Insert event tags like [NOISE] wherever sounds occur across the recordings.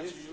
Acest deci,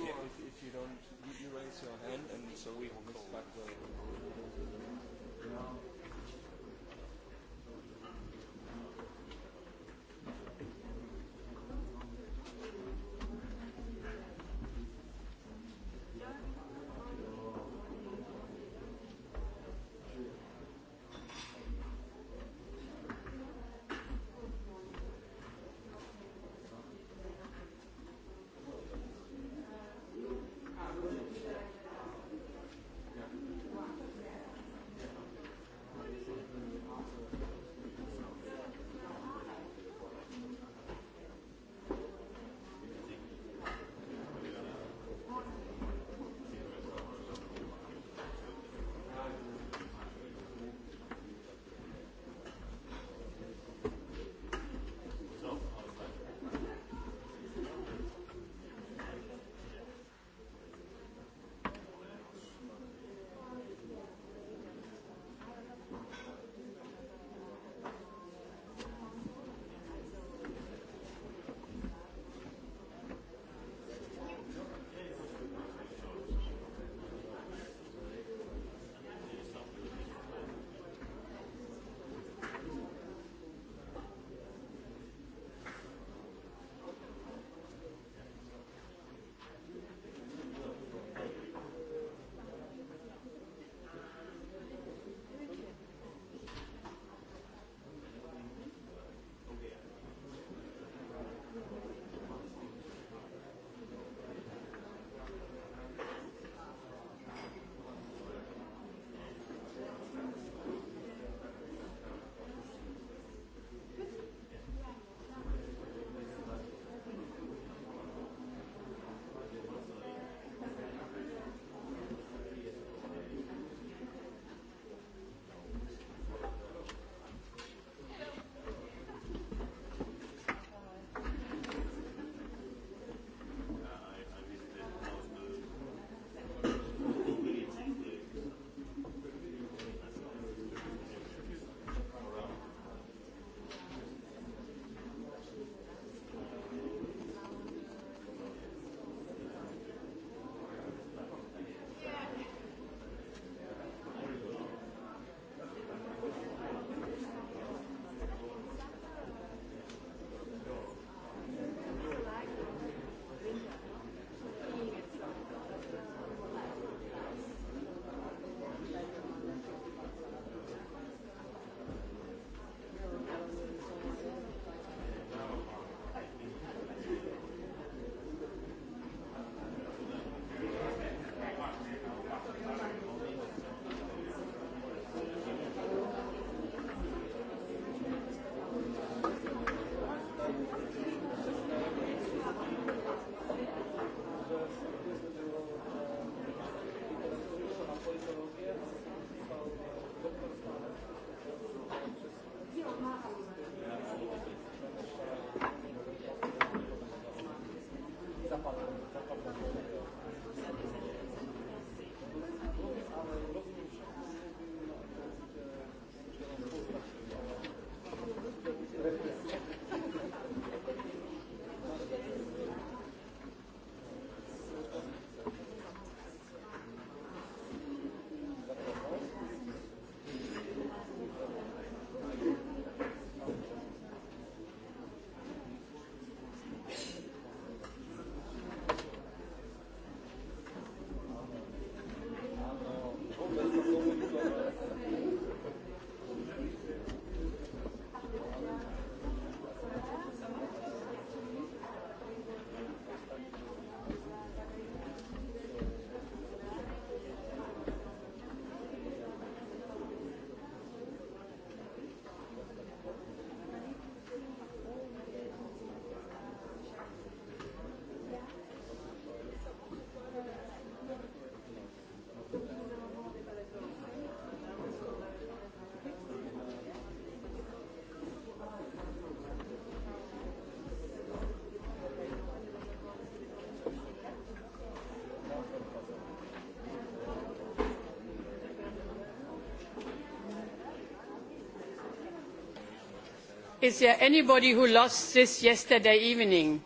Is there anybody who lost this yesterday evening?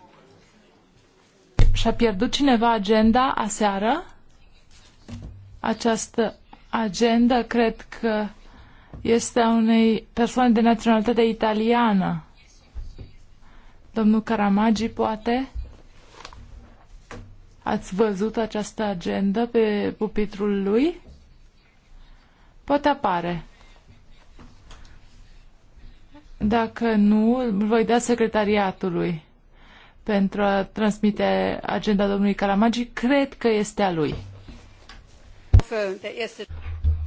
Și-a pierdut cineva agenda aseară? Această agenda cred că este a unei persoane de naționalitate italiană. Domnul Caramagi, poate? Ați văzut această agenda pe pupitrul lui? Poate apare. Dacă nu, îl voi da secretariatului pentru a transmite agenda domnului Caramagi. Cred că este a lui.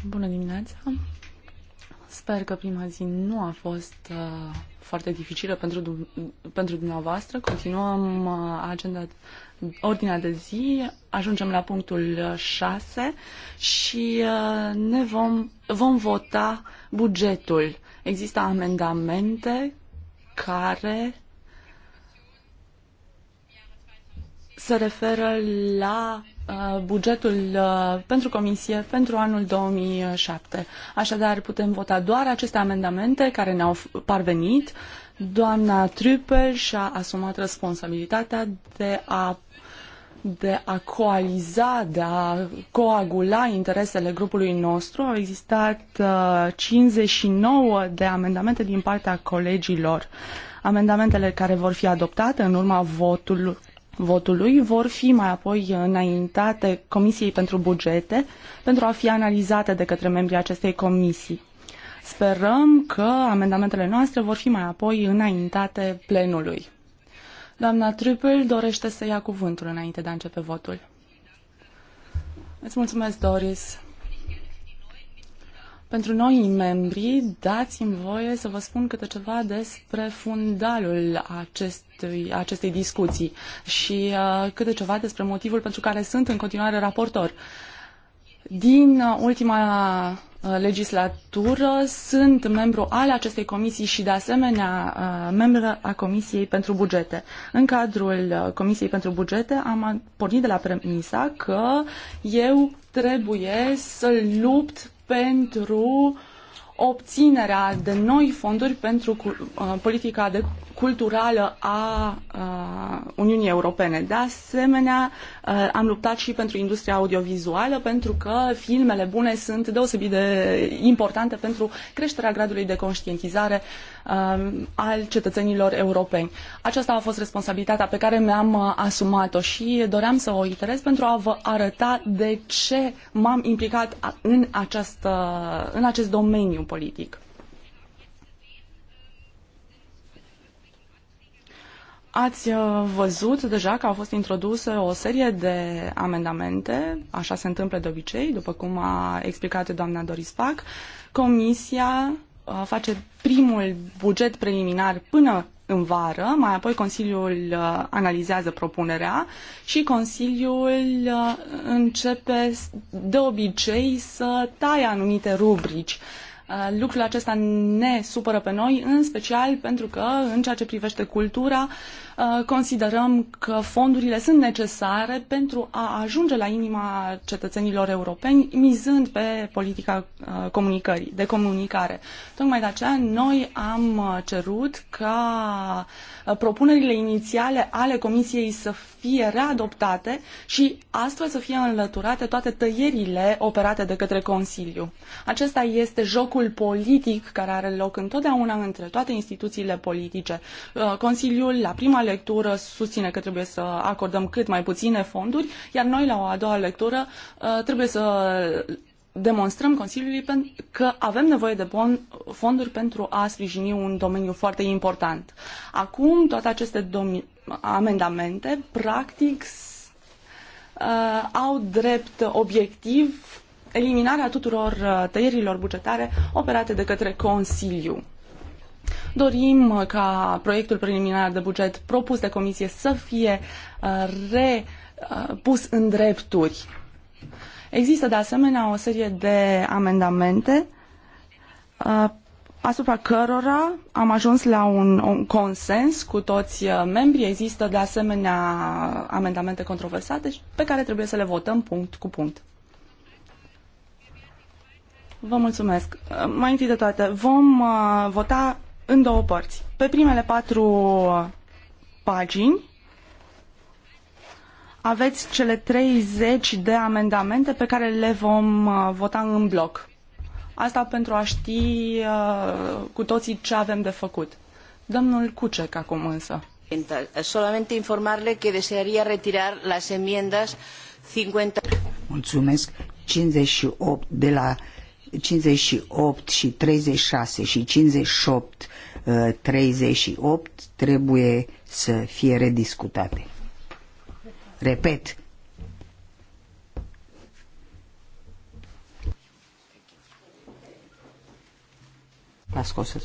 Bună dimineața! Sper că prima zi nu a fost uh, foarte dificilă pentru, pentru dumneavoastră. Continuăm uh, agenda, ordinea de zi, ajungem la punctul 6 uh, și uh, ne vom, vom vota bugetul Există amendamente care se referă la uh, bugetul uh, pentru comisie pentru anul 2007. Așadar, putem vota doar aceste amendamente care ne-au parvenit. Doamna Trüppel și-a asumat responsabilitatea de a de a coaliza, de a coagula interesele grupului nostru. Au existat 59 uh, de amendamente din partea colegilor. Amendamentele care vor fi adoptate în urma votului, votului vor fi mai apoi înaintate Comisiei pentru Bugete pentru a fi analizate de către membrii acestei comisii. Sperăm că amendamentele noastre vor fi mai apoi înaintate plenului. Doamna Trupel dorește să ia cuvântul înainte de a începe votul. Îți mulțumesc, Doris. Pentru noi membri, dați-mi voie să vă spun câte ceva despre fundalul acestui, acestei discuții și uh, câte ceva despre motivul pentru care sunt în continuare raportor. Din uh, ultima Uh, legislatură, sunt membru al acestei comisii și de asemenea uh, membru a Comisiei pentru Bugete. În cadrul uh, Comisiei pentru Bugete am pornit de la premisa că eu trebuie să lupt pentru obținerea de noi fonduri pentru politica de culturală a Uniunii Europene. De asemenea, am luptat și pentru industria audiovizuală, pentru că filmele bune sunt deosebit de importante pentru creșterea gradului de conștientizare al cetățenilor europeni. Aceasta a fost responsabilitatea pe care mi-am asumat-o și doream să o iterez pentru a vă arăta de ce m-am implicat în, această, în acest domeniu politic. Ați uh, văzut deja că au fost introduse o serie de amendamente, așa se întâmplă de obicei, după cum a explicat doamna Doris Pac. Comisia uh, face primul buget preliminar până în vară, mai apoi Consiliul uh, analizează propunerea și Consiliul începe de obicei să taie anumite rubrici. Lucrul acesta ne supără pe noi, în special pentru că, în ceea ce privește cultura, Uh, considerăm că fondurile sunt necesare pentru a ajunge la inima cetățenilor europeni, mizând pe politica uh, comunicării, de comunicare. Tocmai de aceea noi am uh, cerut ca propunerile inițiale ale Comisiei să fie readoptate și astfel să fie înlăturate toate tăierile operate de către Consiliu. Acesta este jocul politic care are loc întotdeauna între toate instituțiile politice. Consiliul la prima lectură susține că trebuie să acordăm cât mai puține fonduri, iar noi la o a doua lectură uh, trebuie să demonstrăm Consiliului că avem nevoie de fonduri pentru a sprijini un domeniu foarte important. Acum, toate aceste amendamente, practic, uh, au drept obiectiv eliminarea tuturor uh, tăierilor bugetare operate de către Consiliu. Dorim uh, ca proiectul preliminar de buget propus de comisie să fie uh, repus uh, în drepturi. Există de asemenea o serie de amendamente asupra cărora am ajuns la un, un consens cu toți membrii. Există de asemenea amendamente controversate pe care trebuie să le votăm punct cu punct. Vă mulțumesc. Mai întâi de toate, vom vota în două părți. Pe primele patru pagini aveți cele 30 de amendamente pe care le vom uh, vota în bloc. Asta pentru a ști uh, cu toții ce avem de făcut. Domnul Cucec acum însă. Solamente informarle que desearía retirar las enmiendas 50... Mulțumesc. 58 de la 58 și 36 și 58 38 trebuie să fie rediscutate. Repet. L-a scos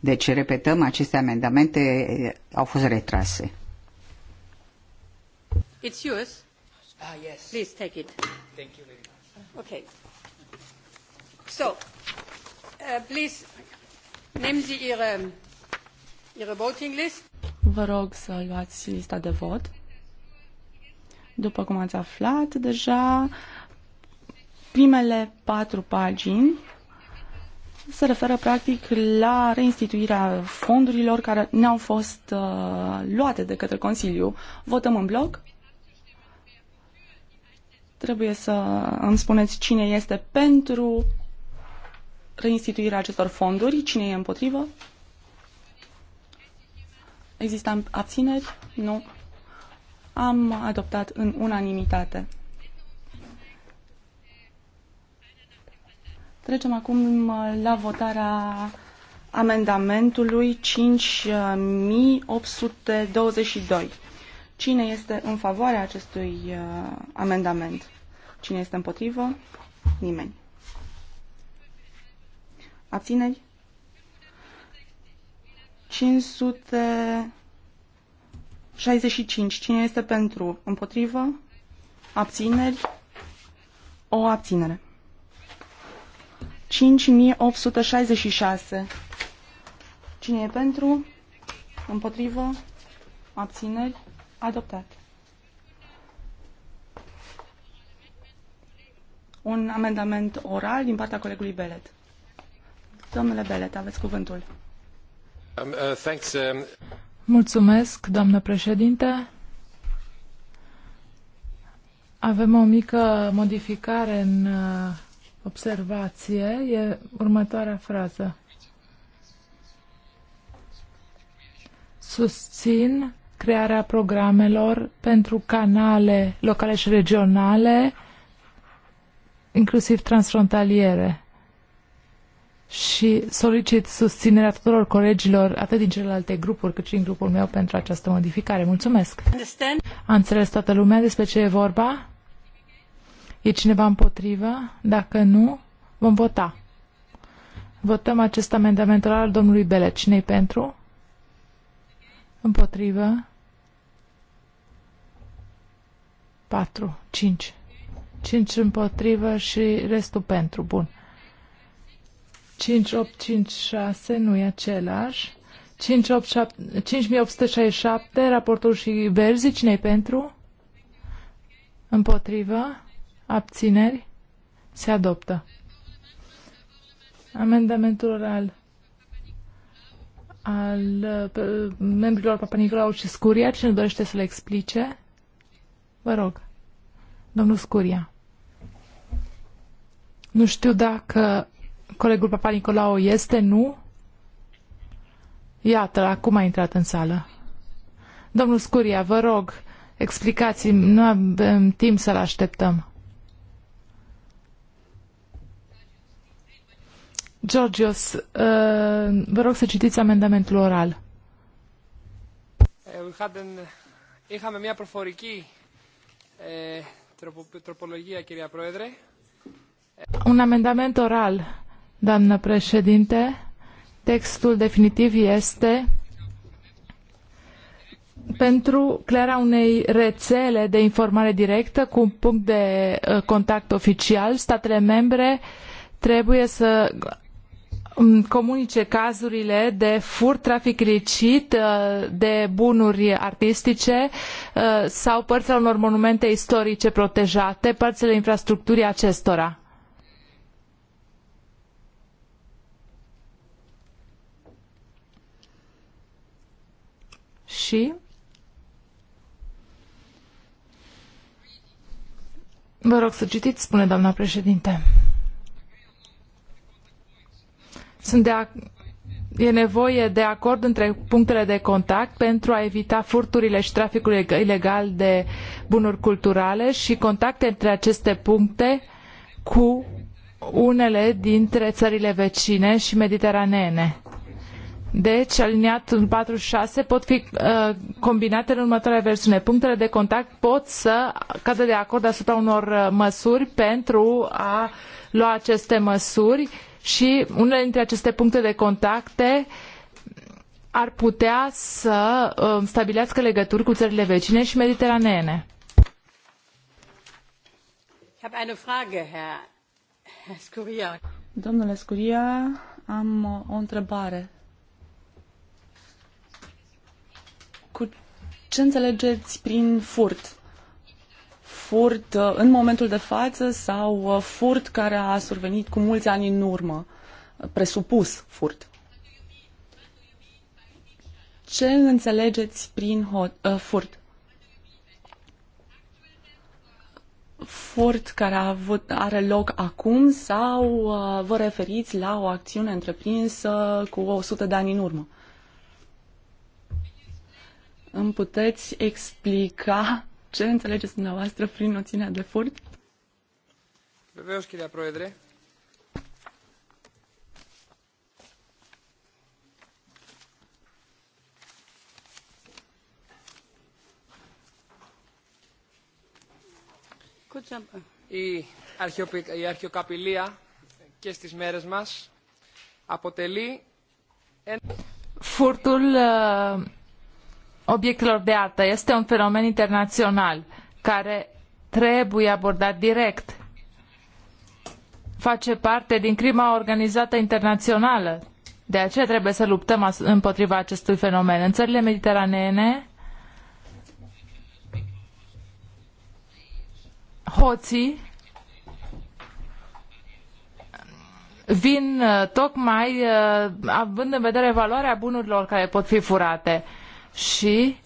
Deci, repetăm, aceste amendamente au fost retrase. It's yours. Ah, yes. Please take it. Thank you very much. Okay. So, uh, please, nehmen Sie Ihre, uh, Ihre voting list. Vă rog să luați lista de vot. După cum ați aflat deja, primele patru pagini se referă practic la reinstituirea fondurilor care ne-au fost uh, luate de către Consiliu. Votăm în bloc? Trebuie să îmi spuneți cine este pentru reinstituirea acestor fonduri, cine e împotrivă. Există abțineri? Nu. Am adoptat în unanimitate. Trecem acum la votarea amendamentului 5822. Cine este în favoarea acestui uh, amendament? Cine este împotrivă? Nimeni. Abțineri? 565. Cine este pentru? Împotrivă? Abțineri? O abținere. 5866. Cine e pentru? Împotrivă? Abțineri? Adoptate. un amendament oral din partea colegului Belet. Domnule Belet, aveți cuvântul. Um, uh, thanks, um... Mulțumesc, doamnă președinte. Avem o mică modificare în uh, observație. E următoarea frază. Susțin crearea programelor pentru canale locale și regionale inclusiv transfrontaliere. Și solicit susținerea tuturor colegilor, atât din celelalte grupuri, cât și din grupul meu, pentru această modificare. Mulțumesc! Understand? A înțeles toată lumea despre ce e vorba? E cineva împotrivă? Dacă nu, vom vota. Votăm acest amendament al domnului Bele. cine pentru? Împotrivă? 4, 5. 5 împotrivă și restul pentru. Bun. 5, 8, 5, 6 nu e același. 5, 8, 7, 5867, raportul și verzi, cine pentru? Împotrivă? Abțineri? Se adoptă. Amendamentul oral al membrilor Papa Nicolau și Scuria. Cine dorește să le explice? Vă rog. Domnul Scuria. Nu știu dacă colegul Papa Nicolau este, nu? Iată, acum a intrat în sală. Domnul Scuria, vă rog, explicați nu avem timp să-l așteptăm. Georgios, uh, vă rog să citiți amendamentul oral. Είχαμε μια προφορική ε, τροπο, τροπολογία, κυρία Πρόεδρε. Un amendament oral, doamnă președinte. Textul definitiv este pentru crearea unei rețele de informare directă cu un punct de uh, contact oficial, statele membre trebuie să um, comunice cazurile de furt, trafic ilicit, uh, de bunuri artistice uh, sau părțile unor monumente istorice protejate, părțile infrastructurii acestora. și Vă rog să citiți, spune doamna președinte. Sunt de a, e nevoie de acord între punctele de contact pentru a evita furturile și traficul ilegal de bunuri culturale și contacte între aceste puncte cu unele dintre țările vecine și mediteraneene. Deci, aliniatul 46 pot fi uh, combinate în următoarea versiune. Punctele de contact pot să cadă de acord asupra unor uh, măsuri pentru a lua aceste măsuri și unele dintre aceste puncte de contacte ar putea să uh, stabilească legături cu țările vecine și mediteraneene. Domnule Scuria, am o întrebare. Ce înțelegeți prin furt? Furt uh, în momentul de față sau uh, furt care a survenit cu mulți ani în urmă? Presupus furt. Ce înțelegeți prin hot, uh, furt? furt care a avut, are loc acum sau uh, vă referiți la o acțiune întreprinsă cu 100 de ani în urmă? Îmi puteți explica ce înțelegeți dumneavoastră prin noțiunea de furt? Βεβαίως, κυρία Η, αρχαιοκαπηλεία και στις μέρες μας αποτελεί... Furtul uh, obiectelor de artă. Este un fenomen internațional care trebuie abordat direct. Face parte din crima organizată internațională. De aceea trebuie să luptăm împotriva acestui fenomen. În țările mediteraneene, hoții vin uh, tocmai uh, având în vedere valoarea bunurilor care pot fi furate și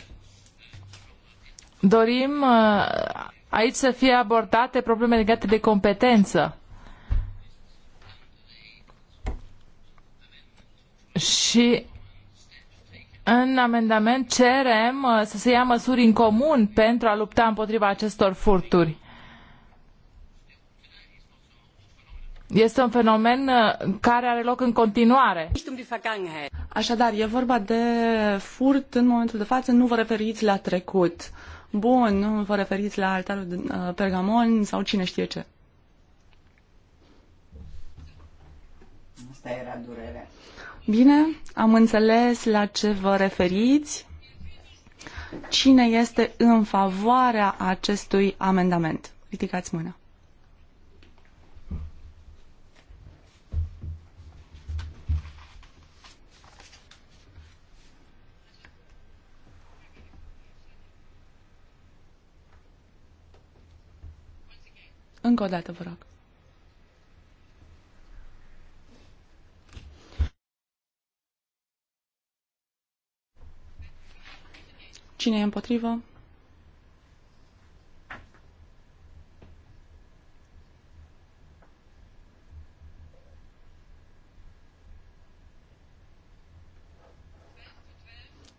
dorim uh, aici să fie abordate probleme legate de competență. Și în amendament cerem uh, să se ia măsuri în comun pentru a lupta împotriva acestor furturi. Este un fenomen uh, care are loc în continuare. Așadar, e vorba de furt în momentul de față, nu vă referiți la trecut. Bun, nu vă referiți la altarul de uh, Pergamon sau cine știe ce. Asta era durerea. Bine, am înțeles la ce vă referiți. Cine este în favoarea acestui amendament? Ridicați mâna. Încă o dată, vă rog. Cine e împotrivă?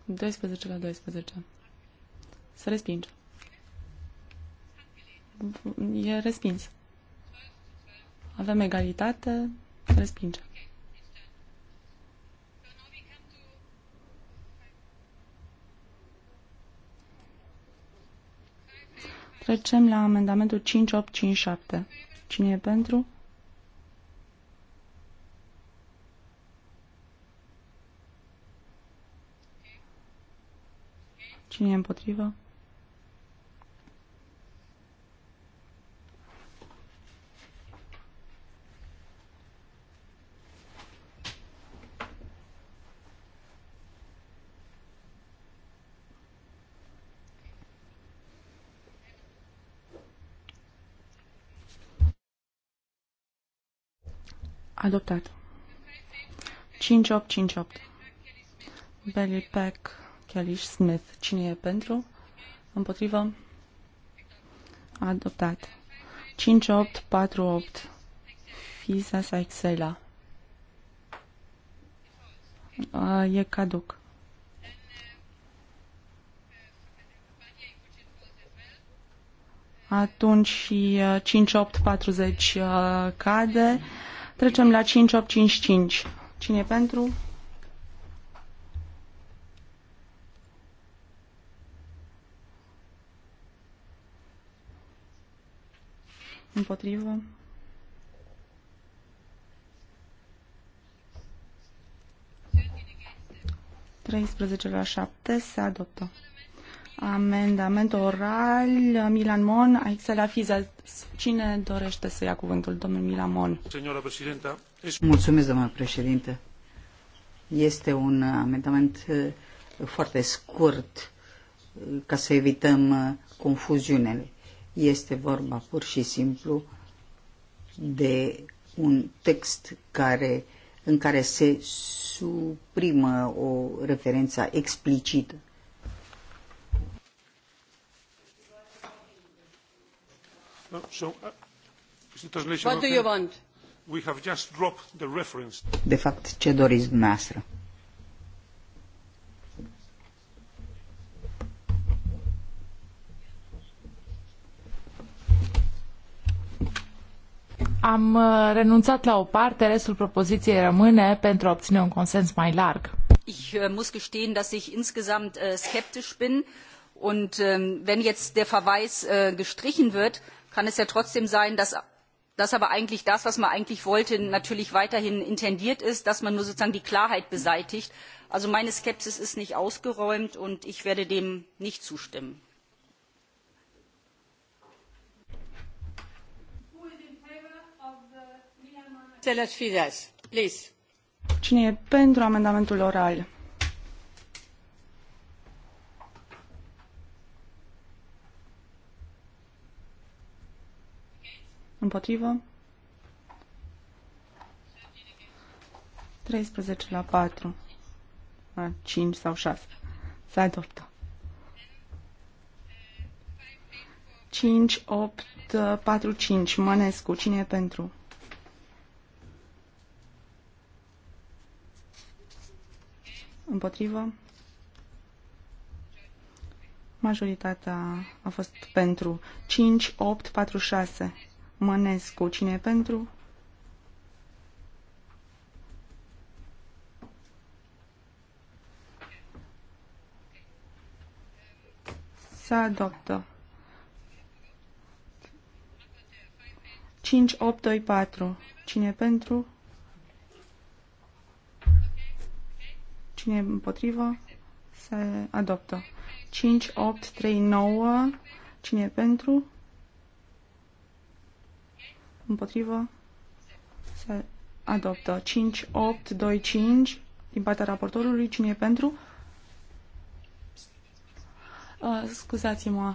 Doisprezece la doisprezece. Să respingem e respins. Avem egalitate, respinge. Trecem la amendamentul 5857. Cine e pentru? Cine e împotrivă? Adoptat. 5858. Belly Pack, Kelly Smith. Cine e pentru? Împotrivă? Adoptat. 5848. Fisa sa Excela. A, e caduc. Atunci 5840 uh, cade. Trecem la 5855. Cine e pentru? Împotrivă. Treisprezece la șapte se adoptă. Amendament oral, Milan Mon, Aixela Fiza. Cine dorește să ia cuvântul? Domnul Milan Mon. Mulțumesc, doamnă președinte. Este un amendament eh, foarte scurt eh, ca să evităm eh, confuziunele. Este vorba pur și simplu de un text care, în care se suprimă o referență explicită De fapt, ce doriți dumneavoastră? Am uh, renunțat la o parte, restul propoziției rămâne pentru a obține un consens mai larg. Ich äh, muss gestehen, dass ich insgesamt äh, skeptisch bin und ähm, wenn jetzt der Verweis äh, gestrichen wird, kann es ja trotzdem sein, dass dass aber eigentlich das, was man eigentlich wollte, natürlich weiterhin intendiert ist, dass man nur sozusagen die Klarheit beseitigt. Also meine Skepsis ist nicht ausgeräumt und ich werde dem nicht zustimmen. Cine e pentru amendamentul oral? Împotrivă. 13 la 4. La 5 sau 6. Se adoptă. 5, 8, 4, 5. Mănescu. Cine e pentru? Împotrivă. Majoritatea a fost pentru 5, 8, 4, 6. Mănescu. Cine pentru? Se adoptă. 5, 8, 2, 4. Cine pentru? Cine împotrivă? Se adoptă. 5, 8, 3, 9. Cine pentru? împotrivă, se adoptă. 5, 8, 2, 5 din partea raportorului. Cine e pentru? Uh, Scuzați-mă.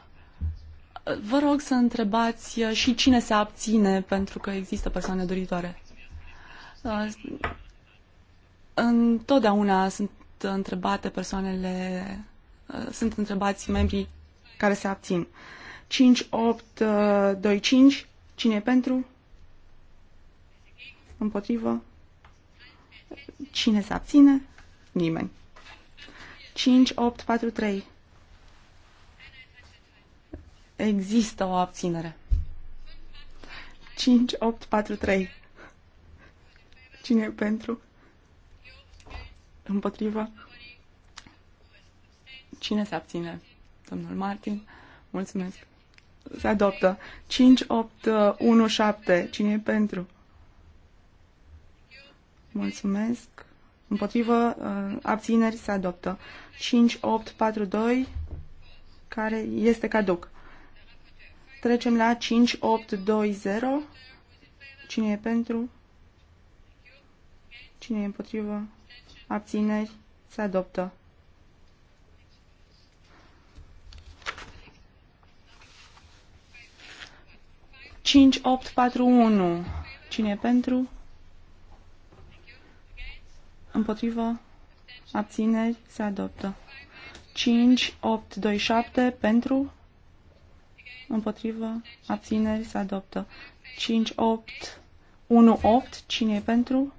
Vă rog să întrebați uh, și cine se abține, pentru că există persoane doritoare. Uh, întotdeauna sunt întrebate persoanele, uh, sunt întrebați membrii care se abțin. 5, 8, 2, 5. Cine e pentru? Împotrivă? Cine se abține? Nimeni. 5, 8, 4, 3. Există o abținere. 5, 8, 4, 3. Cine e pentru? Împotrivă? Cine se abține? Domnul Martin. Mulțumesc. Se adoptă. 5, 8, 1, 7. Cine e pentru? Mulțumesc. Împotrivă, uh, abțineri se adoptă. 5, 8, 4, 2, care este caduc. Trecem la 5, 8, 2, 0. Cine e pentru? Cine e împotrivă? Abțineri se adoptă. Cinci, opt, patru, unu. Cine e pentru? împotrivă, abțineri, se adoptă. 5, 8, 2, 7 pentru, împotrivă, abțineri, se adoptă. 5, 8, 1, 8, cine e pentru?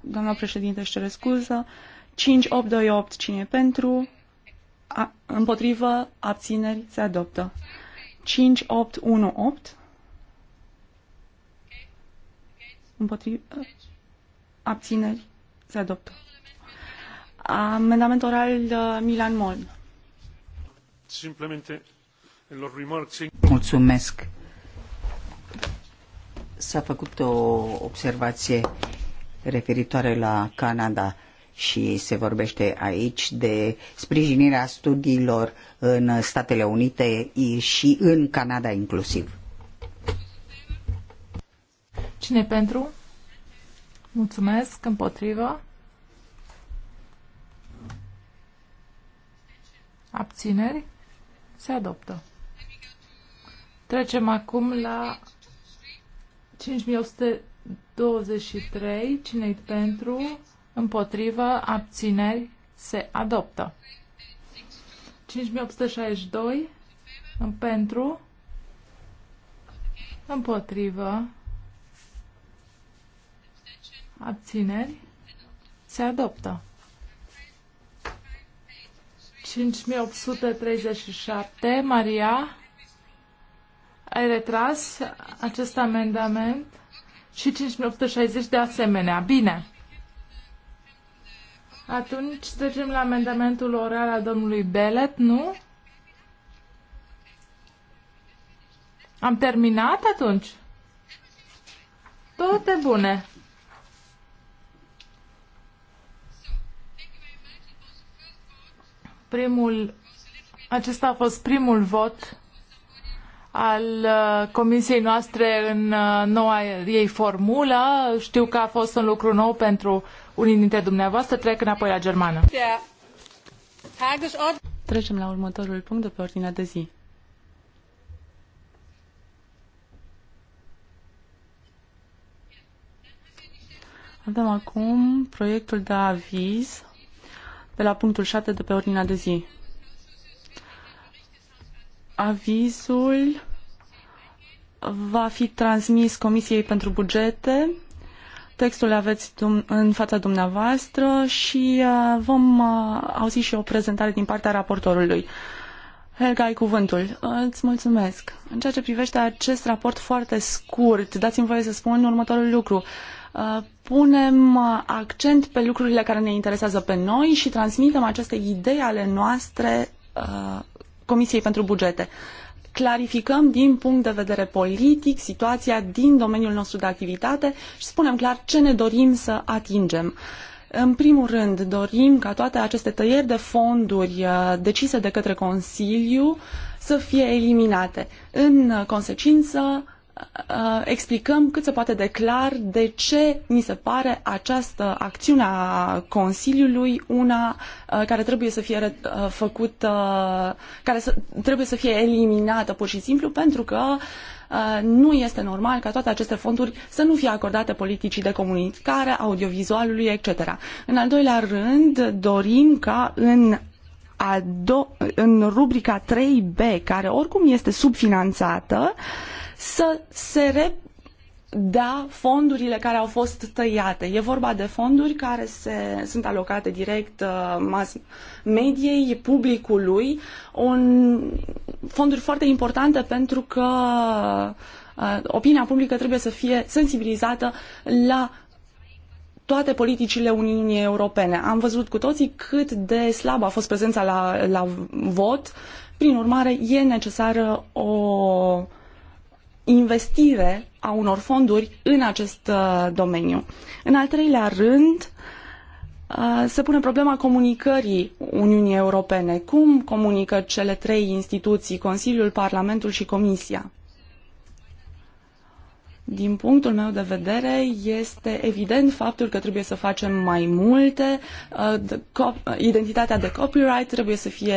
Doamna președinte, își cere scuză. 5, 8, 2, 8, cine e pentru? A, împotrivă, abțineri, se adoptă. 5, 8, 1, 8 împotriva, abțineri, se adoptă. Amendament oral uh, Milan Mol. Mulțumesc. S-a făcut o observație referitoare la Canada și se vorbește aici de sprijinirea studiilor în Statele Unite și în Canada inclusiv. Cine pentru? Mulțumesc. Împotrivă. Abțineri. Se adoptă. Trecem acum la 5123. Cine pentru? Împotrivă. Abțineri. Se adoptă. 5862. Pentru. Împotrivă abțineri, se adoptă. 5837, Maria, ai retras acest amendament și 5860 de asemenea. Bine. Atunci trecem la amendamentul oral al domnului Belet, nu? Am terminat atunci? Toate bune. Primul, acesta a fost primul vot al uh, comisiei noastre în uh, noua ei formulă. Știu că a fost un lucru nou pentru unii dintre dumneavoastră. Trec înapoi la germană. Trecem la următorul punct de pe ordinea de zi. Avem acum proiectul de aviz de la punctul 7 de pe ordinea de zi. Avizul va fi transmis Comisiei pentru Bugete. Textul aveți în fața dumneavoastră și uh, vom uh, auzi și o prezentare din partea raportorului. Helga, ai cuvântul. Îți mulțumesc. În ceea ce privește acest raport foarte scurt, dați-mi voie să spun următorul lucru. Uh, Uh, punem uh, accent pe lucrurile care ne interesează pe noi și transmitem aceste idei ale noastre uh, Comisiei pentru Bugete. Clarificăm din punct de vedere politic situația din domeniul nostru de activitate și spunem clar ce ne dorim să atingem. În primul rând, dorim ca toate aceste tăieri de fonduri decise de către Consiliu să fie eliminate. În consecință, Uh, explicăm cât se poate de clar de ce ni se pare această acțiune a Consiliului una uh, care trebuie să fie uh, făcută, care trebuie să fie eliminată pur și simplu pentru că nu este normal ca toate aceste fonduri să nu fie acordate politicii de comunicare, audiovizualului, etc. În al doilea rând, dorim ca în a do- în rubrica 3B, care oricum este subfinanțată, uh, să se re da fondurile care au fost tăiate. E vorba de fonduri care se, sunt alocate direct uh, mediei, publicului, un, fonduri foarte importante pentru că uh, opinia publică trebuie să fie sensibilizată la toate politicile Uniunii Europene. Am văzut cu toții cât de slabă a fost prezența la, la vot, prin urmare e necesară o investire a unor fonduri în acest uh, domeniu. În al treilea rând, uh, se pune problema comunicării Uniunii Europene. Cum comunică cele trei instituții, Consiliul, Parlamentul și Comisia? Din punctul meu de vedere, este evident faptul că trebuie să facem mai multe. Uh, uh, identitatea de copyright trebuie să fie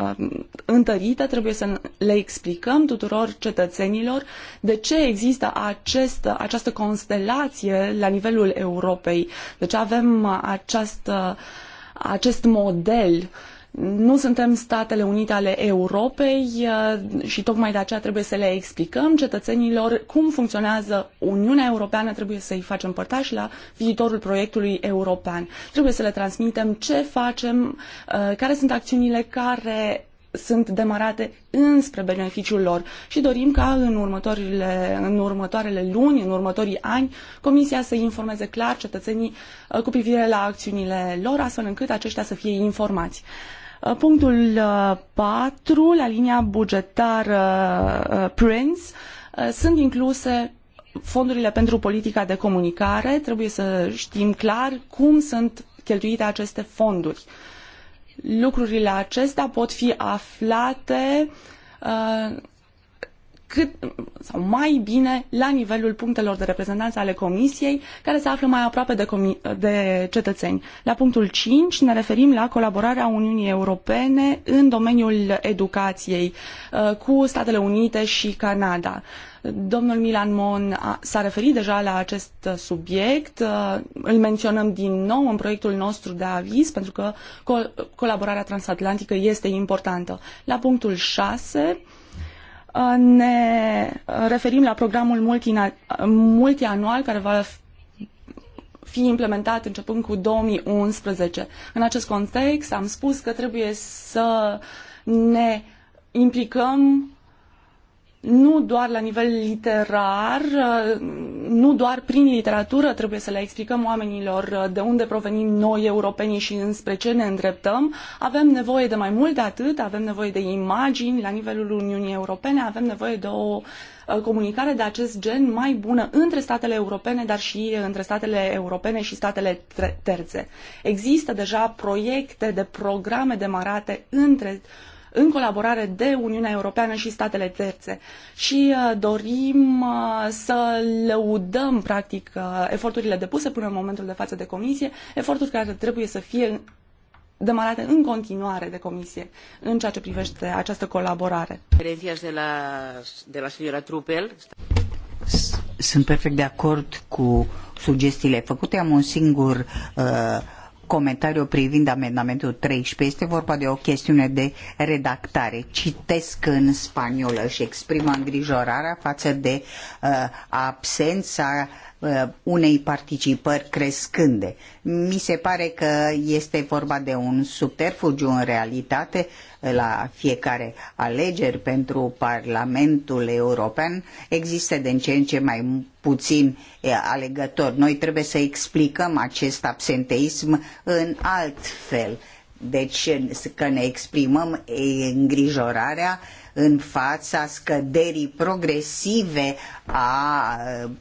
uh, întărită, trebuie să le explicăm tuturor cetățenilor de ce există acest, această constelație la nivelul Europei. De deci ce avem această, acest model uh, nu suntem Statele Unite ale Europei uh, și tocmai de aceea trebuie să le explicăm cetățenilor cum funcționează Uniunea Europeană, trebuie să-i facem părtași la viitorul proiectului european. Trebuie să le transmitem ce facem, uh, care sunt acțiunile care sunt demarate înspre beneficiul lor și dorim ca în următoarele, în următoarele luni, în următorii ani, Comisia să informeze clar cetățenii uh, cu privire la acțiunile lor, astfel încât aceștia să fie informați. Uh, punctul 4, uh, la linia bugetară uh, Prince, sunt incluse fondurile pentru politica de comunicare. Trebuie să știm clar cum sunt cheltuite aceste fonduri. Lucrurile acestea pot fi aflate cât sau mai bine la nivelul punctelor de reprezentanță ale Comisiei, care se află mai aproape de, de cetățeni. La punctul 5 ne referim la colaborarea Uniunii Europene în domeniul educației uh, cu Statele Unite și Canada. Domnul Milan Mon s-a referit deja la acest subiect, uh, îl menționăm din nou în proiectul nostru de aviz, pentru că col colaborarea transatlantică este importantă. La punctul 6 ne referim la programul multianual care va fi implementat începând cu 2011. În acest context am spus că trebuie să ne implicăm nu doar la nivel literar, uh, nu doar prin literatură trebuie să le explicăm oamenilor uh, de unde provenim noi europenii și înspre ce ne îndreptăm. Avem nevoie de mai mult de atât, avem nevoie de imagini la nivelul Uniunii Europene, avem nevoie de o uh, comunicare de acest gen mai bună între statele europene, dar și între statele europene și statele terțe. Există deja proiecte de programe demarate între în colaborare de Uniunea Europeană și statele terțe. Și uh, dorim uh, să lăudăm, practic, uh, eforturile depuse până în momentul de față de comisie, eforturi care trebuie să fie demarate în continuare de comisie în ceea ce privește această colaborare. De la, de la señora Trupel. Sunt perfect de acord cu sugestiile făcute. Am un singur uh, comentariu privind amendamentul 13. Este vorba de o chestiune de redactare. Citesc în spaniolă și exprimă îngrijorarea față de uh, absența uh, Uh, unei participări crescânde. Mi se pare că este vorba de un subterfugiu în realitate la fiecare alegeri pentru Parlamentul European există de în ce în ce mai puțin uh, alegători. Noi trebuie să explicăm acest absenteism în alt fel. Deci că ne exprimăm îngrijorarea în fața scăderii progresive a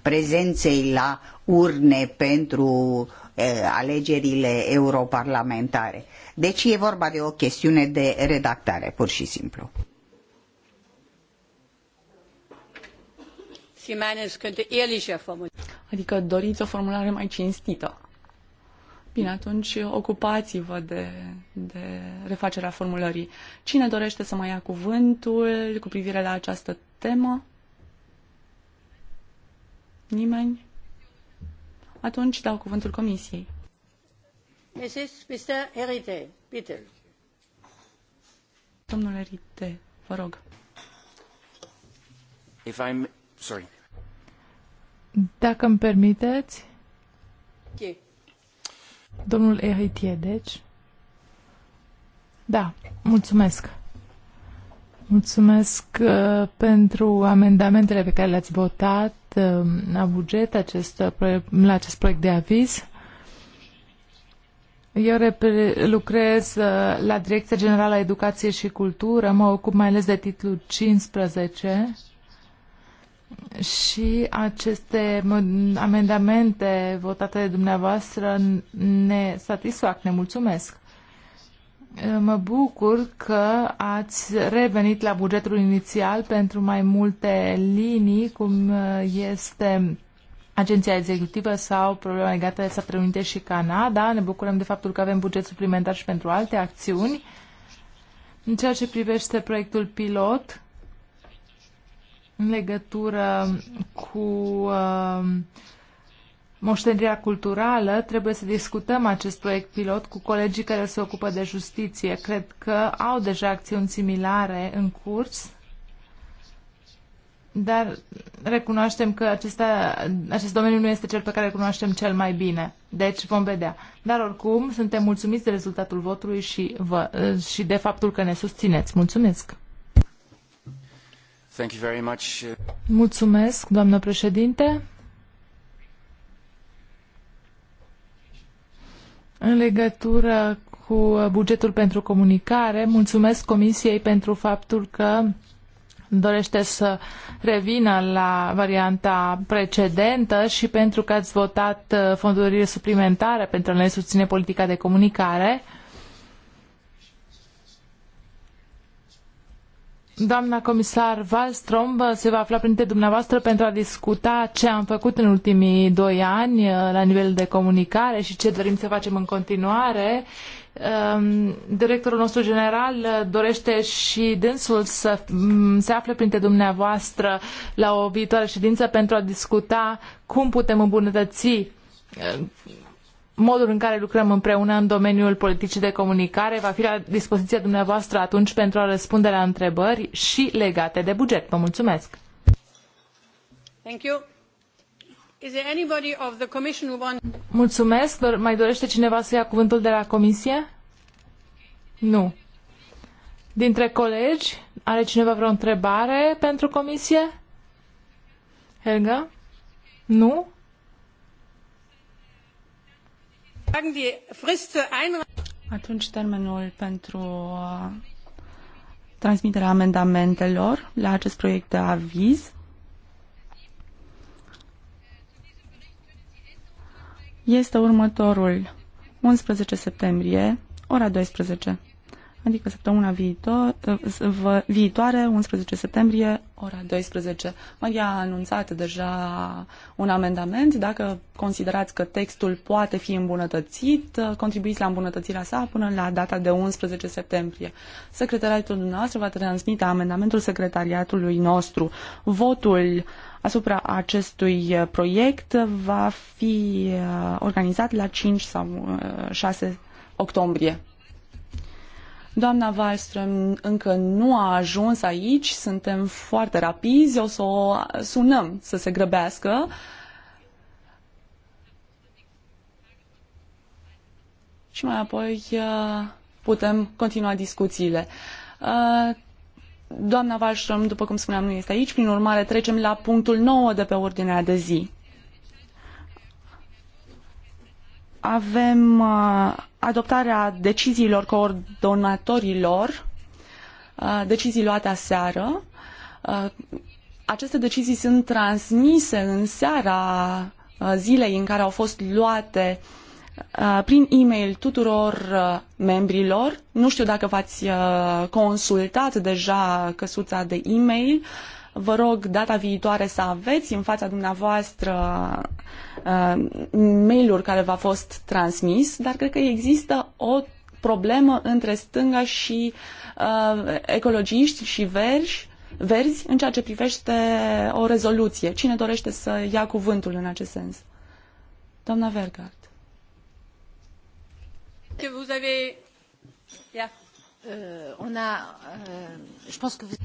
prezenței la urne pentru alegerile europarlamentare. Deci e vorba de o chestiune de redactare, pur și simplu. Adică doriți o formulare mai cinstită. Bine, atunci ocupați-vă de, de refacerea formulării. Cine dorește să mai ia cuvântul cu privire la această temă? Nimeni? Atunci dau cuvântul comisiei. Herite, Domnule Herite, vă rog. If I'm... Sorry. Dacă îmi permiteți... Okay. Domnul Eritie, deci. Da, mulțumesc. Mulțumesc uh, pentru amendamentele pe care le-ați votat uh, la buget acest, uh, la acest proiect de aviz. Eu lucrez uh, la Direcția Generală a Educației și Cultură, mă ocup mai ales de titlul 15 și aceste amendamente votate de dumneavoastră ne satisfac, ne mulțumesc. Mă bucur că ați revenit la bugetul inițial pentru mai multe linii, cum este agenția executivă sau problema legată de Statele Unite și Canada. Ne bucurăm de faptul că avem buget suplimentar și pentru alte acțiuni. În ceea ce privește proiectul pilot, în legătură cu uh, moștenirea culturală, trebuie să discutăm acest proiect pilot cu colegii care se ocupă de justiție. Cred că au deja acțiuni similare în curs, dar recunoaștem că acesta, acest domeniu nu este cel pe care îl cunoaștem cel mai bine. Deci vom vedea. Dar oricum, suntem mulțumiți de rezultatul votului și, vă, și de faptul că ne susțineți. Mulțumesc! Thank you very much. Mulțumesc, doamnă președinte. În legătură cu bugetul pentru comunicare, mulțumesc Comisiei pentru faptul că dorește să revină la varianta precedentă și pentru că ați votat uh, fonduri suplimentare pentru a ne susține politica de comunicare. Doamna comisar Wallström se va afla printre dumneavoastră pentru a discuta ce am făcut în ultimii doi ani uh, la nivel de comunicare și ce dorim să facem în continuare. Um, directorul nostru general uh, dorește și dânsul să mm, se afle printre dumneavoastră la o viitoare ședință pentru a discuta cum putem îmbunătăți uh, modul în care lucrăm împreună în domeniul politicii de comunicare va fi la dispoziția dumneavoastră atunci pentru a răspunde la întrebări și legate de buget. Vă mulțumesc! Mulțumesc. Mai dorește cineva să ia cuvântul de la comisie? Nu. Dintre colegi, are cineva vreo întrebare pentru comisie? Helga? Nu? Atunci termenul pentru uh, transmiterea amendamentelor la acest proiect de aviz este următorul 11 septembrie, ora 12 adică săptămâna viitor, viitoare, 11 septembrie, ora 12. Maria a anunțat deja un amendament. Dacă considerați că textul poate fi îmbunătățit, contribuiți la îmbunătățirea sa până la data de 11 septembrie. Secretariatul nostru va transmite amendamentul secretariatului nostru. Votul asupra acestui proiect va fi uh, organizat la 5 sau 6 uh, octombrie. Doamna Wallström încă nu a ajuns aici, suntem foarte rapizi, o să o sunăm să se grăbească. Și mai apoi uh, putem continua discuțiile. Uh, doamna Wallström, după cum spuneam, nu este aici, prin urmare trecem la punctul 9 de pe ordinea de zi. avem uh, adoptarea deciziilor coordonatorilor, uh, decizii luate aseară. Uh, aceste decizii sunt transmise în seara zilei în care au fost luate prin e-mail tuturor membrilor. Nu știu dacă v-ați consultat deja căsuța de e-mail. Vă rog data viitoare să aveți în fața dumneavoastră Uh, mail uri care v-a fost transmis, dar cred că există o problemă între stânga și uh, ecologiști și verzi, verzi în ceea ce privește o rezoluție. Cine dorește să ia cuvântul în acest sens? Doamna Vergard. Que vous avez... yeah. uh, on a, uh, je pense que vous...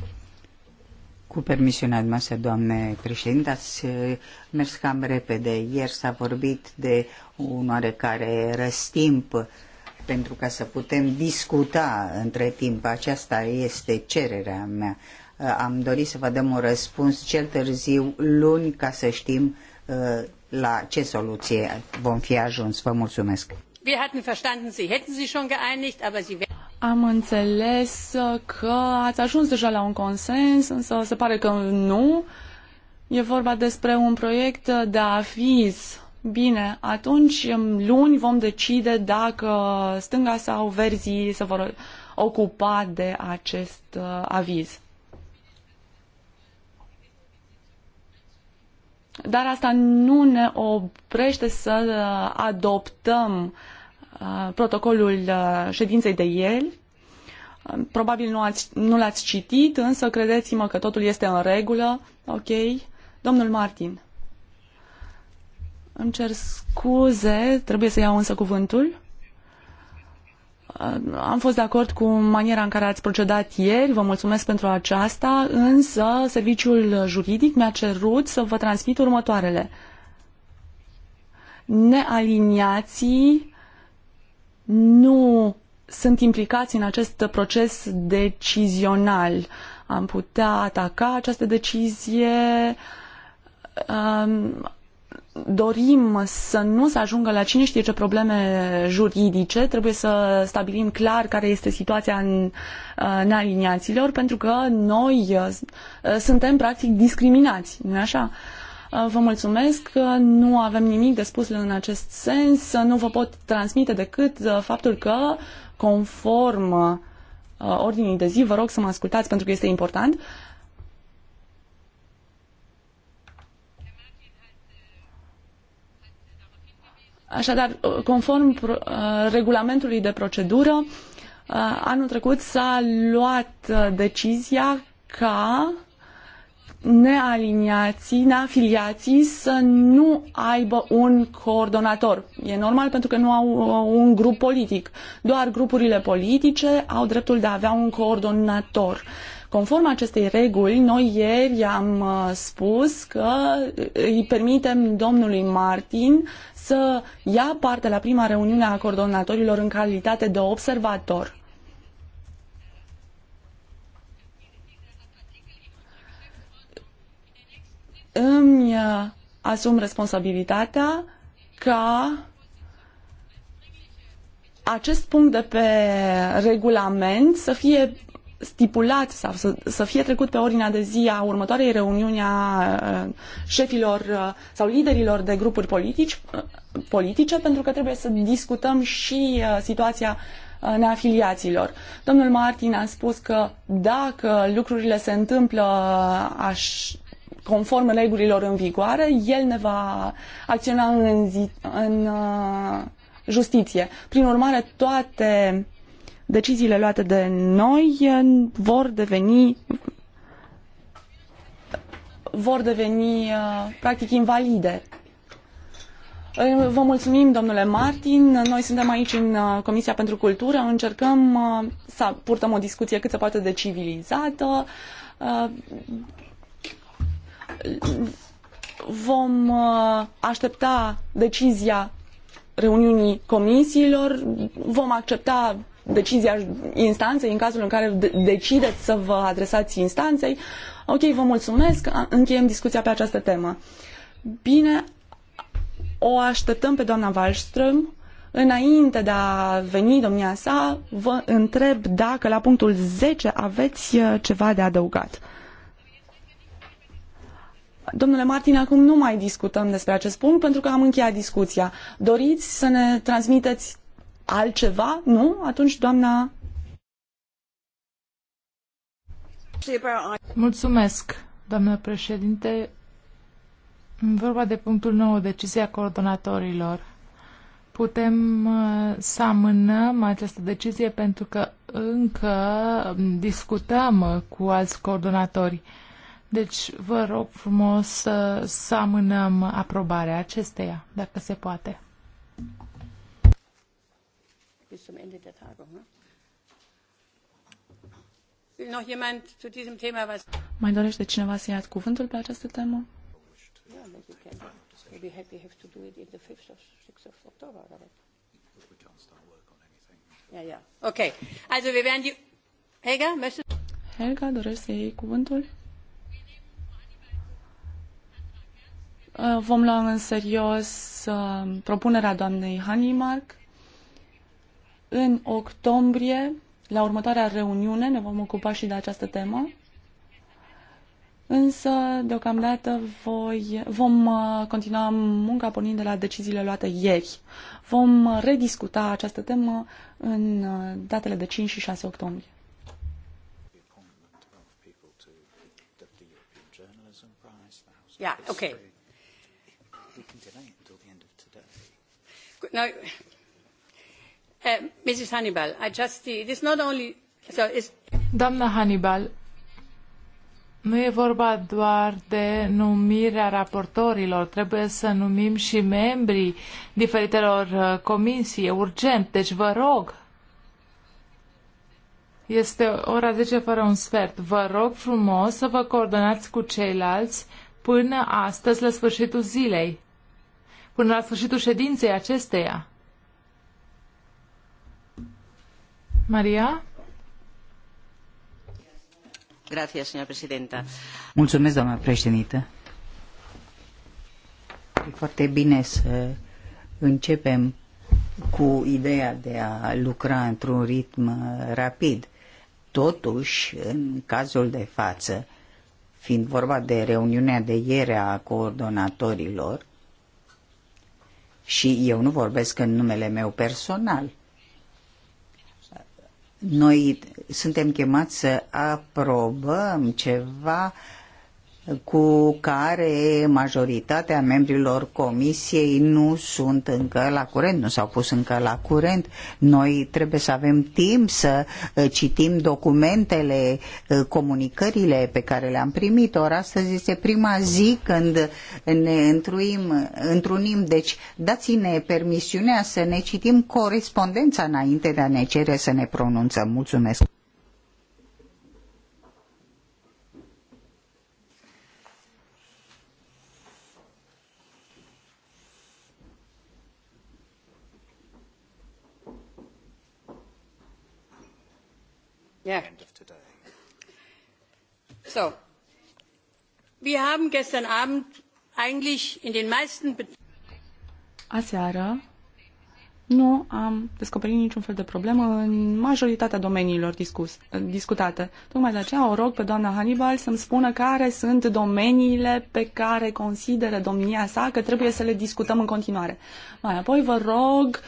Cu permisiunea dumneavoastră, doamne președinte, ați eh, mers cam repede. Ieri s-a vorbit de un oarecare răstimp pentru ca să putem discuta între timp. Aceasta este cererea mea. Eh, am dorit să vă dăm un răspuns cel târziu luni ca să știm eh, la ce soluție vom fi ajuns. Vă mulțumesc. Am înțeles că ați ajuns deja la un consens, însă se pare că nu. E vorba despre un proiect de aviz. Bine, atunci luni vom decide dacă stânga sau verzii se vor ocupa de acest uh, aviz. Dar asta nu ne oprește să uh, adoptăm uh, Uh, protocolul uh, ședinței de ieri. Um, probabil nu, ați, nu l-ați citit, însă credeți-mă că totul este în regulă. Ok. Domnul Martin. Îmi cer scuze, trebuie să iau însă cuvântul. Uh, am fost de acord cu maniera în care ați procedat ieri, vă mulțumesc pentru aceasta, însă serviciul juridic mi-a cerut să vă transmit următoarele. Nealiniații nu sunt implicați în acest proces decizional. Am putea ataca această decizie. Um, dorim să nu se ajungă la cine știe ce probleme juridice, trebuie să stabilim clar care este situația în, uh, în aliniaților, pentru că noi uh, suntem practic discriminați, nu așa? Uh, Uh, vă mulțumesc că uh, nu avem nimic de spus în acest sens. Uh, nu vă pot transmite decât faptul că, conform ordinii de zi, vă rog să mă ascultați pentru că este important. Așadar, conform regulamentului de procedură, anul trecut s-a luat decizia ca nealiniații, neafiliații să nu aibă un coordonator. E normal pentru că nu au uh, un grup politic. Doar grupurile politice au dreptul de a avea un coordonator. Conform acestei reguli, noi ieri am uh, spus că uh, îi permitem domnului Martin să ia parte la prima reuniune a coordonatorilor în calitate de observator. îmi uh, asum responsabilitatea ca acest punct de pe regulament să fie stipulat sau să, să fie trecut pe ordinea de zi a următoarei reuniuni a uh, șefilor uh, sau liderilor de grupuri politici, politice, pentru că trebuie să discutăm și situația neafiliaților. Domnul Martin a spus că dacă lucrurile se întâmplă aș, conform regulilor în vigoare, el ne va acționa în, zi, în uh, justiție. Prin urmare, toate deciziile luate de noi uh, vor deveni vor deveni uh, practic invalide. Vă mulțumim, domnule Martin. Noi suntem aici în uh, Comisia pentru Cultură. Încercăm uh, să purtăm o discuție cât se poate de civilizată vom uh, aștepta decizia reuniunii comisiilor, vom accepta decizia instanței în cazul în care decideți să vă adresați instanței. Ok, vă mulțumesc, încheiem discuția pe această temă. Bine, o așteptăm pe doamna Wallström. Înainte de a veni domnia sa, vă întreb dacă la punctul 10 aveți uh, ceva de adăugat. Domnule Martin, acum nu mai discutăm despre acest punct pentru că am încheiat discuția. Doriți să ne transmiteți altceva? Nu? Atunci, doamna. Mulțumesc, doamnă președinte. În vorba de punctul 9, decizia coordonatorilor, putem uh, să amânăm această decizie pentru că încă discutăm cu alți coordonatori. Deci vă rog frumos să, să amânăm aprobarea acesteia, dacă se poate. Mai dorește cineva să ia cuvântul pe această temă? Helga, dorești să iei cuvântul? Uh, vom lua în serios uh, propunerea doamnei Hanimark. În octombrie, la următoarea reuniune, ne vom ocupa și de această temă. Însă, deocamdată, voi, vom uh, continua munca pornind de la deciziile luate ieri. Vom rediscuta această temă în datele de 5 și 6 octombrie. Yeah, okay. doamnă Hannibal, Hannibal, nu e vorba doar de numirea raportorilor, trebuie să numim și membrii diferitelor uh, comisii, e urgent, deci vă rog. Este ora 10 fără un sfert. Vă rog frumos să vă coordonați cu ceilalți până astăzi la sfârșitul zilei până la sfârșitul ședinței acesteia. Maria? presidenta. Mulțumesc, doamna președintă. E foarte bine să începem cu ideea de a lucra într-un ritm rapid. Totuși, în cazul de față, fiind vorba de reuniunea de ieri a coordonatorilor, și eu nu vorbesc în numele meu personal. Noi suntem chemați să aprobăm ceva cu care majoritatea membrilor comisiei nu sunt încă la curent, nu s-au pus încă la curent. Noi trebuie să avem timp să uh, citim documentele, uh, comunicările pe care le-am primit. Ori astăzi este prima zi când ne întruim, întrunim, deci dați-ne permisiunea să ne citim corespondența înainte de a ne cere să ne pronunțăm. Mulțumesc! yeah. end of today. So, wir haben gestern Abend eigentlich in den meisten Aseară nu am descoperit niciun fel de problemă în majoritatea domeniilor discus, discutate. Tocmai de aceea o rog pe doamna Hannibal să-mi spună care sunt domeniile pe care consideră domnia sa că trebuie să le discutăm în continuare. Mai apoi vă rog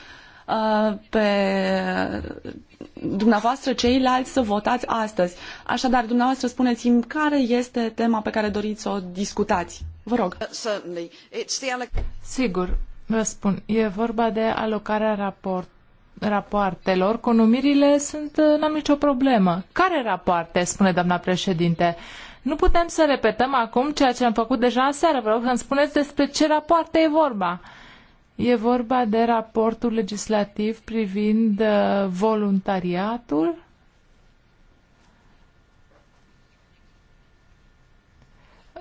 uh, pe dumneavoastră ceilalți să votați astăzi. Așadar, dumneavoastră spuneți-mi care este tema pe care doriți să o discutați. Vă rog. Uh, Sigur, vă spun. E vorba de alocarea raport rapoartelor, cu numirile sunt, uh, n-am nicio problemă. Care rapoarte, spune doamna președinte? Nu putem să repetăm acum ceea ce am făcut deja în seară. Vreau să-mi spuneți despre ce rapoarte e vorba. E vorba de raportul legislativ privind uh, voluntariatul.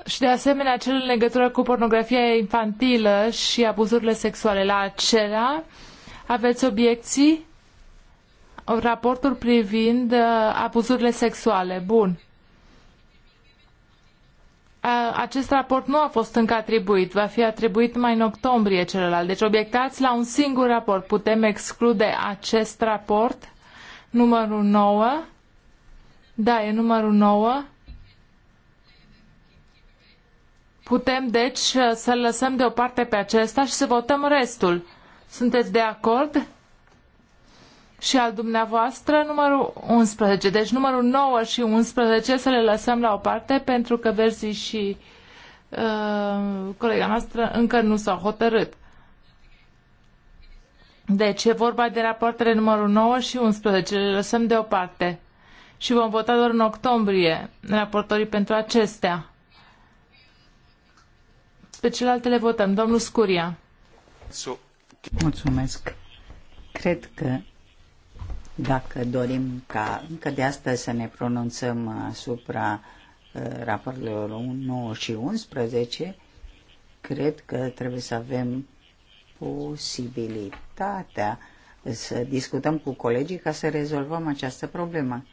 Și de asemenea cel în legătură cu pornografia infantilă și abuzurile sexuale. La acela aveți obiecții? Raportul privind uh, abuzurile sexuale. Bun acest raport nu a fost încă atribuit, va fi atribuit mai în octombrie celălalt. Deci obiectați la un singur raport. Putem exclude acest raport, numărul 9. Da, e numărul 9. Putem, deci, să-l lăsăm deoparte pe acesta și să votăm restul. Sunteți de acord? și al dumneavoastră numărul 11. Deci numărul 9 și 11 să le lăsăm la o parte pentru că versii și uh, colega noastră încă nu s-au hotărât. Deci e vorba de rapoartele numărul 9 și 11. Le lăsăm deoparte și vom vota doar în octombrie raportorii pentru acestea. Pe celelalte le votăm. Domnul Scuria. Mulțumesc. Cred că dacă dorim ca încă de astăzi să ne pronunțăm asupra uh, raportelor 9 și 11, cred că trebuie să avem posibilitatea să discutăm cu colegii ca să rezolvăm această problemă.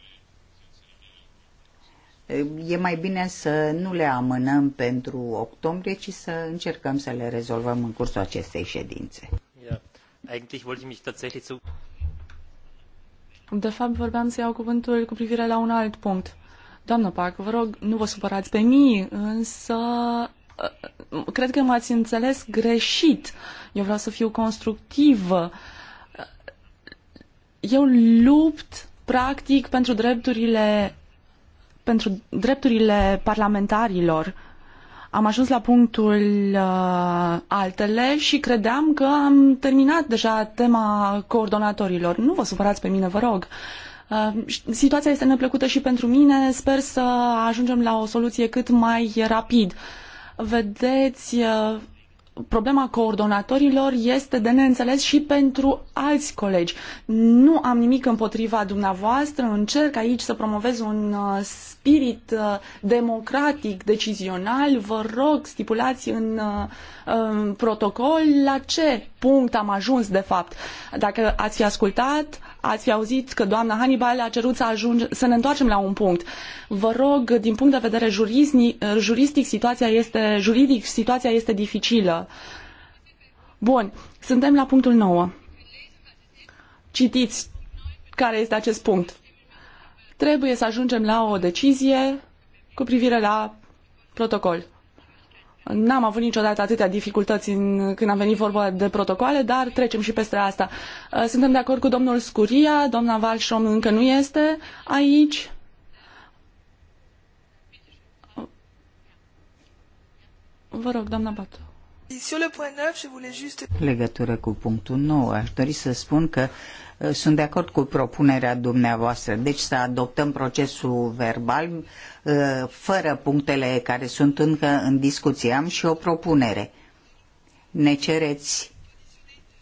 E mai bine să nu le amânăm pentru octombrie, ci să încercăm să le rezolvăm în cursul acestei ședințe. De fapt, vorbeam să iau cuvântul cu privire la un alt punct. Doamnă Pac, vă rog, nu vă supărați pe mine, însă uh, cred că m-ați înțeles greșit. Eu vreau să fiu constructivă. Eu lupt, practic, pentru drepturile pentru drepturile parlamentarilor am ajuns la punctul uh, altele și credeam că am terminat deja tema coordonatorilor. Nu vă supărați pe mine, vă rog. Uh, situația este neplăcută și pentru mine. Sper să ajungem la o soluție cât mai rapid. Vedeți, uh, problema coordonatorilor este de neînțeles și pentru alți colegi. Nu am nimic împotriva dumneavoastră, încerc aici să promovez un uh, spirit uh, democratic, decizional. Vă rog, stipulați în, în uh, um, protocol la ce punct am ajuns de fapt. Dacă ați fi ascultat, ați fi auzit că doamna Hannibal a cerut să, ajunge, să ne întoarcem la un punct. Vă rog, din punct de vedere juristic, juristic situația este, juridic, situația este dificilă. Bun, suntem la punctul 9. Citiți care este acest punct. Trebuie să ajungem la o decizie cu privire la protocol. N-am avut niciodată atâtea dificultăți în, când am venit vorba de protocoale, dar trecem și peste asta. Uh, suntem de acord cu domnul Scuria, doamna Valșom încă nu este aici. Uh, vă rog, doamna Bato. Legătură cu punctul 9, aș dori să spun că Eh, sunt de acord cu propunerea dumneavoastră, deci să adoptăm procesul verbal eh, fără punctele care sunt încă în discuție. Am și o propunere. Ne cereți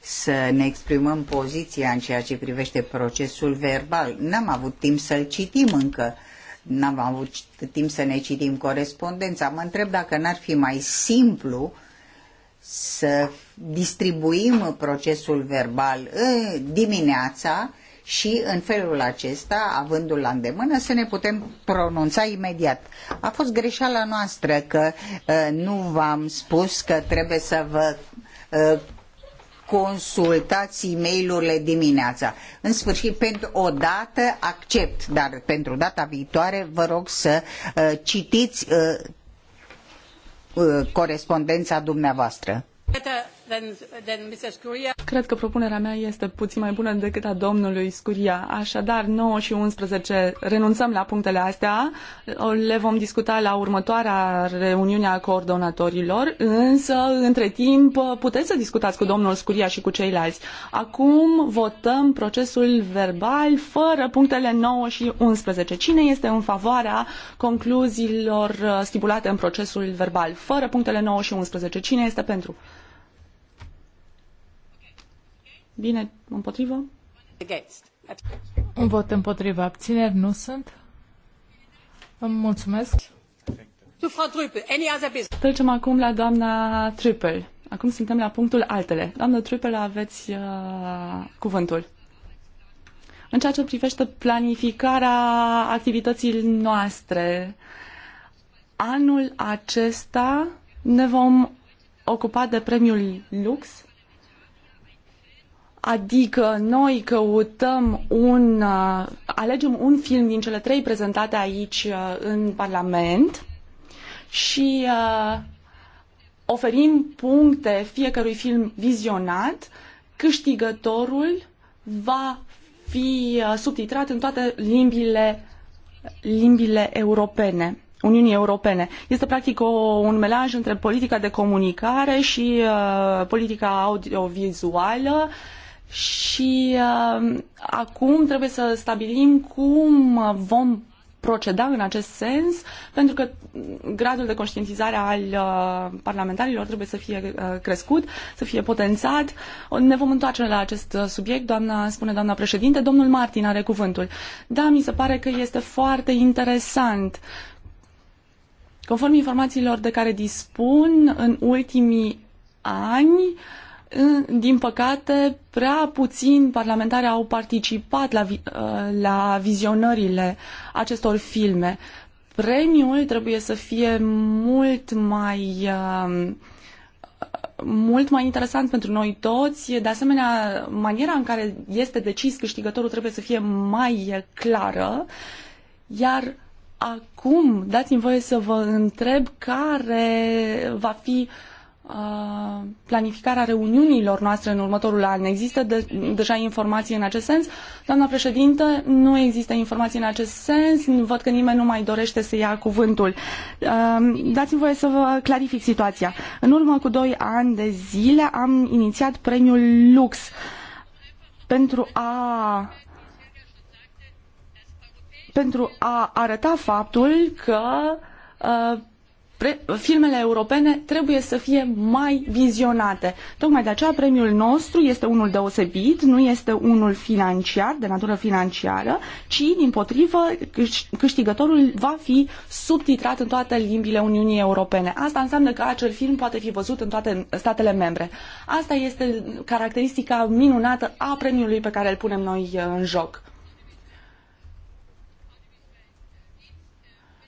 să ne exprimăm poziția în ceea ce privește procesul verbal. N-am avut timp să-l citim încă n-am avut timp să ne citim corespondența. Mă întreb dacă n-ar fi mai simplu să distribuim procesul verbal dimineața și în felul acesta, avându-l la îndemână, să ne putem pronunța imediat. A fost greșeala noastră că nu v-am spus că trebuie să vă consultați e mail dimineața. În sfârșit, pentru o dată accept, dar pentru data viitoare vă rog să uh, citiți uh, Uh, corespondența dumneavoastră. Cred că propunerea mea este puțin mai bună decât a domnului Scuria. Așadar, 9 și 11 renunțăm la punctele astea, le vom discuta la următoarea reuniune a coordonatorilor, însă, între timp, puteți să discutați cu domnul Scuria și cu ceilalți. Acum votăm procesul verbal fără punctele 9 și 11. Cine este în favoarea concluziilor stipulate în procesul verbal, fără punctele 9 și 11? Cine este pentru? Bine, împotrivă? Un vot împotrivă. Abțineri nu sunt. Îmi mulțumesc. Trecem acum la doamna Triple. Acum suntem la punctul altele. doamna Triple, aveți uh, cuvântul. În ceea ce privește planificarea activității noastre, anul acesta ne vom ocupa de premiul Lux Adică noi căutăm un, uh, alegem un film din cele trei prezentate aici uh, în Parlament și uh, oferim puncte fiecărui film vizionat, câștigătorul va fi subtitrat în toate limbile, limbile europene. Uniunii Europene. Este practic o, un melanj între politica de comunicare și uh, politica audiovizuală uh, și uh, acum trebuie să stabilim cum vom proceda în acest sens, pentru că gradul de conștientizare al uh, parlamentarilor trebuie să fie uh, crescut, să fie potențat. Ne vom întoarce la acest uh, subiect, doamna, spune doamna președinte. Domnul Martin are cuvântul. Da, mi se pare că este foarte interesant. Conform informațiilor de care dispun, în ultimii ani, uh, din păcate, prea puțin parlamentari au participat la, uh, la vizionările acestor filme. Premiul trebuie să fie mult mai um, mult mai interesant pentru noi toți. De asemenea, maniera în care este decis câștigătorul trebuie să fie mai clară. Iar acum dați-mi voie să vă întreb care va fi uh, Uh, planificarea reuniunilor noastre în următorul an. Există de, deja informații în acest sens? Doamna președintă, nu există informații în acest sens. Văd că nimeni nu mai dorește să ia cuvântul. Uh, dați-mi voie să vă clarific situația. În urmă cu doi ani de zile am inițiat premiul Lux pentru a pentru a arăta faptul că uh, filmele europene trebuie să fie mai vizionate. Tocmai de aceea premiul nostru este unul deosebit, nu este unul financiar, de natură financiară, ci, din potrivă, câștigătorul va fi subtitrat în toate limbile Uniunii Europene. Asta înseamnă că acel film poate fi văzut în toate statele membre. Asta este caracteristica minunată a premiului pe care îl punem noi uh, în joc.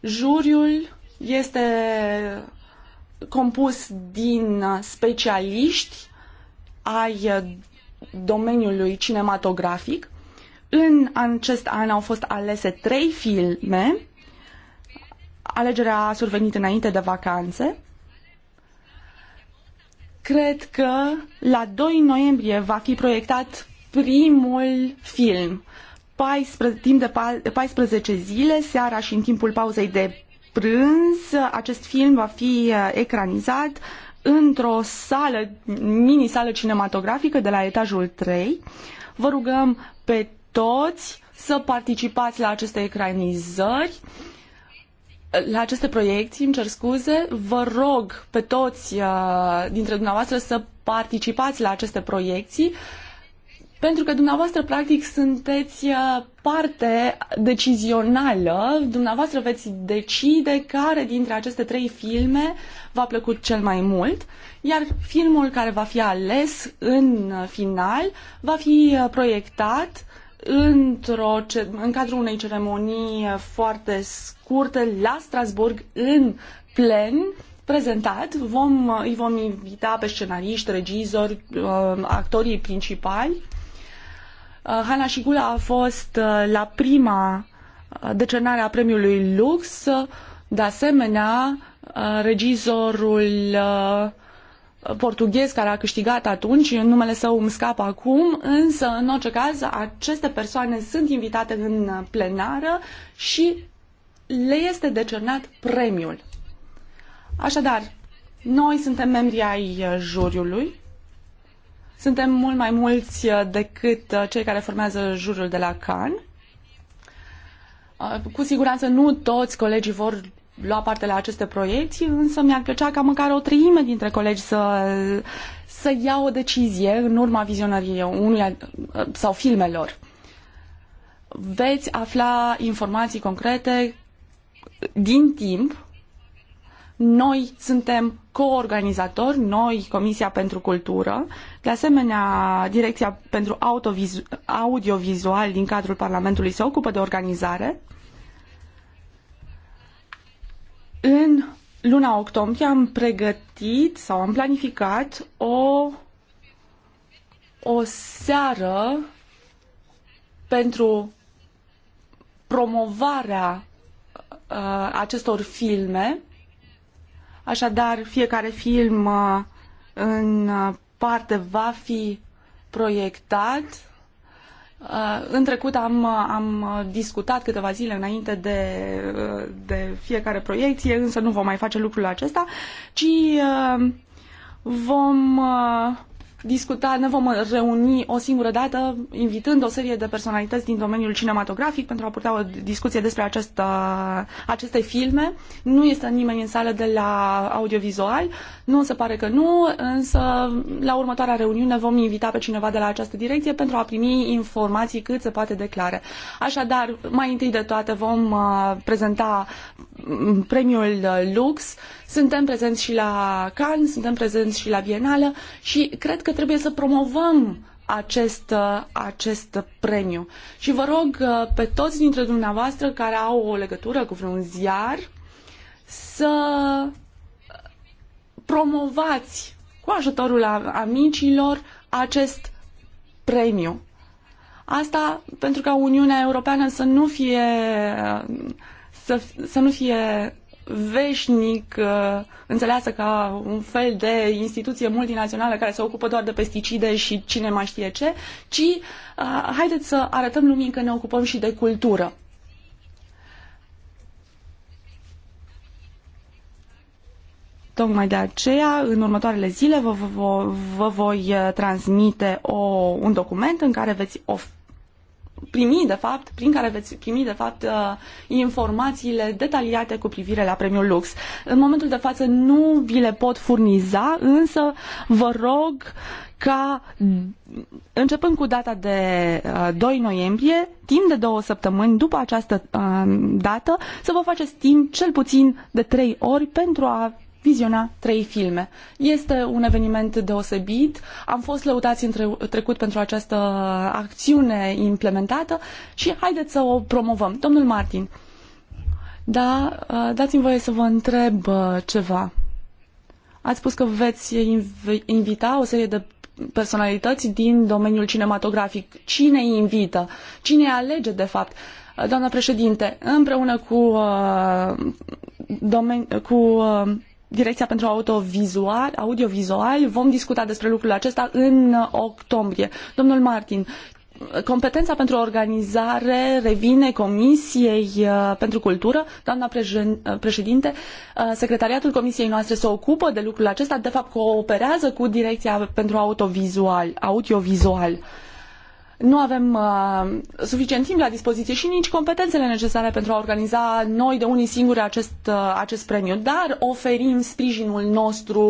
Juriul este compus din specialiști ai domeniului cinematografic. În acest an au fost alese trei filme. Alegerea a survenit înainte de vacanțe. Cred că la 2 noiembrie va fi proiectat primul film. 14, timp de 14 zile, seara și în timpul pauzei de prânz acest film va fi uh, ecranizat într-o sală, mini-sală cinematografică de la etajul 3. Vă rugăm pe toți să participați la aceste ecranizări, la aceste proiecții, îmi cer scuze. Vă rog pe toți uh, dintre dumneavoastră să participați la aceste proiecții. Pentru că dumneavoastră, practic, sunteți uh, parte decizională, dumneavoastră veți decide care dintre aceste trei filme v-a plăcut cel mai mult, iar filmul care va fi ales în final va fi uh, proiectat într-o, în cadrul unei ceremonii uh, foarte scurte la Strasburg, în plen, prezentat. Vom, îi vom invita pe scenariști, regizori, actorii principali Uh, Hana Shigula a fost uh, la prima uh, decernare a premiului Lux, de asemenea regizorul portughez care a câștigat atunci, numele său îmi scapă acum, însă în orice caz aceste persoane sunt invitate în plenară și le este decernat premiul. Așadar, noi suntem membri ai juriului, suntem mult mai mulți uh, decât uh, cei care formează jurul de la Can. Uh, cu siguranță nu toți colegii vor lua parte la aceste proiecții, însă mi-ar plăcea ca măcar o treime dintre colegi să, să ia o decizie în urma vizionării unuia sau filmelor. Veți afla informații concrete din timp noi suntem coorganizatori, noi, Comisia pentru Cultură, de asemenea, Direcția pentru Audiovizual din cadrul Parlamentului se ocupă de organizare. În luna octombrie am pregătit sau am planificat o, o seară pentru promovarea uh, acestor filme Așadar, fiecare film uh, în uh, parte va fi proiectat. Uh, în trecut am, am discutat câteva zile înainte de, de fiecare proiecție, însă nu vom mai face lucrul acesta, ci vom discuta, ne vom reuni o singură dată, invitând o serie de personalități din domeniul cinematografic pentru a purta o discuție despre acest, aceste filme. Nu este nimeni în sală de la audiovizual, nu se pare că nu, însă la următoarea reuniune vom invita pe cineva de la această direcție pentru a primi informații cât se poate declare. Așadar, mai întâi de toate vom uh, prezenta mm, premiul uh, Lux, suntem prezenți și la Cannes, suntem prezenți și la Bienală și cred că trebuie să promovăm acest, uh, acest premiu. Și vă rog uh, pe toți dintre dumneavoastră care au o legătură cu vreun ziar să promovați cu ajutorul amicilor acest premiu. Asta pentru ca Uniunea Europeană să nu fie uh, să, să nu fie veșnic uh, înțeleasă ca un fel de instituție multinațională care se ocupă doar de pesticide și cine mai știe ce, ci uh, haideți să arătăm lumii că ne ocupăm și de cultură. Tocmai de aceea, în următoarele zile, vă, vă, vă voi uh, transmite o, un document în care veți of, primi, de fapt, prin care veți primi, de fapt, uh, informațiile detaliate cu privire la premiul Lux. În momentul de față nu vi le pot furniza, însă vă rog ca, începând cu data de 2 uh, noiembrie, timp de două săptămâni după această uh, dată, să vă faceți timp cel puțin de trei ori pentru a viziona trei filme. Este un eveniment deosebit, am fost lăutați în trecut pentru această acțiune implementată și haideți să o promovăm. Domnul Martin, da, uh, dați-mi voie să vă întreb uh, ceva. Ați spus că veți invita o serie de personalități din domeniul cinematografic. Cine îi invită? Cine îi alege, de fapt? Uh, doamna președinte, împreună cu, uh, cu uh, Direcția pentru autovizual, audiovizual. Vom discuta despre lucrul acesta în octombrie. Domnul Martin, competența pentru organizare revine Comisiei uh, pentru Cultură. Doamna uh, președinte, uh, secretariatul Comisiei noastre se ocupă de lucrul acesta, de fapt cooperează cu Direcția pentru autovizual, audiovizual nu avem uh, suficient timp la dispoziție și nici competențele necesare pentru a organiza noi de unii singuri acest, uh, acest premiu, dar oferim sprijinul nostru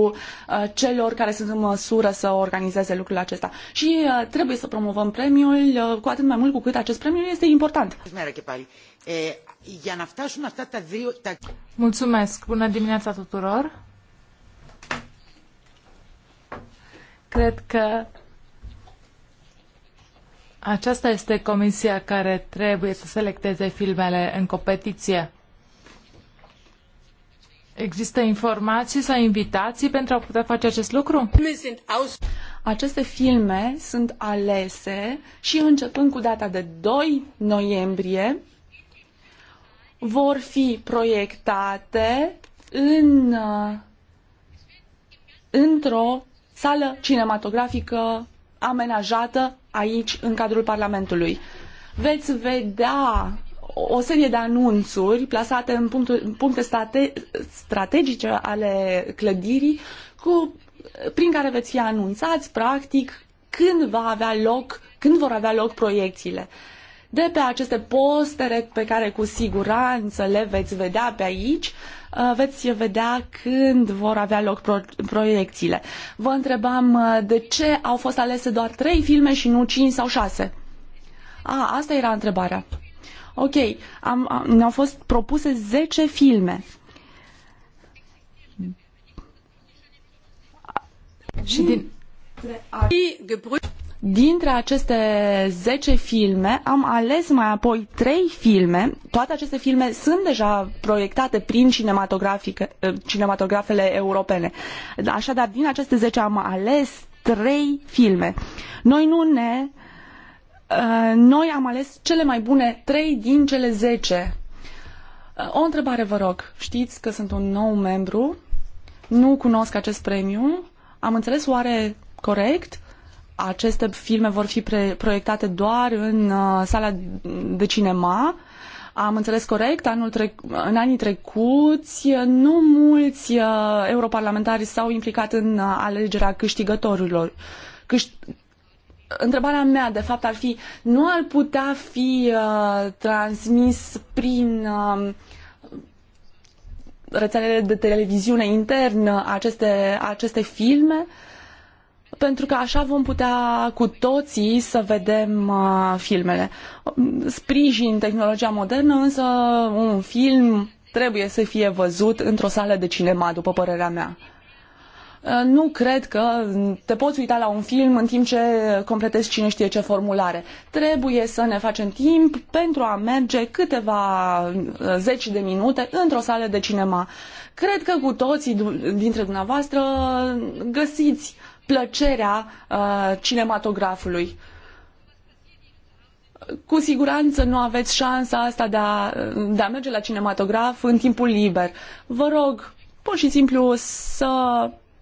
uh, celor care sunt în măsură să organizeze lucrul acesta. Și uh, trebuie să promovăm premiul, uh, cu atât mai mult cu cât acest premiu este important. Mulțumesc! Bună dimineața tuturor! Cred că aceasta este comisia care trebuie să selecteze filmele în competiție. Există informații sau invitații pentru a putea face acest lucru? Aceste filme sunt alese și începând cu data de 2 noiembrie vor fi proiectate în, într-o sală cinematografică amenajată aici în cadrul Parlamentului. Veți vedea o serie de anunțuri plasate în, în puncte state, strategice ale clădirii cu, prin care veți fi anunțați, practic, când va avea loc, când vor avea loc proiecțiile. Uh, de pe aceste postere pe care cu siguranță le veți vedea pe aici, uh, veți vedea când vor avea loc pro- proiecțiile. Vă întrebam uh, de ce au fost alese doar trei filme și nu cinci sau șase? A, asta era întrebarea. Ok, am, am, ne-au fost propuse zece filme. Și din... Dintre aceste zece filme am ales mai apoi trei filme. Toate aceste filme sunt deja proiectate prin eh, cinematografele europene. Așadar, din aceste zece am ales trei filme. Noi nu ne... Eh, noi am ales cele mai bune trei din cele zece. Eh, o întrebare vă rog. Știți că sunt un nou membru, nu cunosc acest premiu. Am înțeles oare corect? aceste filme vor fi proiectate doar în uh, sala de cinema. Am înțeles corect, anul trec- în anii trecuți nu mulți uh, europarlamentari s-au implicat în uh, alegerea câștigătorilor. Câș- întrebarea mea, de fapt, ar fi, nu ar putea fi uh, transmis prin uh, rețelele de televiziune internă uh, aceste, aceste filme? Uh, pentru că așa vom putea cu toții să vedem uh, filmele. Sprijin tehnologia modernă, însă un film trebuie să fie văzut într-o sală de cinema, după părerea mea. Uh, nu cred că te poți uita la un film în timp ce completezi cine știe ce formulare. Trebuie să ne facem timp pentru a merge câteva uh, zeci de minute într-o sală de cinema. Cred că cu toții dintre dumneavoastră găsiți uh, plăcerea uh, cinematografului. Cu siguranță nu aveți șansa asta de a, de a merge la cinematograf în timpul liber. Vă rog, pur și simplu să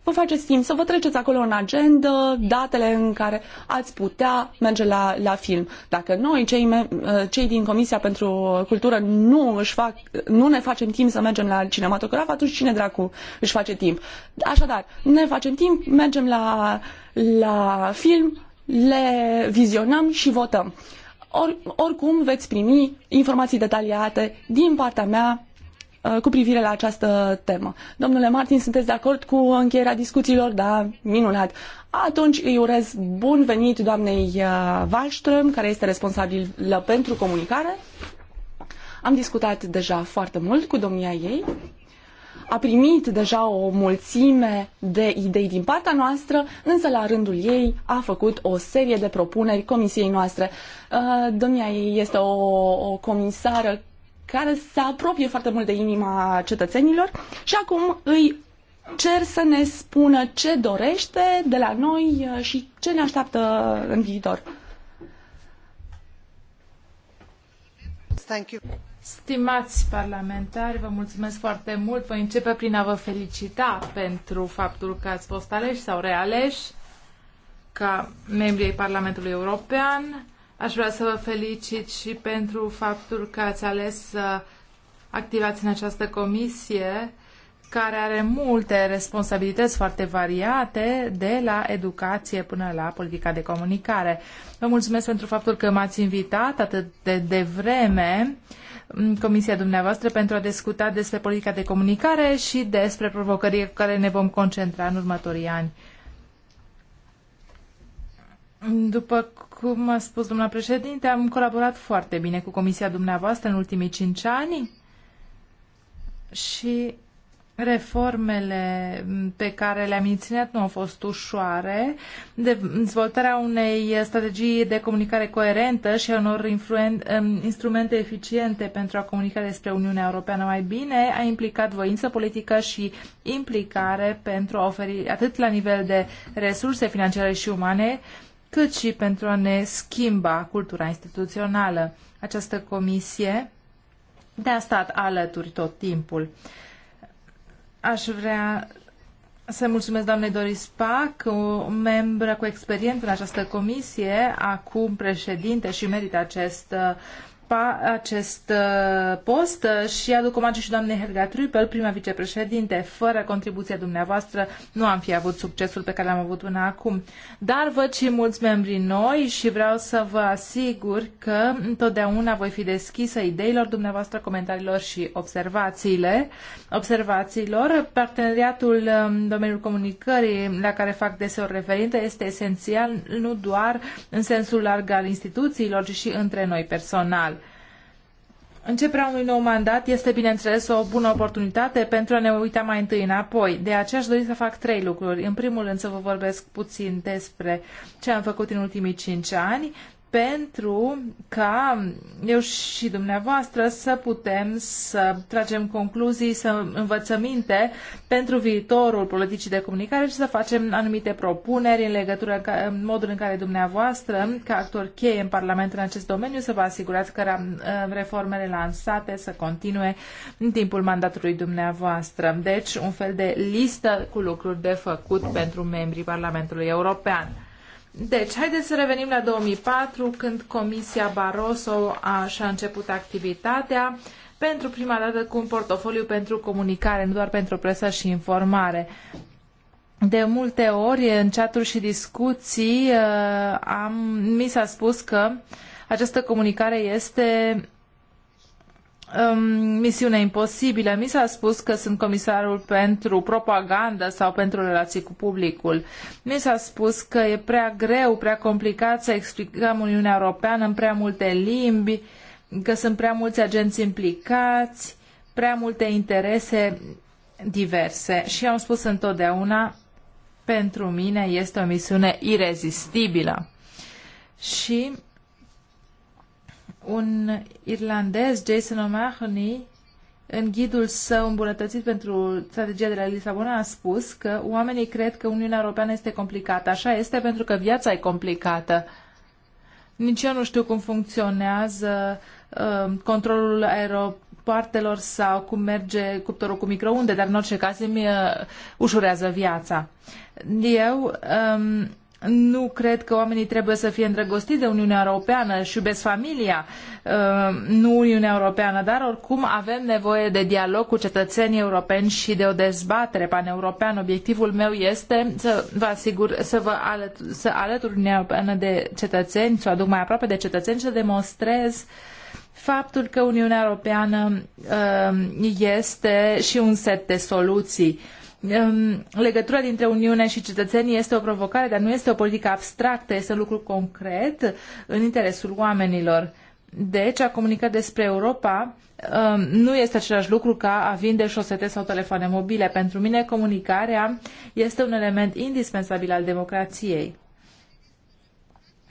vă faceți timp să vă treceți acolo în agenda datele în care ați putea merge la, la film. Dacă noi, cei, uh, cei din Comisia pentru Cultură, nu, își fac, nu ne facem timp să mergem la cinematograf, atunci cine dracu își face timp? Așadar, ne facem timp, mergem la, la film, le vizionăm și votăm. Or, oricum veți primi informații detaliate din partea mea Uh, cu privire la această temă. Domnule Martin, sunteți de acord cu încheierea discuțiilor? Da, minunat. Atunci îi urez bun venit doamnei uh, Wallström, care este responsabilă pentru comunicare. Am discutat deja foarte mult cu domnia ei. A primit deja o mulțime de idei din partea noastră, însă la rândul ei a făcut o serie de propuneri comisiei noastre. Uh, domnia ei este o, o comisară care se apropie foarte mult de inima cetățenilor și acum îi cer să ne spună ce dorește de la noi uh, și ce ne așteaptă în viitor. Thank you. Stimați parlamentari, vă mulțumesc foarte mult. Voi începe prin a vă felicita pentru faptul că ați fost aleși sau realeși ca membri ai Parlamentului European Aș vrea să vă felicit și pentru faptul că ați ales să activați în această comisie care are multe responsabilități foarte variate, de la educație până la politica de comunicare. Vă mulțumesc pentru faptul că m-ați invitat atât de devreme în comisia dumneavoastră pentru a discuta despre politica de comunicare și despre provocările cu care ne vom concentra în următorii ani. După cum a spus domnul președinte, am colaborat foarte bine cu comisia dumneavoastră în ultimii cinci ani și reformele pe care le-am inținut nu au fost ușoare. De dezvoltarea unei strategii de comunicare coerentă și a unor um, instrumente eficiente pentru a comunica despre Uniunea Europeană mai bine a implicat voință politică și implicare pentru a oferi atât la nivel de resurse financiare și umane, cât și pentru a ne schimba cultura instituțională. Această comisie de-a stat alături tot timpul. Aș vrea să mulțumesc doamnei Doris Pac, o membră cu experiență în această comisie, acum președinte și merită acest acest uh, post și aduc omagiu și doamnei Helga Trupel, prima vicepreședinte. Fără contribuția dumneavoastră nu am fi avut succesul pe care l-am avut până acum. Dar văd și mulți membri noi și vreau să vă asigur că întotdeauna voi fi deschisă ideilor dumneavoastră, comentariilor și observațiile. Observațiilor, parteneriatul um, domeniul comunicării la care fac deseori referinte este esențial nu doar în sensul larg al instituțiilor, ci și între noi personal. Începerea unui nou mandat este, bineînțeles, o bună oportunitate pentru a ne uita mai întâi înapoi. De aceea aș dori să fac trei lucruri. În primul rând să vă vorbesc puțin despre ce am făcut în ultimii cinci ani, pentru ca eu și dumneavoastră să putem să tragem concluzii, să învățăm minte pentru viitorul politicii de comunicare și să facem anumite propuneri în legătură în modul în care dumneavoastră, ca actor cheie în Parlament în acest domeniu, să vă asigurați că uh, reformele lansate să continue în timpul mandatului dumneavoastră. Deci, un fel de listă cu lucruri de făcut pentru membrii Parlamentului European. Deci, haideți să revenim la 2004, când Comisia Barroso a, și-a început activitatea pentru prima dată cu un portofoliu pentru comunicare, nu doar pentru presă și informare. De multe ori, în chaturi și discuții, uh, am, mi s-a spus că această comunicare este misiune imposibilă. Mi s-a spus că sunt comisarul pentru propagandă sau pentru relații cu publicul. Mi s-a spus că e prea greu, prea complicat să explicăm Uniunea Europeană în prea multe limbi, că sunt prea mulți agenți implicați, prea multe interese diverse. Și am spus întotdeauna, pentru mine este o misiune irezistibilă. Și un irlandez, Jason O'Mahony, în ghidul său îmbunătățit pentru strategia de la Lisabona, a spus că oamenii cred că Uniunea Europeană este complicată. Așa este pentru că viața e complicată. Nici eu nu știu cum funcționează uh, controlul aeropoartelor sau cum merge cuptorul cu microunde, dar în orice caz îmi uh, ușurează viața. Eu um, nu cred că oamenii trebuie să fie îndrăgostiți de Uniunea Europeană și iubesc familia, uh, nu Uniunea Europeană, dar oricum avem nevoie de dialog cu cetățenii europeni și de o dezbatere paneuropeană. Obiectivul meu este să vă asigur, să vă alăt, să alătur Uniunea Europeană de cetățeni, să o aduc mai aproape de cetățeni și să demonstrez faptul că Uniunea Europeană uh, este și un set de soluții legătura dintre Uniune și cetățenii este o provocare, dar nu este o politică abstractă, este un lucru concret în interesul oamenilor. Deci, a comunica despre Europa nu este același lucru ca a vinde șosete sau telefoane mobile. Pentru mine, comunicarea este un element indispensabil al democrației.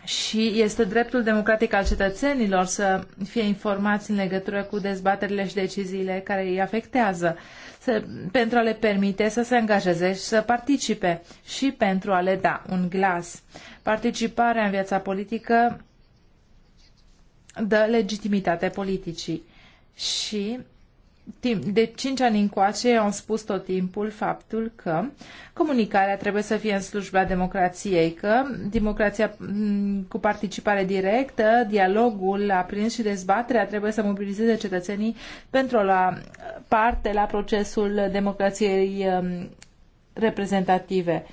Și este dreptul democratic al cetățenilor să fie informați în legătură cu dezbaterile și deciziile care îi afectează. Uh, să, pentru a le permite să se angajeze și să participe și pentru a le da un glas. Participarea în viața politică dă legitimitate politicii și timp de 5 ani încoace au spus tot timpul faptul că comunicarea trebuie să fie în slujba democrației, că democrația cu participare directă, dialogul aprins și dezbaterea trebuie să mobilizeze cetățenii pentru a lua parte la procesul democrației reprezentative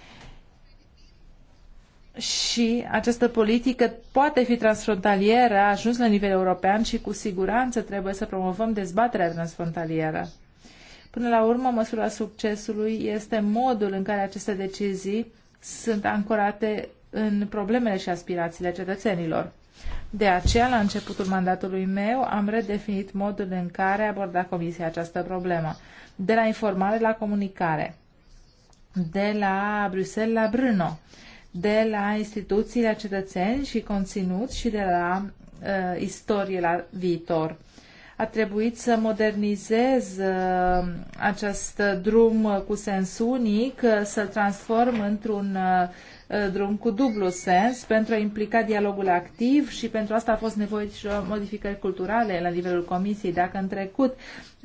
și această politică poate fi transfrontalieră, a ajuns la nivel european și cu siguranță trebuie să promovăm dezbaterea transfrontalieră. Până la urmă, măsura succesului este modul în care aceste decizii sunt ancorate în problemele și aspirațiile cetățenilor. De aceea, la începutul mandatului meu, am redefinit modul în care aborda Comisia această problemă, de la informare la comunicare, de la Bruxelles la Brno de la instituții la cetățeni și conținut și de la uh, istorie la viitor. A trebuit să modernizez uh, acest drum cu sens unic, uh, să-l transform într-un uh, Uh, drum cu dublu sens pentru a implica dialogul activ și pentru asta a fost nevoie și modificări culturale la nivelul comisiei. Dacă în trecut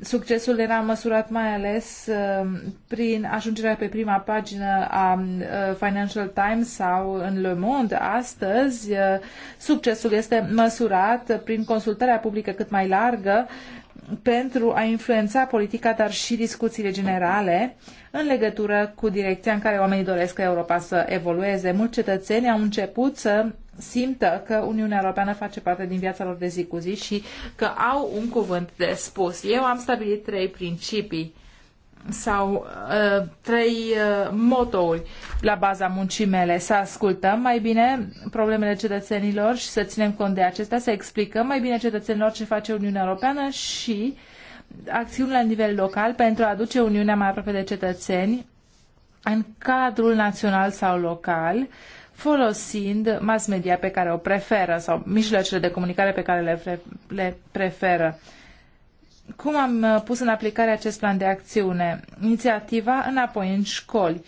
succesul era măsurat mai ales uh, prin ajungerea pe prima pagină a uh, Financial Times sau în Le Monde, astăzi succesul este măsurat prin consultarea publică cât mai largă pentru a influența politica, dar și discuțiile generale în legătură cu direcția în care oamenii doresc ca Europa să evolueze. Mulți cetățeni au început să simtă că Uniunea Europeană face parte din viața lor de zi cu zi și că au un cuvânt de spus. Eu am stabilit trei principii sau uh, trei uh, motouri la baza muncii mele. Să ascultăm mai bine problemele cetățenilor și să ținem cont de acestea, să explicăm mai bine cetățenilor ce face Uniunea Europeană și acțiuni la nivel local pentru a aduce Uniunea mai aproape de cetățeni în cadrul național sau local, folosind mass media pe care o preferă sau mijloacele de comunicare pe care le, pre- le preferă cum am uh, pus în aplicare acest plan de acțiune? Inițiativa înapoi în școli.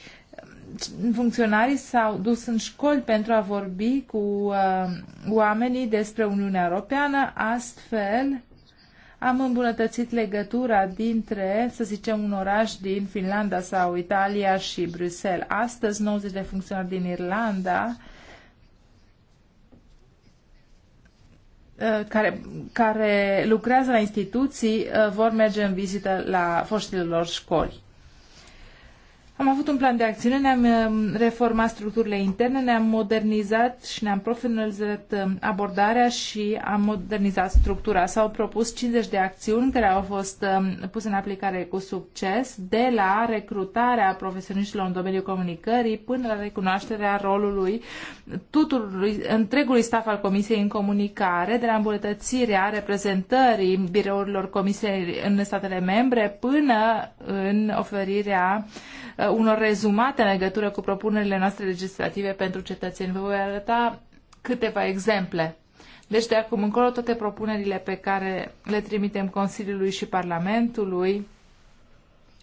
Funcționarii s-au dus în școli pentru a vorbi cu uh, oamenii despre Uniunea Europeană, astfel am îmbunătățit legătura dintre, să zicem, un oraș din Finlanda sau Italia și Bruxelles. Astăzi, 90 de funcționari din Irlanda Uh, care, care lucrează la instituții uh, vor merge în vizită la foștilor școli. Am avut un plan de acțiune, ne-am um, reformat structurile interne, ne-am modernizat și ne-am profesionalizat um, abordarea și am modernizat structura. S-au propus 50 de acțiuni care au fost um, puse în aplicare cu succes, de la recrutarea profesioniștilor în domeniul comunicării până la recunoașterea rolului tuturui, întregului staff al Comisiei în comunicare, de la îmbunătățirea reprezentării birourilor Comisiei în statele membre până în oferirea uh, unor rezumate în legătură cu propunerile noastre legislative pentru cetățeni. Vă voi arăta câteva exemple. Deci de acum încolo toate propunerile pe care le trimitem Consiliului și Parlamentului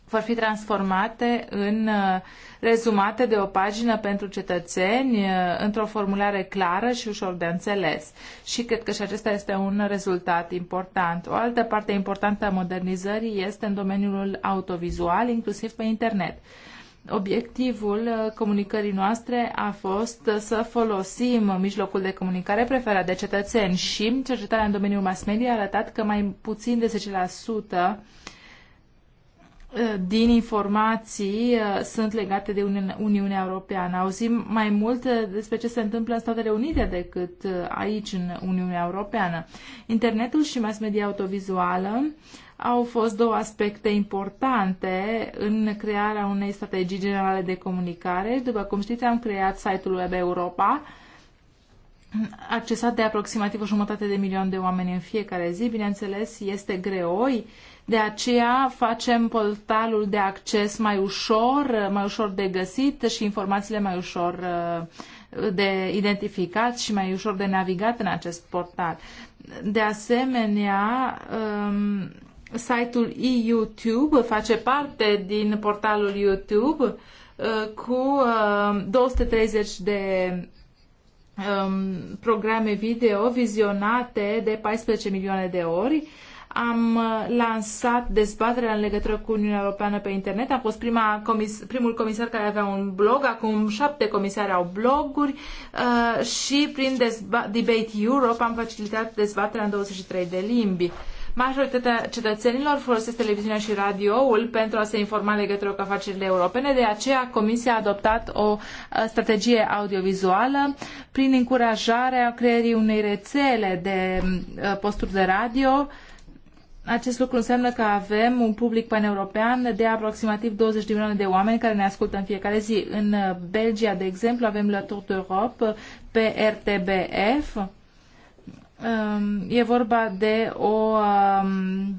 vor fi transformate în uh, rezumate de o pagină pentru cetățeni uh, într-o formulare clară și ușor de înțeles. Și cred că și acesta este un rezultat important. O altă parte importantă a modernizării este în domeniul autovizual, inclusiv pe internet. Obiectivul uh, comunicării noastre a fost uh, să folosim mijlocul de comunicare preferat de cetățeni și cercetarea în domeniul mass media a arătat că mai puțin de 10% uh, din informații sunt legate de Uniunea Europeană. Auzim mai mult despre ce se întâmplă în Statele Unite decât aici în Uniunea Europeană. Internetul și mass media autovizuală au fost două aspecte importante în crearea unei strategii generale de comunicare. După cum știți, am creat site-ul Web Europa, accesat de aproximativ o jumătate de milion de oameni în fiecare zi. Bineînțeles, este greoi, de aceea facem portalul de acces mai ușor, mai ușor de găsit și informațiile mai ușor uh, de identificat și mai ușor de navigat în acest portal. De asemenea, um, site-ul YouTube, face parte din portalul YouTube uh, cu 230 uh, de um, programe video vizionate de 14 milioane de ori. Am uh, lansat dezbaterea în legătură cu Uniunea Europeană pe internet. Am fost prima comis- primul comisar care avea un blog, acum șapte comisari au bloguri uh, și prin Debate Europe am facilitat dezbaterea în 23 de limbi. Uh, Majoritatea cetățenilor folosesc televiziunea și radioul pentru a se informa legătură cu afacerile europene, de aceea Comisia a adoptat o uh, strategie audiovizuală prin încurajarea creării unei rețele de uh, posturi de radio acest lucru înseamnă că avem un public paneuropean de aproximativ 20 de milioane de oameni care ne ascultă în fiecare zi. În uh, Belgia, de exemplu, avem La Tour d'Europe pe RTBF Um, e vorba de o, um,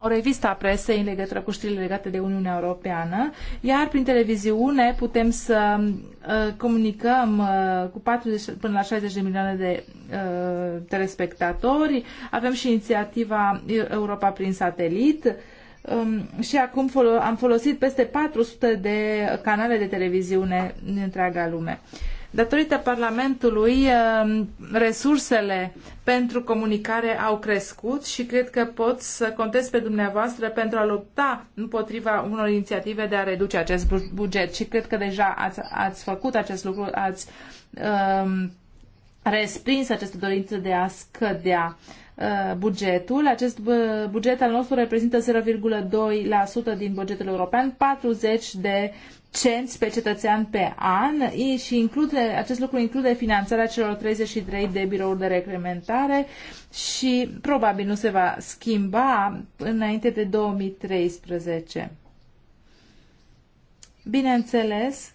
o revistă a presei în legătură cu știrile legate de Uniunea Europeană, iar prin televiziune putem să uh, comunicăm uh, cu 40 până la 60 de milioane de uh, telespectatori. Avem și inițiativa Europa prin satelit. Um, și acum am folosit peste 400 de canale de televiziune în întreaga lume. Uh, Datorită Parlamentului, ehm, resursele pentru comunicare au crescut și cred că pot să contez pe dumneavoastră pentru a lupta împotriva unor inițiative de a reduce acest buget. Și cred că deja ați, ați făcut acest lucru, ați um, respins această dorință de a scădea eh, bugetul. Acest buget al nostru reprezintă 0,2% din bugetul european, 40 de cenți pe cetățean pe an și include, acest lucru include finanțarea celor 33 de birouri de reclementare și probabil nu se va schimba înainte de 2013. Bineînțeles,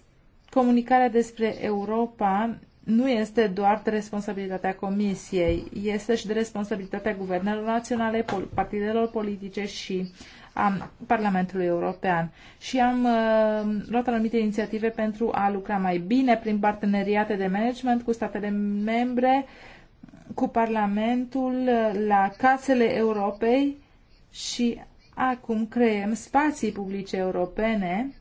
comunicarea despre Europa nu este doar de responsabilitatea Comisiei, este și de responsabilitatea guvernelor naționale, partidelor politice și a Parlamentului European și am uh, luat anumite inițiative pentru a lucra mai bine prin parteneriate de management cu statele membre, cu Parlamentul, uh, la casele Europei și acum creăm spații publice europene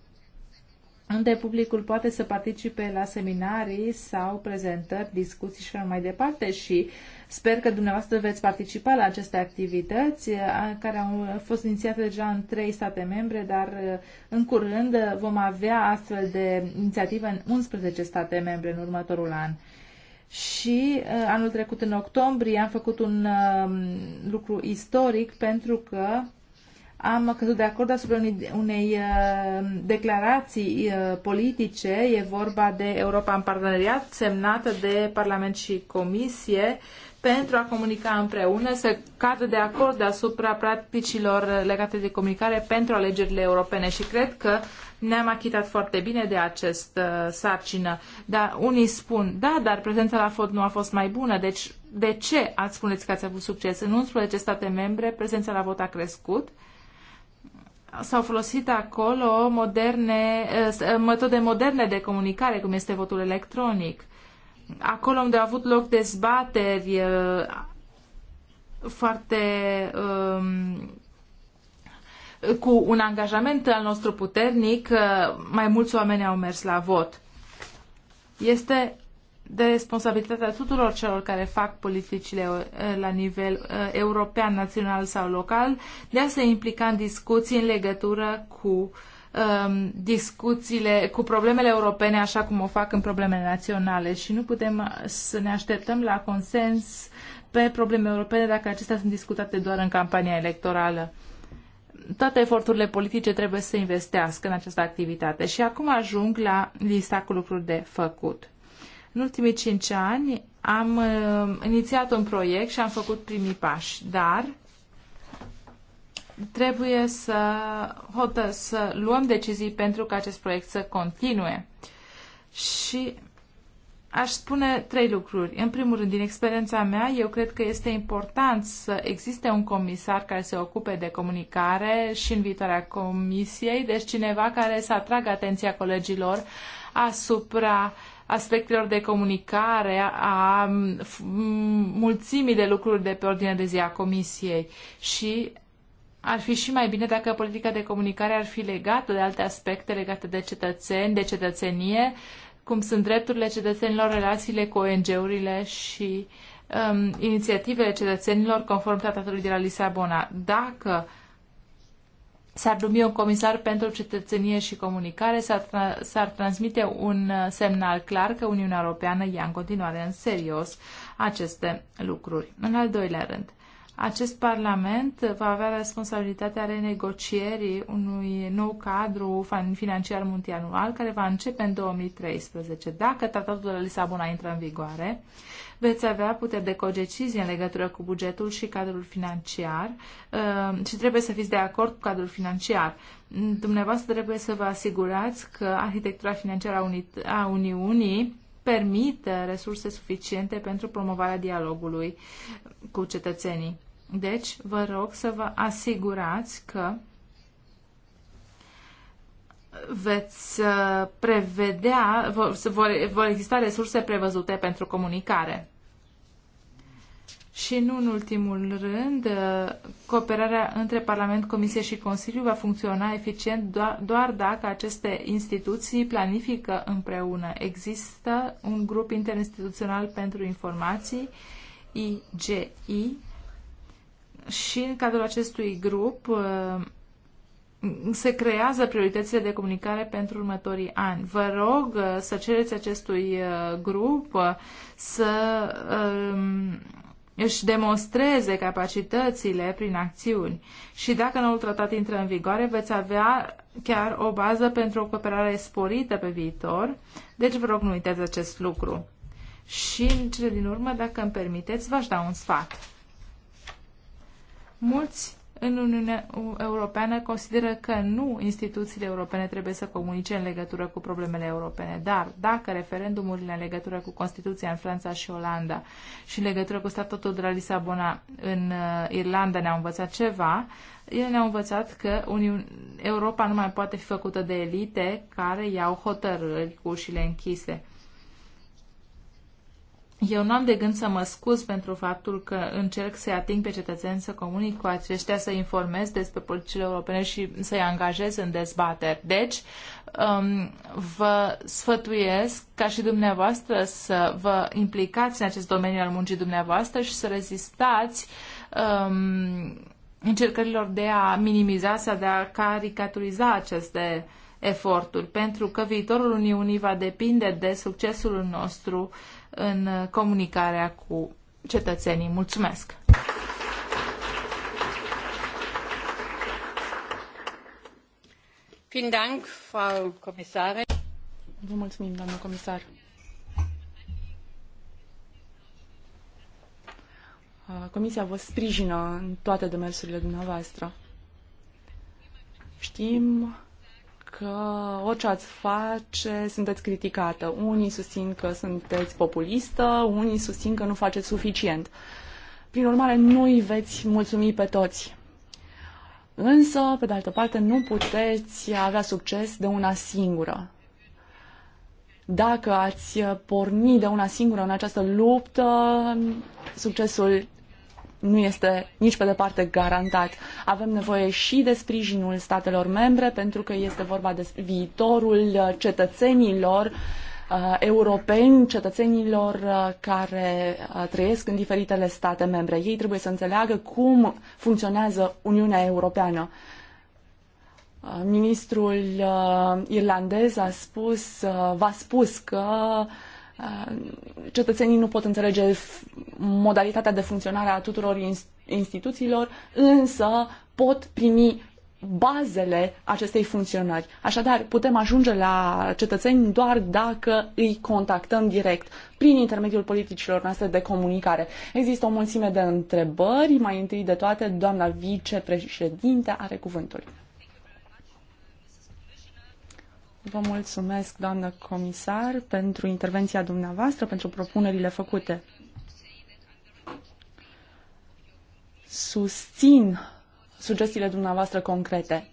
unde publicul poate să participe la seminarii sau prezentări, discuții și așa mai departe și uh, Sper că dumneavoastră veți participa la aceste activități eh, care au eh, fost inițiate deja în trei state membre, dar eh, în curând vom avea astfel de inițiative în 11 state membre în următorul an. Și anul trecut, în octombrie, am făcut un lucru istoric pentru că am căzut de acord asupra unei, unei declarații politice, e vorba de Europa în parteneriat, semnată de Parlament și Comisie pentru a comunica împreună, să cadă de acord deasupra practicilor legate de comunicare pentru alegerile europene și cred că ne-am achitat foarte bine de acest uh, sarcină. Dar unii spun, da, dar prezența la FOD nu a fost mai bună, deci de ce ați spuneți că ați avut succes? În 11 state membre prezența la vot a crescut, s-au folosit acolo moderne, uh, uh, metode moderne de comunicare, cum este votul electronic acolo unde au avut loc dezbateri uh, foarte um, cu un angajament al nostru puternic, uh, mai mulți oameni au mers la vot. Este de responsabilitatea tuturor celor care fac politicile uh, la nivel european, național sau local, de a se implica în discuții în legătură cu Um, discuțiile cu problemele europene așa cum o fac în problemele naționale și nu putem uh, să ne așteptăm la consens pe probleme europene dacă acestea sunt discutate doar în campania electorală. Toate eforturile politice trebuie să investească în această activitate și acum ajung la lista cu lucruri de făcut. În ultimii cinci ani am uh, inițiat un proiect și am făcut primii pași, dar trebuie să, hotă, să luăm decizii pentru ca acest proiect să continue. Și aș spune trei lucruri. În primul rând, din experiența mea, eu cred că este important să existe un comisar care se ocupe de comunicare și în viitoarea comisiei, deci cineva care să atragă atenția colegilor asupra aspectelor de comunicare, a mulțimii de lucruri de pe ordine de zi a comisiei și ar fi și mai bine dacă politica de comunicare ar fi legată de alte aspecte legate de cetățeni, de cetățenie, cum sunt drepturile cetățenilor, relațiile cu ONG-urile și um, inițiativele cetățenilor conform tratatului de la Lisabona. Dacă s-ar numi un comisar pentru cetățenie și comunicare, s-ar, tra- s-ar transmite un uh, semnal clar că Uniunea Europeană ia în continuare în serios aceste lucruri. În al doilea rând, acest Parlament va avea responsabilitatea renegocierii unui nou cadru financiar multianual care va începe în 2013. Dacă tratatul de la Lisabona intră în vigoare, veți avea puteri de codecizie în legătură cu bugetul și cadrul financiar uh, și trebuie să fiți de acord cu cadrul financiar. Dumneavoastră trebuie să vă asigurați că arhitectura financiară a Uniunii permite resurse suficiente pentru promovarea dialogului cu cetățenii. Deci, vă rog să vă asigurați că veți uh, prevedea, vor, vor exista resurse prevăzute pentru comunicare. Și nu în ultimul rând, uh, cooperarea între Parlament, Comisie și Consiliu va funcționa eficient doar, doar dacă aceste instituții planifică împreună. Există un grup interinstituțional pentru informații, IGI, și în cadrul acestui grup uh, se creează prioritățile de comunicare pentru următorii ani. Vă rog uh, să cereți acestui uh, grup să um, își demonstreze capacitățile prin acțiuni și dacă noul tratat intră în vigoare, veți avea chiar o bază pentru o cooperare sporită pe viitor, deci vă rog nu uitați acest lucru. Și în cele din urmă, dacă îmi permiteți, v-aș da un sfat Mulți în Uniunea Europeană consideră că nu instituțiile europene trebuie să comunice în legătură cu problemele europene, dar dacă referendumurile în legătură cu Constituția în Franța și Olanda și în legătură cu statutul de la Lisabona în uh, Irlanda ne-au învățat ceva, ele ne-au învățat că Europa nu mai poate fi făcută de elite care iau hotărâri cu ușile închise. Eu nu am de gând să mă scuz pentru faptul că încerc să-i ating pe cetățeni, să comunic cu aceștia, să informez despre politicile europene și să-i angajez în dezbateri. Deci, um, vă sfătuiesc ca și dumneavoastră să vă implicați în acest domeniu al muncii dumneavoastră și să rezistați um, încercărilor de a minimiza sau de a caricaturiza aceste eforturi, pentru că viitorul Uniunii va depinde de succesul nostru uh, în comunicarea cu cetățenii. Mulțumesc! Vă mulțumim, doamnă comisar. Comisia vă sprijină în toate demersurile dumneavoastră. Știm că orice ați face, sunteți criticată. Unii susțin că sunteți populistă, unii susțin că nu faceți suficient. Prin urmare, nu îi veți mulțumi pe toți. Însă, pe de altă parte, nu puteți avea succes de una singură. Dacă ați porni de una singură în această luptă, succesul nu este nici pe departe garantat. Avem nevoie și de sprijinul statelor membre pentru că este vorba de viitorul cetățenilor uh, europeni, cetățenilor uh, care uh, trăiesc în diferitele state membre. Ei trebuie să înțeleagă cum funcționează Uniunea Europeană. Ministrul irlandez a spus, v-a spus că uh, cetățenii nu pot înțelege modalitatea de funcționare a tuturor instituțiilor, însă pot primi bazele acestei funcționări. Așadar, putem ajunge la cetățeni doar dacă îi contactăm direct prin intermediul politicilor noastre de comunicare. Există o mulțime de întrebări, mai întâi de toate, doamna vicepreședinte are cuvântul. Vă mulțumesc, doamnă comisar, pentru intervenția dumneavoastră, pentru propunerile făcute. Susțin sugestiile dumneavoastră concrete.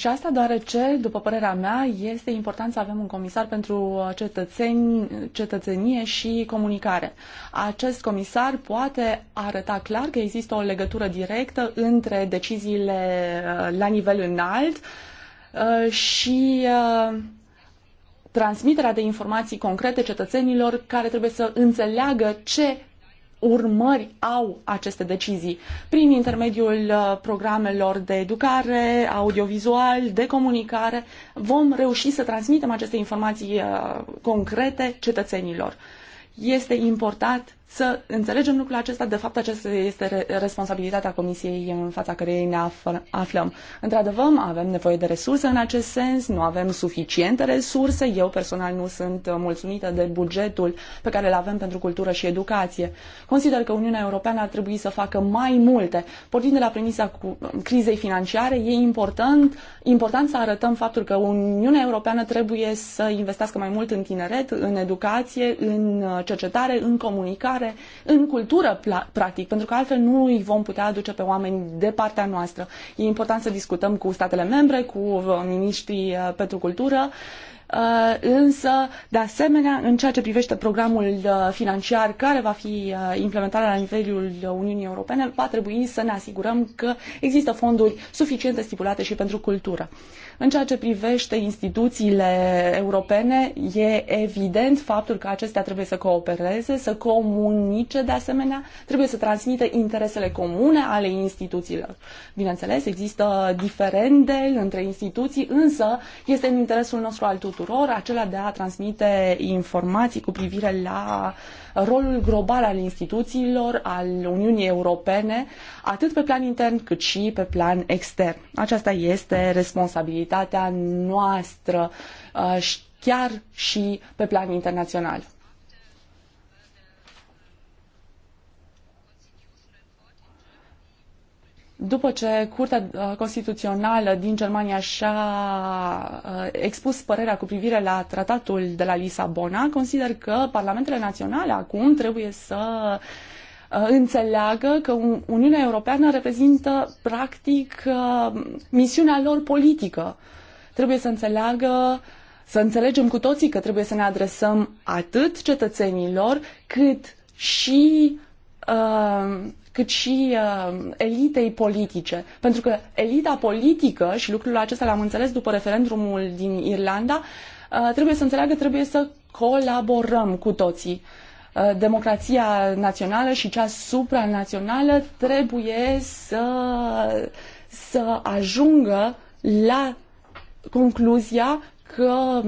Și asta deoarece, după părerea mea, este important să avem un comisar pentru uh, cetățeni, cetățenie și comunicare. Acest comisar poate arăta clar că există o legătură directă între deciziile uh, la nivel înalt uh, și transmiterea de informații concrete cetățenilor care trebuie să înțeleagă ce urmări au aceste decizii prin intermediul uh, programelor de educare, audiovizual, de comunicare, vom reuși să transmitem aceste informații uh, concrete cetățenilor. Este important să înțelegem lucrul acesta. De fapt, aceasta este responsabilitatea Comisiei în fața cărei ne aflăm. Într-adevăr, avem nevoie de resurse în acest sens, nu avem suficiente resurse. Eu personal nu sunt mulțumită de bugetul pe care îl avem pentru cultură și educație. Consider că Uniunea Europeană ar trebui să facă mai multe. Pornind de la premisa cu crizei financiare, e important, important să arătăm faptul că Uniunea Europeană trebuie să investească mai mult în tineret, în educație, în uh, cercetare, în comunicare mare în cultură, practic, pentru că altfel nu îi vom putea aduce pe oameni de partea noastră. E important să discutăm cu statele membre, cu uh, miniștrii uh, pentru cultură, uh, însă, de asemenea, în ceea ce privește programul financiar care va fi implementat la nivelul Uniunii Europene, va trebui să ne asigurăm că există fonduri suficiente stipulate și pentru cultură. În ceea ce privește instituțiile europene, e evident faptul că acestea trebuie să coopereze, să comunice de asemenea, trebuie să transmită interesele comune ale instituțiilor. Bineînțeles, există diferende între instituții, însă este în interesul nostru al tuturor acela de a transmite informații cu privire la uh, rolul global al instituțiilor, al Uniunii Europene, atât pe plan intern cât și pe plan extern. Aceasta este responsabilitatea noastră uh, chiar și pe plan internațional. După ce Curtea uh, Constituțională din Germania și-a uh, expus părerea cu privire la tratatul de la Lisabona, consider că parlamentele naționale acum trebuie să uh, înțeleagă că Uniunea Europeană reprezintă practic misiunea lor politică. Trebuie să înțeleagă să înțelegem cu toții că trebuie să ne adresăm atât cetățenilor cât și uh, cât și uh, elitei politice. Pentru că elita politică, și lucrul acesta l-am înțeles după referendumul din Irlanda, uh, trebuie să înțeleagă, trebuie să colaborăm cu toții. Uh, democrația națională și cea supranațională trebuie să, să ajungă la concluzia că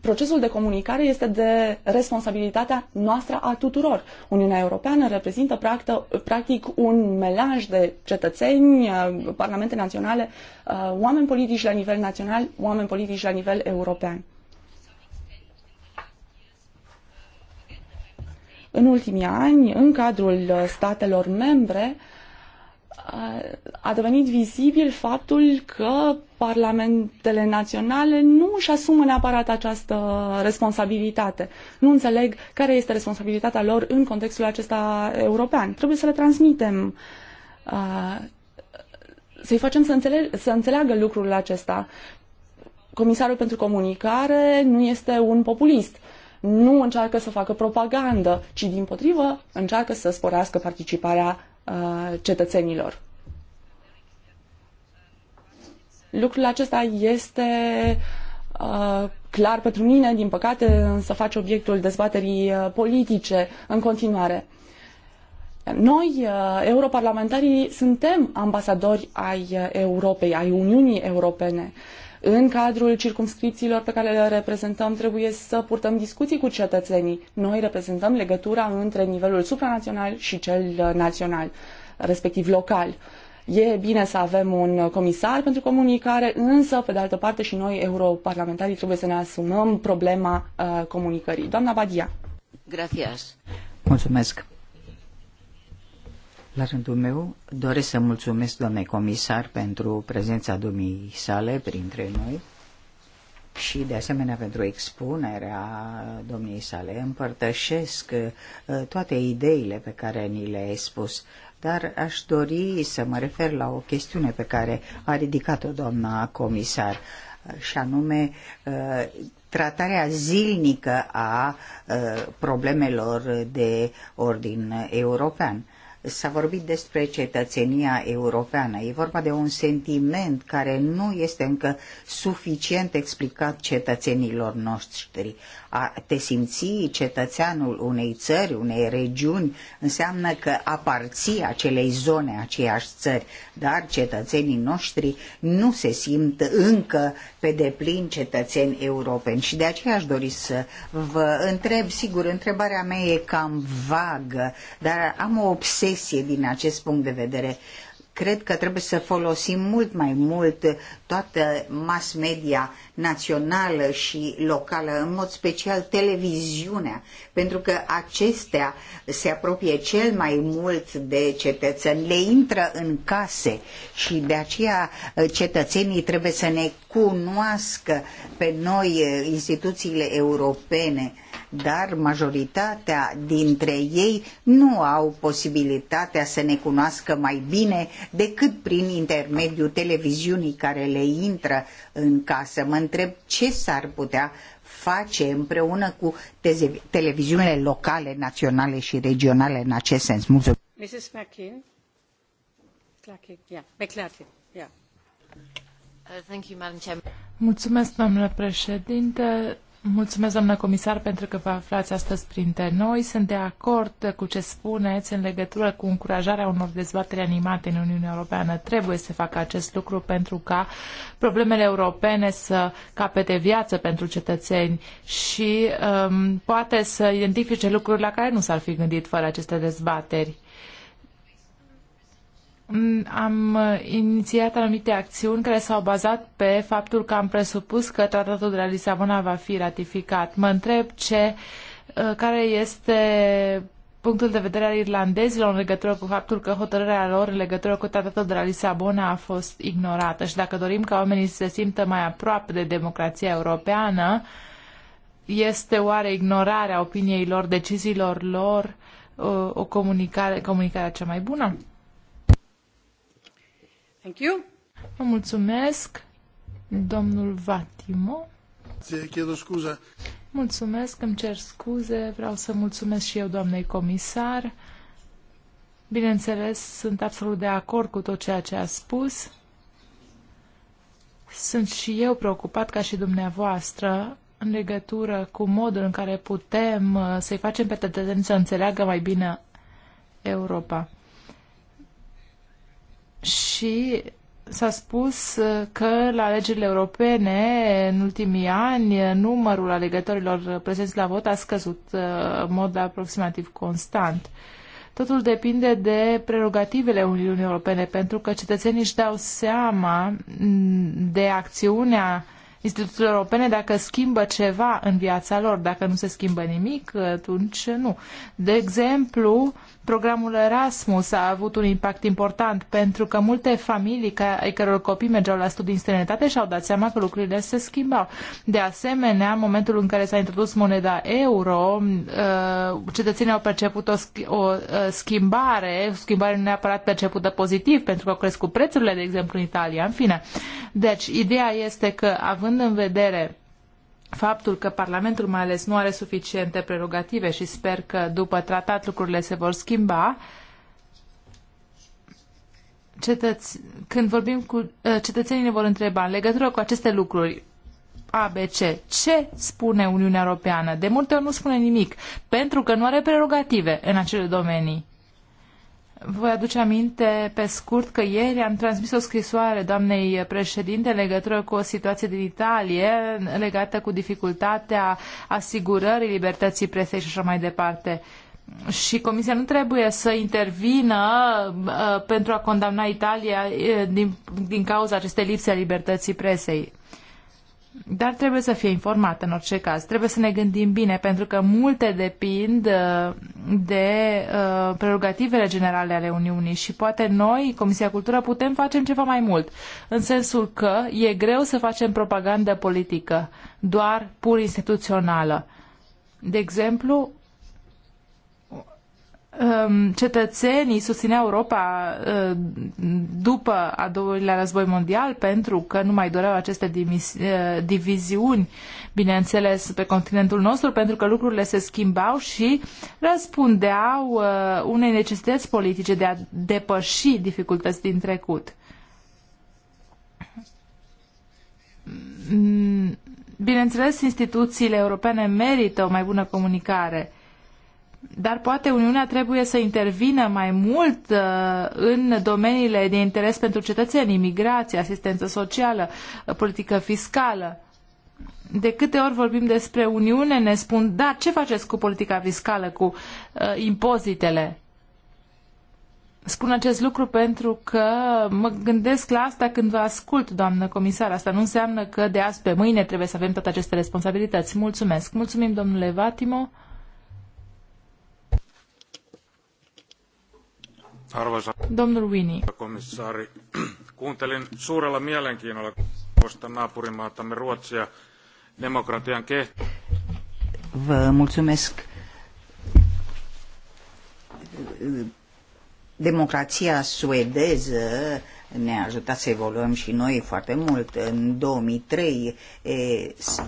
procesul de comunicare este de responsabilitatea noastră a tuturor. Uniunea Europeană reprezintă practic un melanj de cetățeni, uh, parlamente naționale, uh, oameni politici la nivel național, oameni politici la nivel european. În ultimii ani, în cadrul statelor membre, a devenit vizibil faptul că parlamentele naționale nu își asumă neapărat această responsabilitate. Nu înțeleg care este responsabilitatea lor în contextul acesta european. Trebuie să le transmitem, să-i facem să, înțele- să înțeleagă lucrul acesta. Comisarul pentru comunicare nu este un populist nu încearcă să facă propagandă, ci din potrivă încearcă să sporească participarea Uh, cetățenilor. Lucrul acesta este uh, clar pentru mine, din păcate, însă face obiectul dezbaterii uh, politice în continuare. Noi, europarlamentarii, suntem ambasadori ai Europei, ai Uniunii Europene. Uh, în cadrul circumscripțiilor pe care le reprezentăm, trebuie să purtăm discuții cu cetățenii. Noi reprezentăm legătura între nivelul supranațional și cel uh, național, respectiv local. E bine să avem un comisar pentru comunicare, însă, pe de altă parte, și noi, europarlamentarii, trebuie să ne asumăm problema uh, comunicării. Doamna Badia. Gracias. Mulțumesc. La rândul meu, doresc să mulțumesc, doamne comisar, pentru prezența dumii sale printre noi și, de asemenea, pentru expunerea domniei sale. Împărtășesc uh, toate ideile pe care ni le-ai spus, dar aș dori să mă refer la o chestiune pe care a ridicat-o doamna comisar, și anume uh, tratarea zilnică a uh, problemelor de ordin european S-a vorbit despre cetățenia europeană. E vorba de un sentiment care nu este încă suficient explicat cetățenilor noștri. A te simți cetățeanul unei țări, unei regiuni, înseamnă că aparții acelei zone, aceiași țări, dar cetățenii noștri nu se simt încă pe deplin cetățeni europeni. Și de aceea aș dori să vă întreb, sigur, întrebarea mea e cam vagă, dar am o obsesie profesie din acest punct de vedere. Cred că trebuie să folosim mult mai mult toată mass media națională și locală, în mod special televiziunea, pentru că acestea se apropie cel mai mult de cetățeni, le intră în case și de aceea ă, cetățenii trebuie să ne cunoască pe noi ă, instituțiile europene dar majoritatea dintre ei nu au posibilitatea să ne cunoască mai bine decât prin intermediul televiziunii care le intră în casă. Mă întreb ce s-ar putea face împreună cu televiziunile locale, naționale și regionale în acest sens. Mulțumesc. Mrs. McKean. Uh, Mulțumesc, domnule președinte. Mulțumesc, doamnă comisar, pentru că vă aflați astăzi printre noi. Sunt de acord cu ce spuneți în legătură cu încurajarea unor dezbateri animate în Uniunea Europeană. Trebuie să facă acest lucru pentru ca problemele europene să capete viață pentru cetățeni și um, poate să identifice lucruri la care nu s-ar fi gândit fără aceste dezbateri. Mm, am uh, inițiat anumite acțiuni care s-au bazat pe faptul că am presupus că tratatul de la Lisabona va fi ratificat. Mă întreb ce, uh, care este punctul de vedere al irlandezilor în legătură cu faptul că hotărârea lor în legătură cu tratatul de la Lisabona a fost ignorată și dacă dorim ca oamenii să se simtă mai aproape de democrația europeană, este oare ignorarea opiniei lor, deciziilor lor, uh, o comunicare, comunicarea cea mai bună? Thank you. Vă mulțumesc, domnul Vatimo. Ție chiedo scuza. Mulțumesc, îmi cer scuze, vreau să mulțumesc și eu doamnei comisar. Bineînțeles, sunt absolut de acord cu tot ceea ce a spus. Sunt și eu preocupat ca și dumneavoastră în legătură cu modul în care putem uh, să-i facem pe cetățeni să înțeleagă mai bine Europa și s-a spus uh, că la alegerile europene în ultimii ani uh, numărul alegătorilor uh, prezenți la vot a scăzut în mod aproximativ constant. Totul depinde de prerogativele Uniunii Europene, pentru că cetățenii își dau seama mm, de acțiunea instituțiilor europene dacă schimbă ceva în viața lor. Dacă nu se schimbă nimic, atunci nu. De exemplu, Programul Erasmus a avut un impact important pentru că multe familii ai căror copii mergeau la studii în străinătate și-au dat seama că lucrurile se schimbau. De asemenea, în momentul în care s-a introdus moneda euro, uh, cetățenii au perceput o, o uh, schimbare, o schimbare nu neapărat percepută pozitiv, pentru că au crescut prețurile, de exemplu, în Italia. În fine, deci ideea este că, având în vedere faptul că Parlamentul mai ales nu are suficiente prerogative și sper că după tratat lucrurile se vor schimba, când vorbim cu ă, cetățenii ne vor întreba în legătură cu aceste lucruri, ABC. Ce spune Uniunea Europeană? De multe ori nu spune nimic, pentru că nu are prerogative în acele domenii. Voi aduce aminte pe scurt că ieri am transmis o scrisoare doamnei președinte în legătură cu o situație din Italie legată cu dificultatea asigurării libertății presei și așa mai departe. Și Comisia nu trebuie să intervină uh, pentru a condamna Italia uh, din, din cauza acestei lipse a libertății presei. Dar trebuie să fie informată în orice caz. Trebuie să ne gândim bine, pentru că multe depind uh, de uh, prerogativele generale ale Uniunii și poate noi, Comisia Cultură, putem face ceva mai mult. În sensul că e greu să facem propagandă politică, doar pur instituțională. De exemplu, Ehm, cetățenii susțineau Europa eh, după a doilea război mondial pentru că nu mai doreau aceste eh, diviziuni, bineînțeles, pe continentul nostru, pentru că lucrurile se schimbau și răspundeau eh, unei necesități politice de a depăși dificultăți din trecut. Mm, bineînțeles, instituțiile europene merită o mai bună comunicare dar poate Uniunea trebuie să intervină mai mult uh, în domeniile de interes pentru cetățeni, imigrație, asistență socială, uh, politică fiscală. De câte ori vorbim despre Uniune, ne spun, da, ce faceți cu politica fiscală, cu uh, impozitele? Spun acest lucru pentru că mă gândesc la asta când vă ascult, doamnă comisar. Asta nu înseamnă că de azi pe mâine trebuie să avem toate aceste responsabilități. Mulțumesc. Mulțumim, domnule Vatimo. Arvoisa Domnul Winnie. komissaari, [CLEARS THROAT] kuuntelin suurella mielenkiinnolla kokoista naapurimaatamme Ruotsia demokratian kehto. Vă mulțumesc. Democrația suedeză ne-a ajutat să evoluăm și noi foarte mult. În 2003,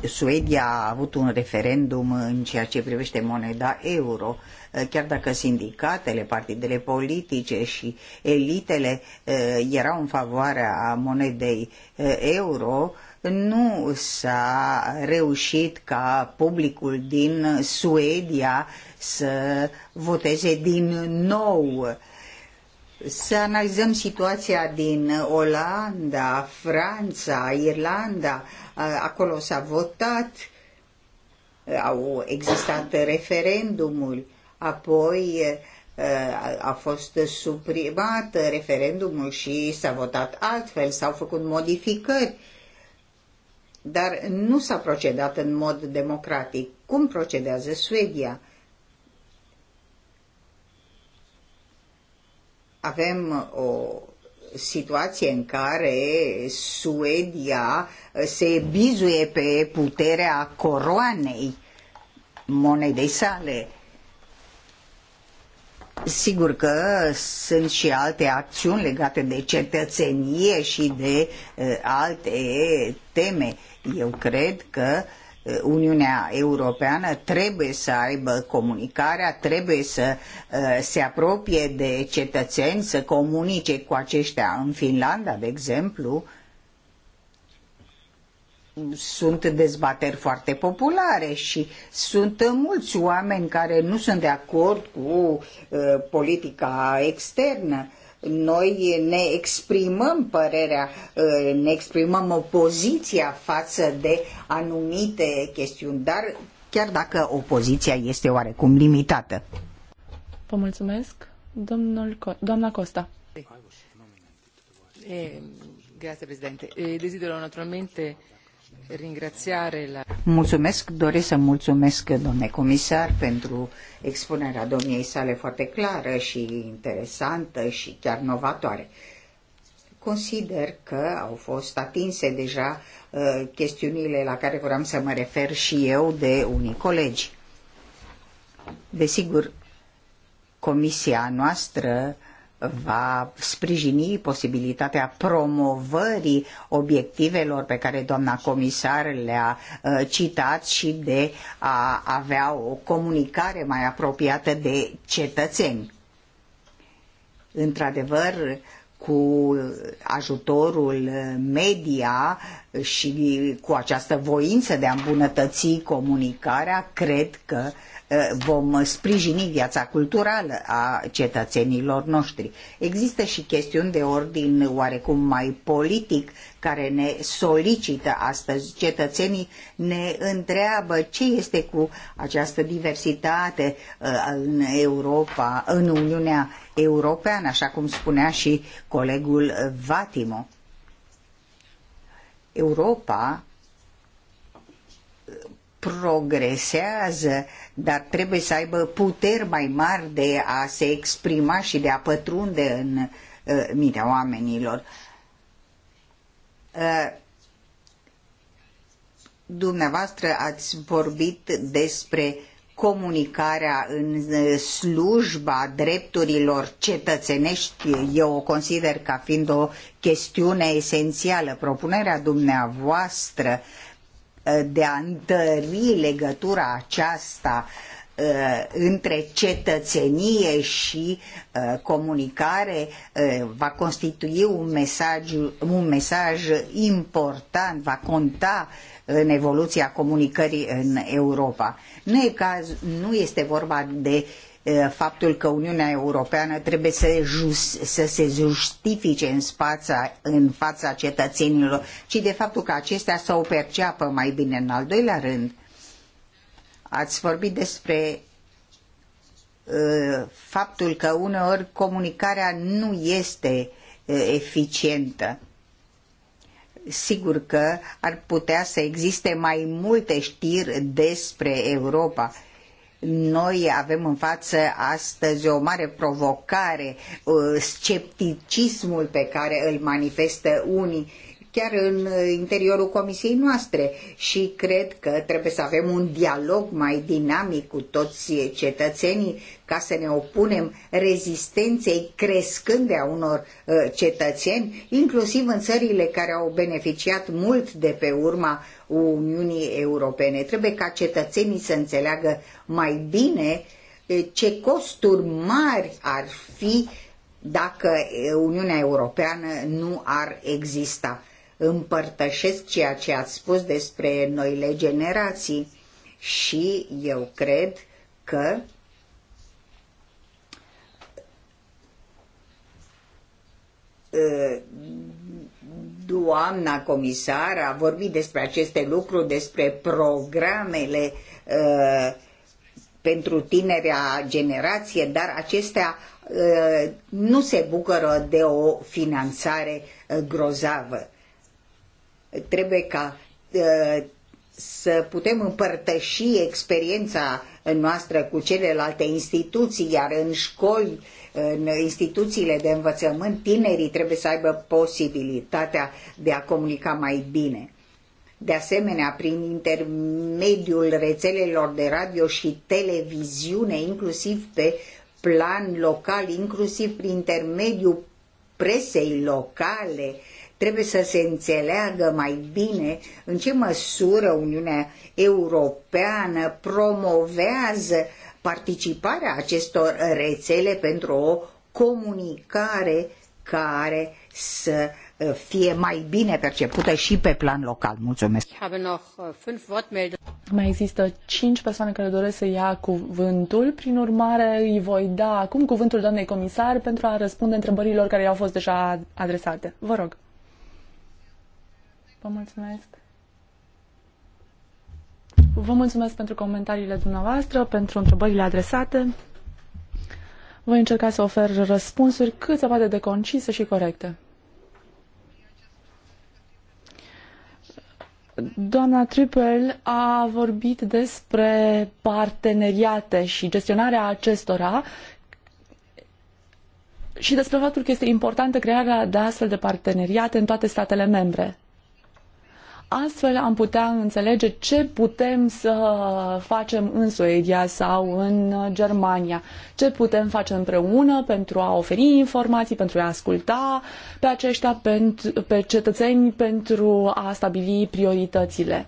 Suedia a avut un referendum în ceea ce privește moneda euro chiar dacă sindicatele, partidele politice și elitele erau în favoarea monedei euro, nu s-a reușit ca publicul din Suedia să voteze din nou să analizăm situația din Olanda, Franța, Irlanda. Acolo s-a votat, au existat referendumul, apoi a fost suprimat referendumul și s-a votat altfel, s-au făcut modificări, dar nu s-a procedat în mod democratic. Cum procedează Suedia? avem uh, o situație în care Suedia uh, se bizuie pe puterea coroanei monedei sale. Sigur că sunt și alte acțiuni legate de cetățenie și de uh, alte teme. Eu cred că uh, Uh, Uniunea Europeană trebuie să aibă comunicarea, trebuie să uh, se apropie de cetățeni, să comunice cu aceștia în Finlanda, de exemplu, sunt dezbateri foarte populare și sunt mulți oameni care nu sunt de acord cu uh, politica externă noi ne exprimăm părerea, eh, ne exprimăm opoziția față de anumite chestiuni, dar chiar dacă opoziția este oarecum limitată. Vă mulțumesc. Domnul, doamna Costa. E, eh, grazie, Presidente. E, eh, desidero naturalmente Mulțumesc, doresc să mulțumesc, domnule comisar, pentru expunerea domniei sale foarte clară și interesantă și chiar novatoare. Consider că au fost atinse deja uh, chestiunile la care vreau să mă refer și eu de unii colegi. Desigur, comisia noastră va sprijini posibilitatea promovării obiectivelor pe care doamna comisar le-a uh, citat și de a avea o comunicare mai apropiată de cetățeni. Într-adevăr, cu ajutorul media și cu această voință de a îmbunătăți comunicarea, cred că Eh, vom sprijini viața culturală a cetățenilor noștri. Există și chestiuni de ordin oarecum mai politic care ne solicită astăzi. Cetățenii ne întreabă ce este cu această diversitate eh, în Europa, în Uniunea Europeană, așa cum spunea și colegul Vatimo. Europa progresează, dar trebuie să aibă puteri mai mari de a se exprima și de a pătrunde în uh, mintea oamenilor. Uh, dumneavoastră ați vorbit despre comunicarea în uh, slujba drepturilor cetățenești, eu o consider ca fiind o chestiune esențială. Propunerea dumneavoastră uh, de a întări legătura aceasta uh, între cetățenie și uh, comunicare uh, va constitui un mesaj, un mesaj important, va conta în evoluția comunicării în Europa. Nu, e caz, nu este vorba de faptul că Uniunea Europeană trebuie să, just, să se justifice în, spața, în fața cetățenilor, ci de faptul că acestea s-au perceapă mai bine. În al doilea rând, ați vorbit despre faptul că uneori comunicarea nu este eficientă sigur că ar putea să existe mai multe știri despre Europa noi avem în față astăzi o mare provocare, uh, scepticismul pe care îl manifestă unii chiar în uh, interiorul comisiei noastre și cred că trebuie să avem un dialog mai dinamic cu toți cetățenii ca să ne opunem rezistenței crescânde a unor uh, cetățeni, inclusiv în țările care au beneficiat mult de pe urma Uniunii Europene. Trebuie ca cetățenii să înțeleagă mai bine ce costuri mari ar fi dacă Uniunea Europeană nu ar exista. Împărtășesc ceea ce ați spus despre noile generații și eu cred că doamna comisar a vorbit despre aceste lucruri, despre programele uh, pentru tinerea generație, dar acestea uh, nu se bucură de o finanțare uh, grozavă. Trebuie ca uh, să putem împărtăși experiența noastră cu celelalte instituții, iar în școli în instituțiile de învățământ, tinerii trebuie să aibă posibilitatea de a comunica mai bine. De asemenea, prin intermediul rețelelor de radio și televiziune, inclusiv pe plan local, inclusiv prin intermediul presei locale, trebuie să se înțeleagă mai bine în ce măsură Uniunea Europeană promovează participarea acestor rețele pentru o comunicare care să uh, fie mai bine percepută și pe plan local. Mulțumesc! Uh, mai există cinci persoane care doresc să ia cuvântul. Prin urmare, îi voi da acum cuvântul doamnei comisar pentru a răspunde întrebărilor care i-au fost deja adresate. Vă rog! Vă mulțumesc! Vă mulțumesc pentru comentariile dumneavoastră, pentru întrebările adresate. Voi încerca să ofer răspunsuri cât se poate de concise și corecte. Doamna Trippel a vorbit despre parteneriate și gestionarea acestora și despre faptul că este importantă crearea de astfel de parteneriate în toate statele membre. Astfel am putea înțelege ce putem să facem în Suedia sau în Germania, ce putem face împreună pentru a oferi informații, pentru a asculta pe aceștia, pe cetățeni, pentru a stabili prioritățile.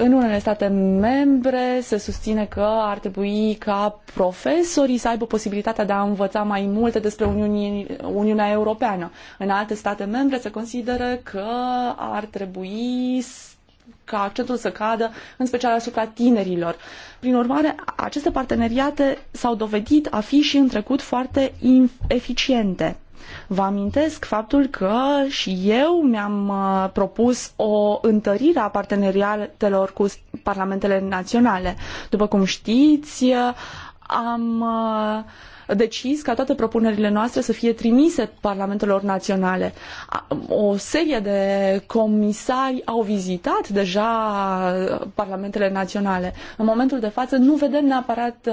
În unele state membre se susține că ar trebui ca profesorii să aibă posibilitatea de a învăța mai multe despre Uniunii, Uniunea Europeană. În alte state membre se consideră că ar trebui ca accentul să cadă în special asupra tinerilor. Prin urmare, aceste parteneriate s-au dovedit a fi și în trecut foarte eficiente. Vă amintesc faptul că și eu mi-am uh, propus o întărire a parteneriatelor cu parlamentele naționale. După cum știți, am uh, decis ca toate propunerile noastre să fie trimise parlamentelor naționale. O serie de comisari au vizitat deja uh, parlamentele naționale. În momentul de față nu vedem neapărat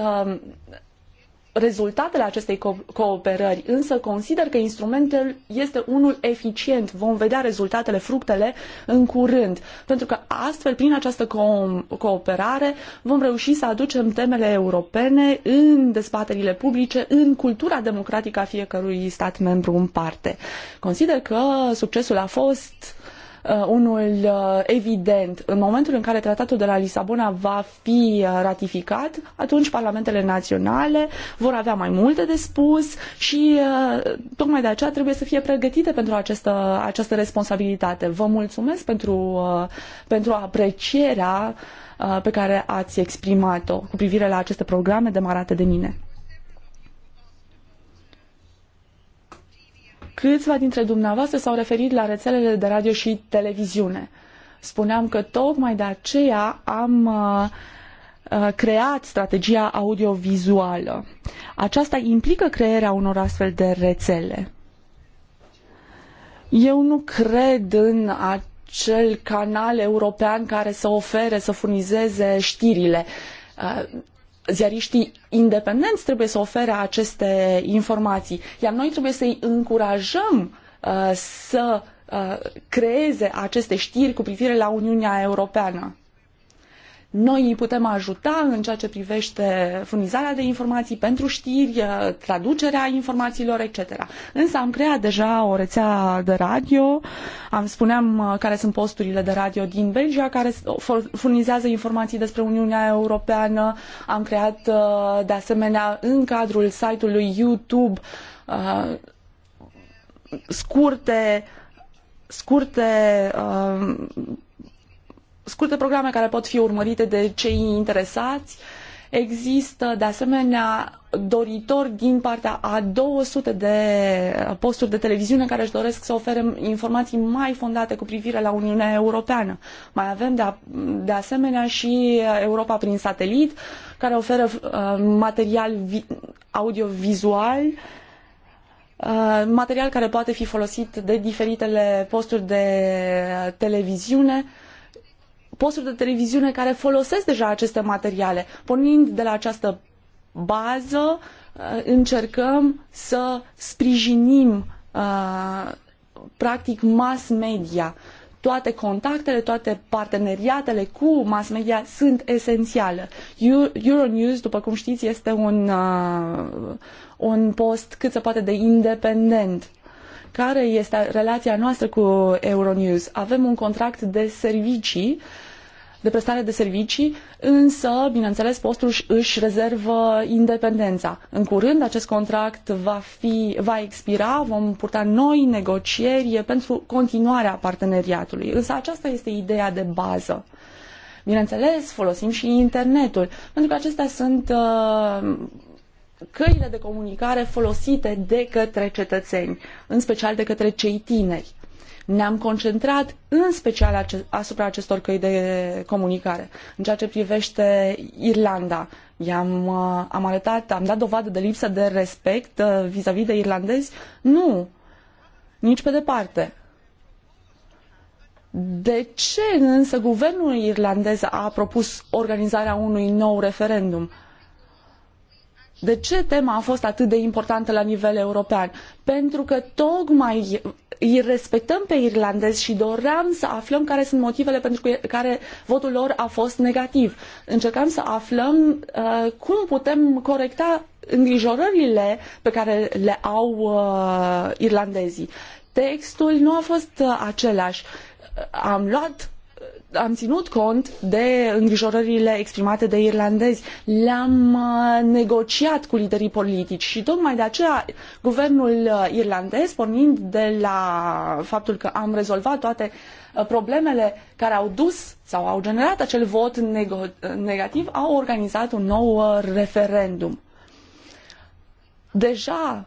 rezultatele acestei co- cooperări, însă consider că instrumentul este unul eficient. Vom vedea rezultatele, fructele în curând, pentru că astfel, prin această co- cooperare, vom reuși să aducem temele europene în dezbaterile publice, în cultura democratică a fiecărui stat membru în parte. Consider că succesul a fost Uh, unul uh, evident. În momentul în care tratatul de la Lisabona va fi uh, ratificat, atunci parlamentele naționale vor avea mai multe de spus și tocmai de aceea trebuie să fie pregătite pentru această, această responsabilitate. Vă mulțumesc pentru, pentru aprecierea pe care ați exprimat-o cu privire la aceste programe demarate de mine. Câțiva dintre dumneavoastră s-au referit la rețelele de radio și televiziune. Spuneam că tocmai de aceea am uh, uh, creat strategia audiovizuală. Aceasta implică crearea unor astfel de rețele. Eu nu cred în acel canal european care să ofere, să furnizeze știrile. Uh, ziariștii independenți trebuie să ofere aceste informații, iar noi trebuie să-i încurajăm uh, să uh, creeze aceste știri cu privire la Uniunea Europeană. Noi îi putem ajuta în ceea ce privește furnizarea de informații pentru știri, traducerea informațiilor, etc. Însă am creat deja o rețea de radio, am spuneam uh, care sunt posturile de radio din Belgia care furnizează informații despre Uniunea Europeană, am creat uh, de asemenea în cadrul site-ului YouTube uh, scurte scurte uh, scurte programe care pot fi urmărite de cei interesați. Există, de asemenea, doritori din partea a 200 de posturi de televiziune care își doresc să ofere informații mai fondate cu privire la Uniunea Europeană. Mai avem, de, a, de asemenea, și Europa prin satelit, care oferă uh, material audiovizual uh, material care poate fi folosit de diferitele posturi de televiziune posturi de televiziune care folosesc deja aceste materiale. Pornind de la această bază, uh, încercăm să sprijinim uh, practic mass media. Toate contactele, toate parteneriatele cu mass media sunt esențiale. Euronews, după cum știți, este un, uh, un post cât se poate de independent care este relația noastră cu Euronews. Avem un contract de servicii de prestare de servicii, însă, bineînțeles, postul își rezervă independența. În curând, acest contract va, fi, va expira, vom purta noi negocieri pentru continuarea parteneriatului. Însă aceasta este ideea de bază. Bineînțeles, folosim și internetul, pentru că acestea sunt uh, căile de comunicare folosite de către cetățeni, în special de către cei tineri. Ne-am concentrat în special asupra acestor căi de comunicare. În ceea ce privește Irlanda, i-am uh, am arătat, am dat dovadă de lipsă de respect uh, vis-a-vis -vis de irlandezi? Nu, nici pe departe. De ce însă guvernul irlandez a propus organizarea unui nou referendum? De ce tema a fost atât de importantă la nivel european? Pentru că tocmai îi respectăm pe irlandezi și doream să aflăm care sunt motivele pentru care votul lor a fost negativ. Încercam să aflăm uh, cum putem corecta îngrijorările pe care le au uh, irlandezii. Textul nu a fost uh, același. Am luat am ținut cont de îngrijorările exprimate de irlandezi, le-am uh, negociat cu liderii politici și tocmai de aceea guvernul uh, irlandez, pornind de la faptul că am rezolvat toate uh, problemele care au dus sau au generat acel vot negativ, au organizat un nou referendum. Deja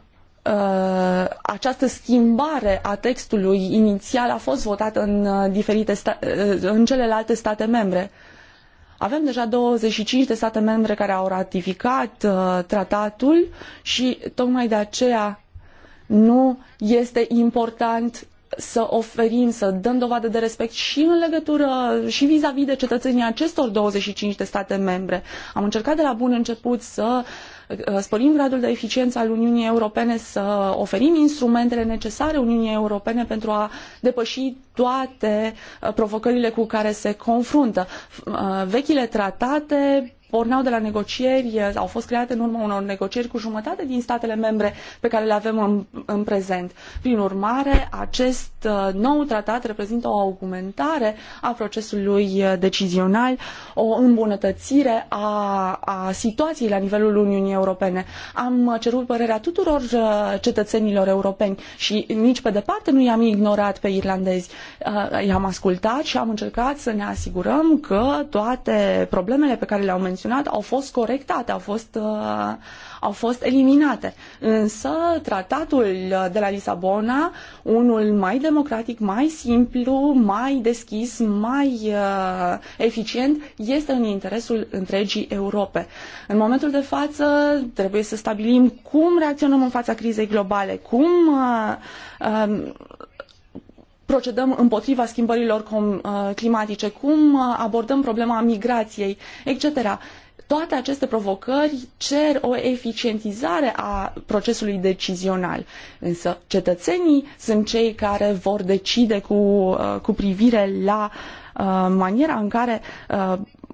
Uh, această schimbare a textului inițial a fost votată în, uh, diferite sta- uh, în celelalte state membre. Avem deja 25 de state membre care au ratificat uh, tratatul și tocmai de aceea nu este important să oferim, să dăm dovadă de respect și în legătură și vis a -vis de cetățenii acestor 25 de state membre. Am încercat de la bun început să uh, Uh, sporim gradul de eficiență al Uniunii Europene, să oferim instrumentele necesare Uniunii Europene pentru a depăși toate uh, provocările cu care se confruntă. Uh, vechile tratate porneau de la negocieri, uh, au fost create în urma unor negocieri cu jumătate din statele membre pe care le avem în, în prezent. Prin urmare, acest nou tratat reprezintă o augmentare a procesului decizional, o îmbunătățire a, a situației la nivelul Uniunii Europene. Am cerut părerea tuturor cetățenilor europeni și nici pe departe nu i-am ignorat pe irlandezi. Uh, i-am ascultat și am încercat să ne asigurăm că toate problemele pe care le-au menționat au fost corectate, au fost, uh, au fost eliminate. Însă tratatul uh, de la Lisabona, unul mai democratic, mai simplu, mai deschis, mai eficient, este în interesul întregii Europe. În momentul de față trebuie să stabilim cum reacționăm în fața crizei globale, cum um, procedăm împotriva schimbărilor uh, climatice, cum uh, abordăm problema migrației, etc. Toate aceste provocări cer o eficientizare a procesului decizional, însă cetățenii sunt cei care vor decide cu, uh, cu privire la maniera în care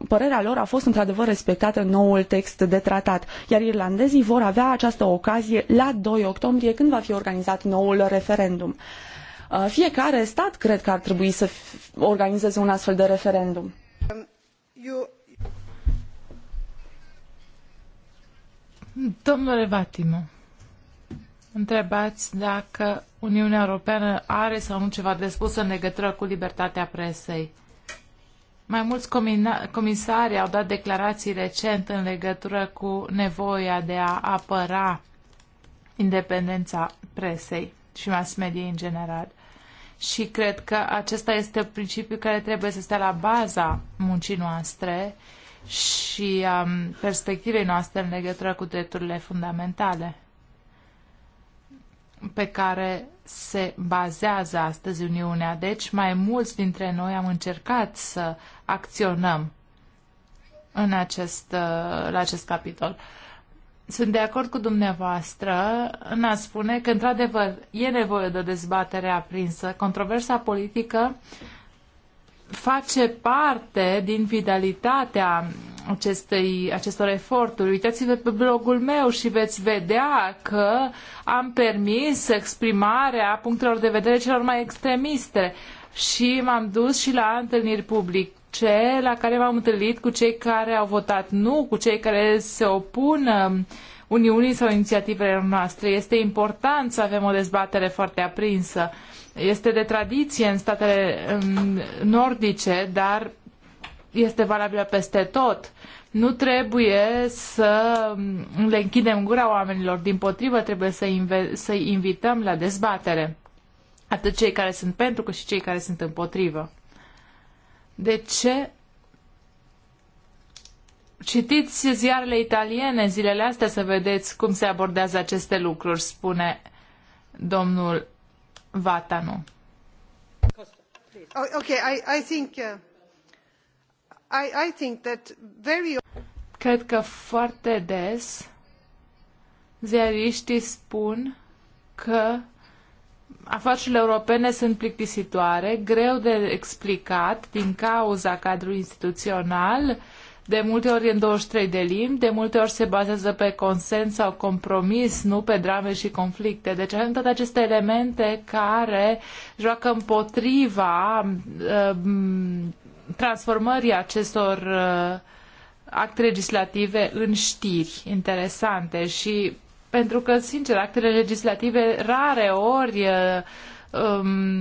părerea lor a fost într-adevăr respectată în noul text de tratat, iar irlandezii vor avea această ocazie la 2 octombrie când va fi organizat noul referendum. Uh, fiecare stat cred că ar trebui să organizeze un astfel de referendum. Domnule Vatimo, întrebați dacă Uniunea Europeană are sau nu ceva de spus în legătură cu libertatea presei. Mai mulți comisari au dat declarații recent în legătură cu nevoia de a apăra independența presei și mass media în general. Și cred că acesta este principiul care trebuie să stea la baza muncii noastre și um, perspectivei noastre în legătură cu drepturile fundamentale pe care se bazează astăzi Uniunea. Deci, mai mulți dintre noi am încercat să acționăm în acest, uh, la acest capitol sunt de acord cu dumneavoastră în a spune că, într-adevăr, e nevoie de o dezbatere aprinsă. Controversa politică face parte din vitalitatea acestei, acestor eforturi. Uitați-vă pe blogul meu și veți vedea că am permis exprimarea punctelor de vedere celor mai extremiste și m-am dus și la întâlniri public, ce, la care m-am întâlnit cu cei care au votat nu, cu cei care se opun um, Uniunii sau inițiativelor noastre. Este important să avem o dezbatere foarte aprinsă. Este de tradiție în statele nordice, dar este valabilă peste tot. Nu trebuie să um, le închidem gura oamenilor, din potrivă trebuie să să invităm la dezbatere atât cei care sunt pentru cât și cei care sunt împotrivă. De ce Citiți ziarele italiene zilele astea să vedeți cum se abordează aceste lucruri, spune domnul Vatanu. Oh, ok, I, I think, uh, I, I think that very... Cred că foarte des ziariștii spun că afacerile europene sunt plictisitoare, greu de explicat din cauza cadrului instituțional, de multe ori în 23 de limbi, de multe ori se bazează pe consens sau compromis, nu pe drame și conflicte. Deci avem toate aceste elemente care joacă împotriva uh, transformării acestor uh, acte legislative în știri interesante și pentru că, sincer, actele legislative rare ori uh, um,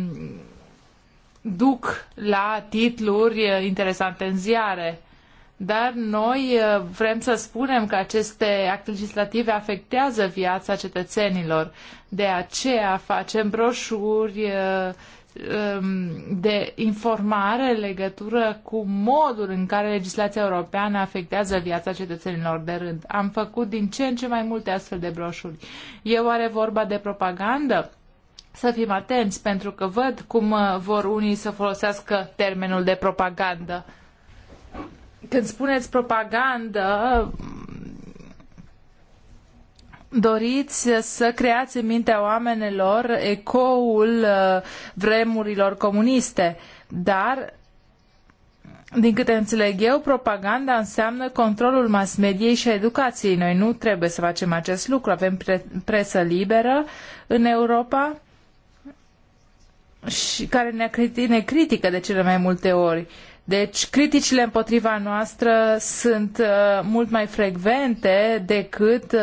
duc la titluri uh, interesante în ziare. Dar noi uh, vrem să spunem că aceste acte legislative afectează viața cetățenilor. De aceea facem broșuri Um, de informare legătură cu modul în care legislația europeană afectează viața cetățenilor de rând. Am făcut din ce în ce mai multe astfel de broșuri. E oare vorba de propagandă? Să fim atenți, pentru că văd cum uh, vor unii să folosească termenul de propagandă. Când spuneți propagandă, doriți să creați în mintea oamenilor ecoul uh, vremurilor comuniste, dar din câte înțeleg eu, propaganda înseamnă controlul mass mediei și educației. Noi nu trebuie să facem acest lucru. Avem pre- presă liberă în Europa și care ne, crit- ne critică de cele mai multe ori. Deci criticile împotriva noastră sunt uh, mult mai frecvente decât uh,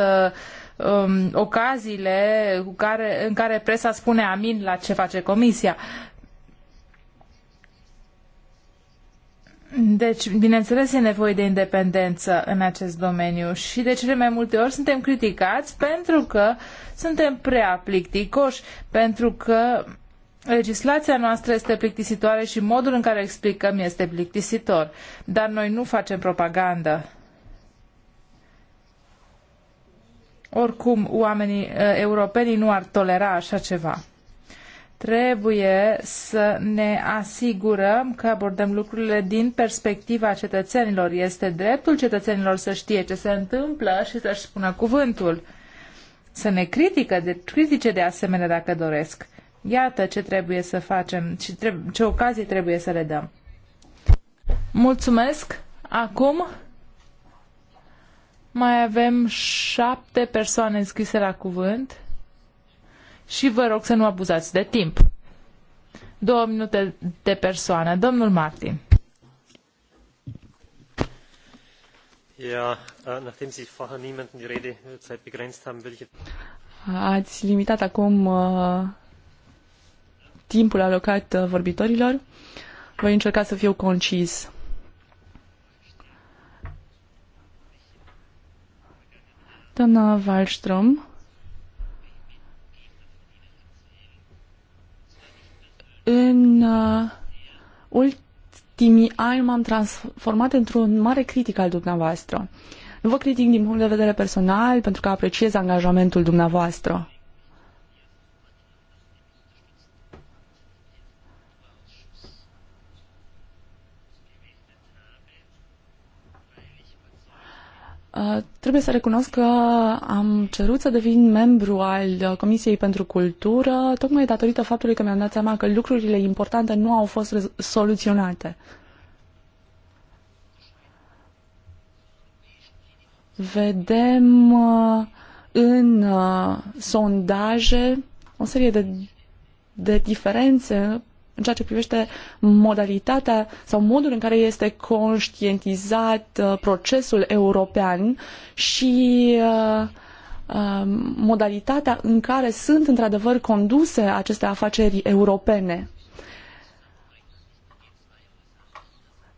um, ocaziile cu care, în care presa spune amin la ce face comisia. Deci, bineînțeles, e nevoie de independență în acest domeniu și de cele mai multe ori suntem criticați pentru că suntem prea plicticoși, pentru că legislația noastră este plictisitoare și modul în care explicăm este plictisitor. Dar noi nu facem propagandă. Oricum, oamenii eh, europeni nu ar tolera așa ceva. Trebuie să ne asigurăm că abordăm lucrurile din perspectiva cetățenilor. Este dreptul cetățenilor să știe ce se întâmplă și să-și spună cuvântul. Să ne critică, de, critice de asemenea dacă doresc. Iată ce trebuie să facem și ce ocazie trebuie să le dăm. Mulțumesc! Acum mai avem șapte persoane înscrise la cuvânt și vă rog să nu abuzați de timp. Două minute de persoană. Domnul Martin. Ja, äh, nachdem Sie vorher niemanden die Redezeit äh, begrenzt haben, will ich... Ați limitat acum uh, timpul alocat vorbitorilor. Voi încerca să fiu concis. Doamna Wallström, în uh, ultimii ani m-am transformat într-un mare critic al dumneavoastră. Nu vă critic din punct de vedere personal, pentru că apreciez angajamentul dumneavoastră. Uh, trebuie să recunosc că am cerut să devin membru al Comisiei pentru Cultură, tocmai datorită faptului că mi-am dat seama că lucrurile importante nu au fost soluționate. Vedem uh, în uh, sondaje o serie de, de diferențe în ceea ce privește modalitatea sau modul în care este conștientizat uh, procesul european și uh, uh, modalitatea în care sunt într-adevăr conduse aceste afaceri europene.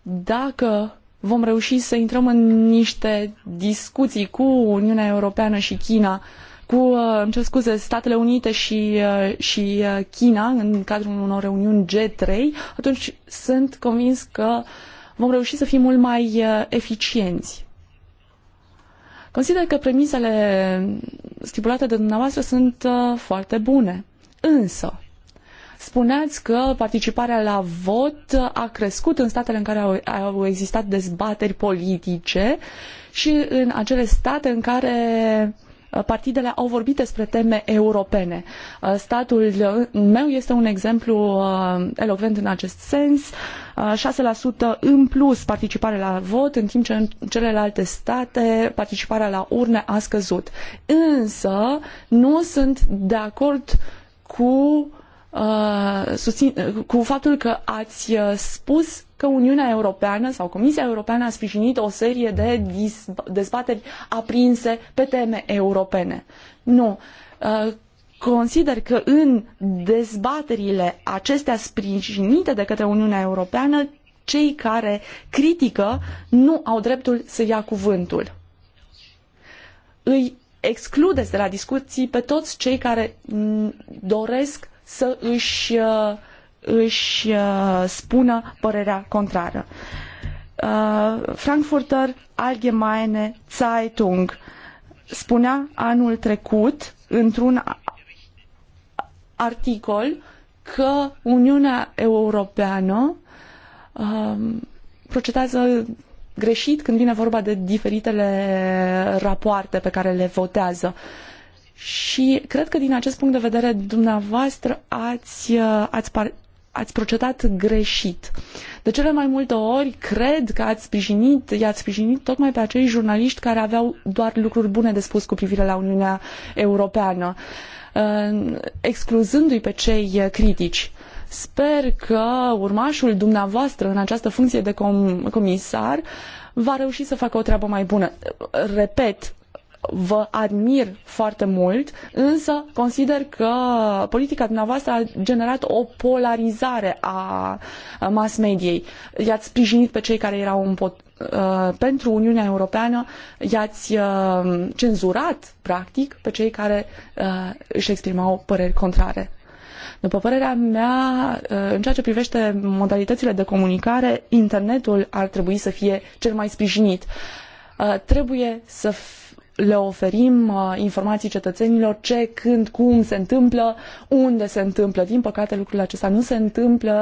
Dacă vom reuși să intrăm în niște discuții cu Uniunea Europeană și China uh, cu, uh, îmi cer scuze, Statele Unite și, uh, și uh, China în cadrul unor reuniuni G3, atunci sunt convins că vom reuși să fim mult mai eficienți. Consider că premisele stipulate de dumneavoastră sunt foarte bune. Însă, spuneați că participarea la vot a crescut în statele în care au, au existat dezbateri politice și în acele state în care Uh, partidele au vorbit despre teme europene. Uh, statul meu este un exemplu uh, elocvent în acest sens. 6% în plus participare la vot, în timp ce în celelalte state participarea la urne a scăzut. Însă nu sunt de acord cu, uh, susțin, cu faptul că ați spus că Uniunea Europeană sau Comisia Europeană a sprijinit o serie de dezbateri aprinse pe teme europene. Nu. Uh, consider că în dezbaterile acestea sprijinite de către Uniunea Europeană, cei care critică nu au dreptul să ia cuvântul. Îi excludeți de la discuții pe toți cei care doresc să își uh, își uh, spună părerea contrară. Uh, Frankfurter Allgemeine Zeitung spunea anul trecut într-un articol că Uniunea Europeană um, procedează greșit când vine vorba de diferitele rapoarte pe care le votează. Și cred că din acest punct de vedere dumneavoastră ați, uh, ați, par, ați procedat greșit. De cele mai multe ori cred că ați sprijinit, i-ați sprijinit tocmai pe acei jurnaliști care aveau doar lucruri bune de spus cu privire la Uniunea Europeană, excluzându-i pe cei critici. Sper că urmașul dumneavoastră în această funcție de com comisar va reuși să facă o treabă mai bună. Repet, vă admir foarte mult, însă consider că politica dumneavoastră a generat o polarizare a mass mediei. I-ați sprijinit pe cei care erau uh, pentru Uniunea Europeană, i-ați uh, cenzurat, practic, pe cei care uh, își exprimau păreri contrare. După părerea mea, în ceea ce privește modalitățile de comunicare, internetul ar trebui să fie cel mai sprijinit. Trebuie să le oferim uh, informații cetățenilor ce, când, cum se întâmplă, unde se întâmplă. Din păcate, lucrurile acestea nu se întâmplă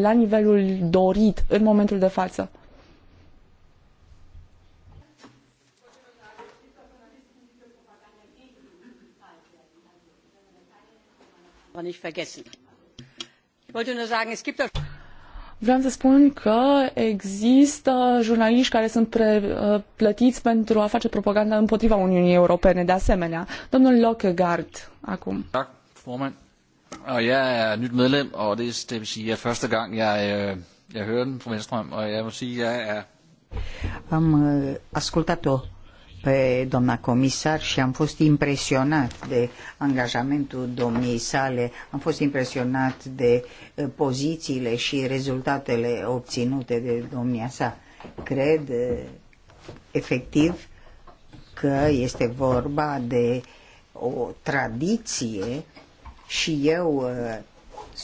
la nivelul dorit în momentul de față. nicht vergessen. ich wollte nur sagen es gibt Vreau să spun că există jurnaliști care sunt pre, uh, plătiți pentru a face propaganda împotriva Uniunii Europene, de asemenea. Domnul Lockegaard, acum. Tak, formand. Og jeg er nyt medlem, og det, det vil sige, at er første gang jeg, øh, jeg hører den, fru Venstrøm, og jeg må sige, jeg er... Am øh, ascultat-o pe doamna comisar și am fost impresionat de angajamentul domniei sale, am fost impresionat de eh, pozițiile și rezultatele obținute de domnia sa. Cred eh, efectiv că este vorba de o tradiție și eu eh,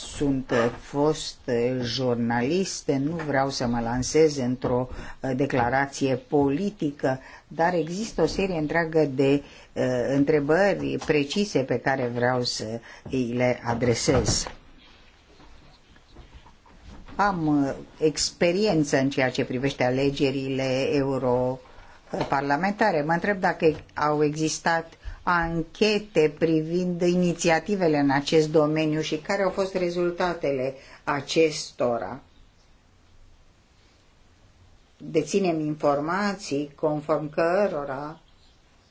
sunt fost jurnaliste, nu vreau să mă lansez într-o uh, declarație politică, dar există o serie întreagă de uh, întrebări precise pe care vreau să îi le adresez. Am uh, experiență în ceea ce privește alegerile europarlamentare. Mă întreb dacă au existat anchete privind inițiativele în acest domeniu și care au fost rezultatele acestora. Deținem informații conform cărora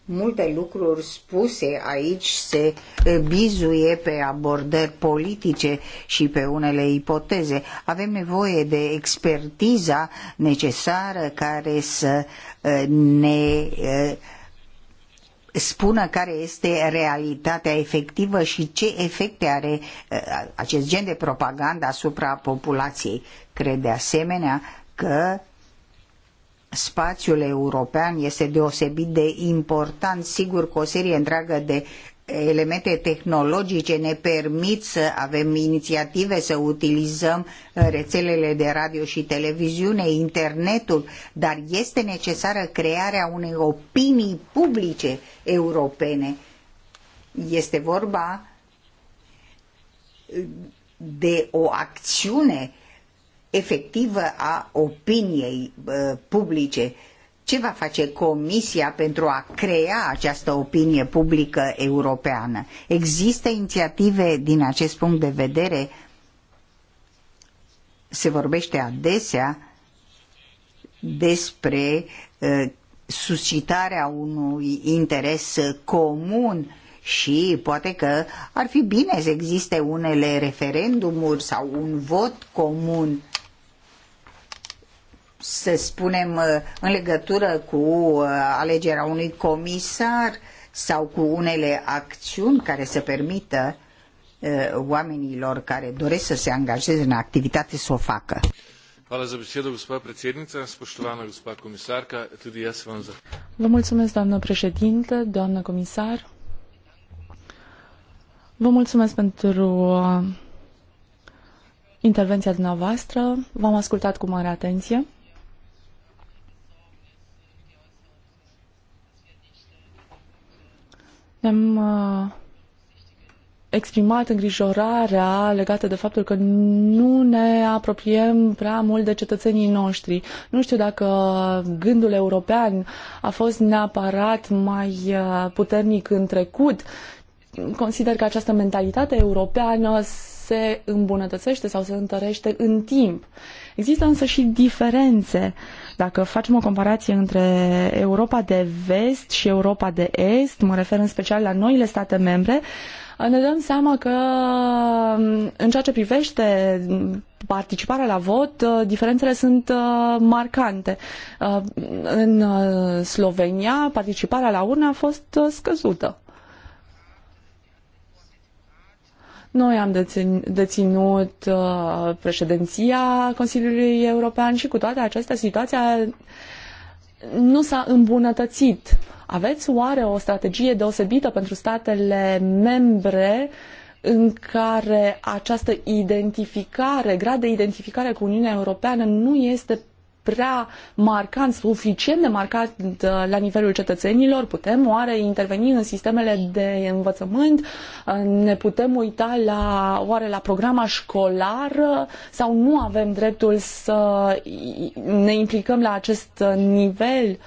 multe lucruri spuse aici se bizuie pe abordări politice și pe unele ipoteze. Avem nevoie de expertiza necesară care să eh, ne eh, spună care este realitatea efectivă și ce efecte are uh, acest gen de propagandă asupra populației. Cred de asemenea că spațiul european este deosebit de important, sigur, cu o serie întreagă de elemente tehnologice ne permit să avem inițiative, să utilizăm uh, rețelele de radio și televiziune, internetul, dar este necesară crearea unei opinii publice europene. Este vorba uh, de o acțiune efectivă a opiniei uh, publice ce va face Comisia pentru a crea această opinie publică europeană? Există inițiative din acest punct de vedere? Se vorbește adesea despre uh, suscitarea unui interes comun și poate că ar fi bine să existe unele referendumuri sau un vot comun să spunem, uh, în legătură cu uh, alegerea unui comisar sau cu unele acțiuni care să permită uh, oamenilor care doresc să se angajeze în activitate să o facă. Hvala za besedo, gospa predsednica. Spoštovana gospa komisarka, tudi jaz Vă mulțumesc, doamnă președintă, doamnă comisar. Vă mulțumesc pentru intervenția dumneavoastră. V-am ascultat cu mare atenție. Ne-am uh, exprimat îngrijorarea legată de faptul că nu ne apropiem prea mult de cetățenii noștri. Nu știu dacă gândul european a fost neapărat mai uh, puternic în trecut. Consider că această mentalitate europeană se îmbunătățește sau se întărește în timp. Există însă și diferențe. Uh, dacă facem o comparație între Europa de vest și Europa de est, mă refer în special la noile state membre, ne dăm seama că în ceea ce privește participarea la vot, diferențele sunt uh, marcante. Uh, în uh, Slovenia, participarea la urne a fost scăzută. Noi am deținut uh, președinția Consiliului European și cu toate acestea situația nu s-a îmbunătățit. Aveți oare o strategie deosebită pentru statele membre în care această identificare, grad de identificare cu Uniunea Europeană nu este prea marcant, suficient de marcat uh, la nivelul cetățenilor? Putem oare interveni în sistemele de învățământ? Uh, ne putem uita la, oare la programa școlară sau nu avem dreptul să ne implicăm la acest nivel?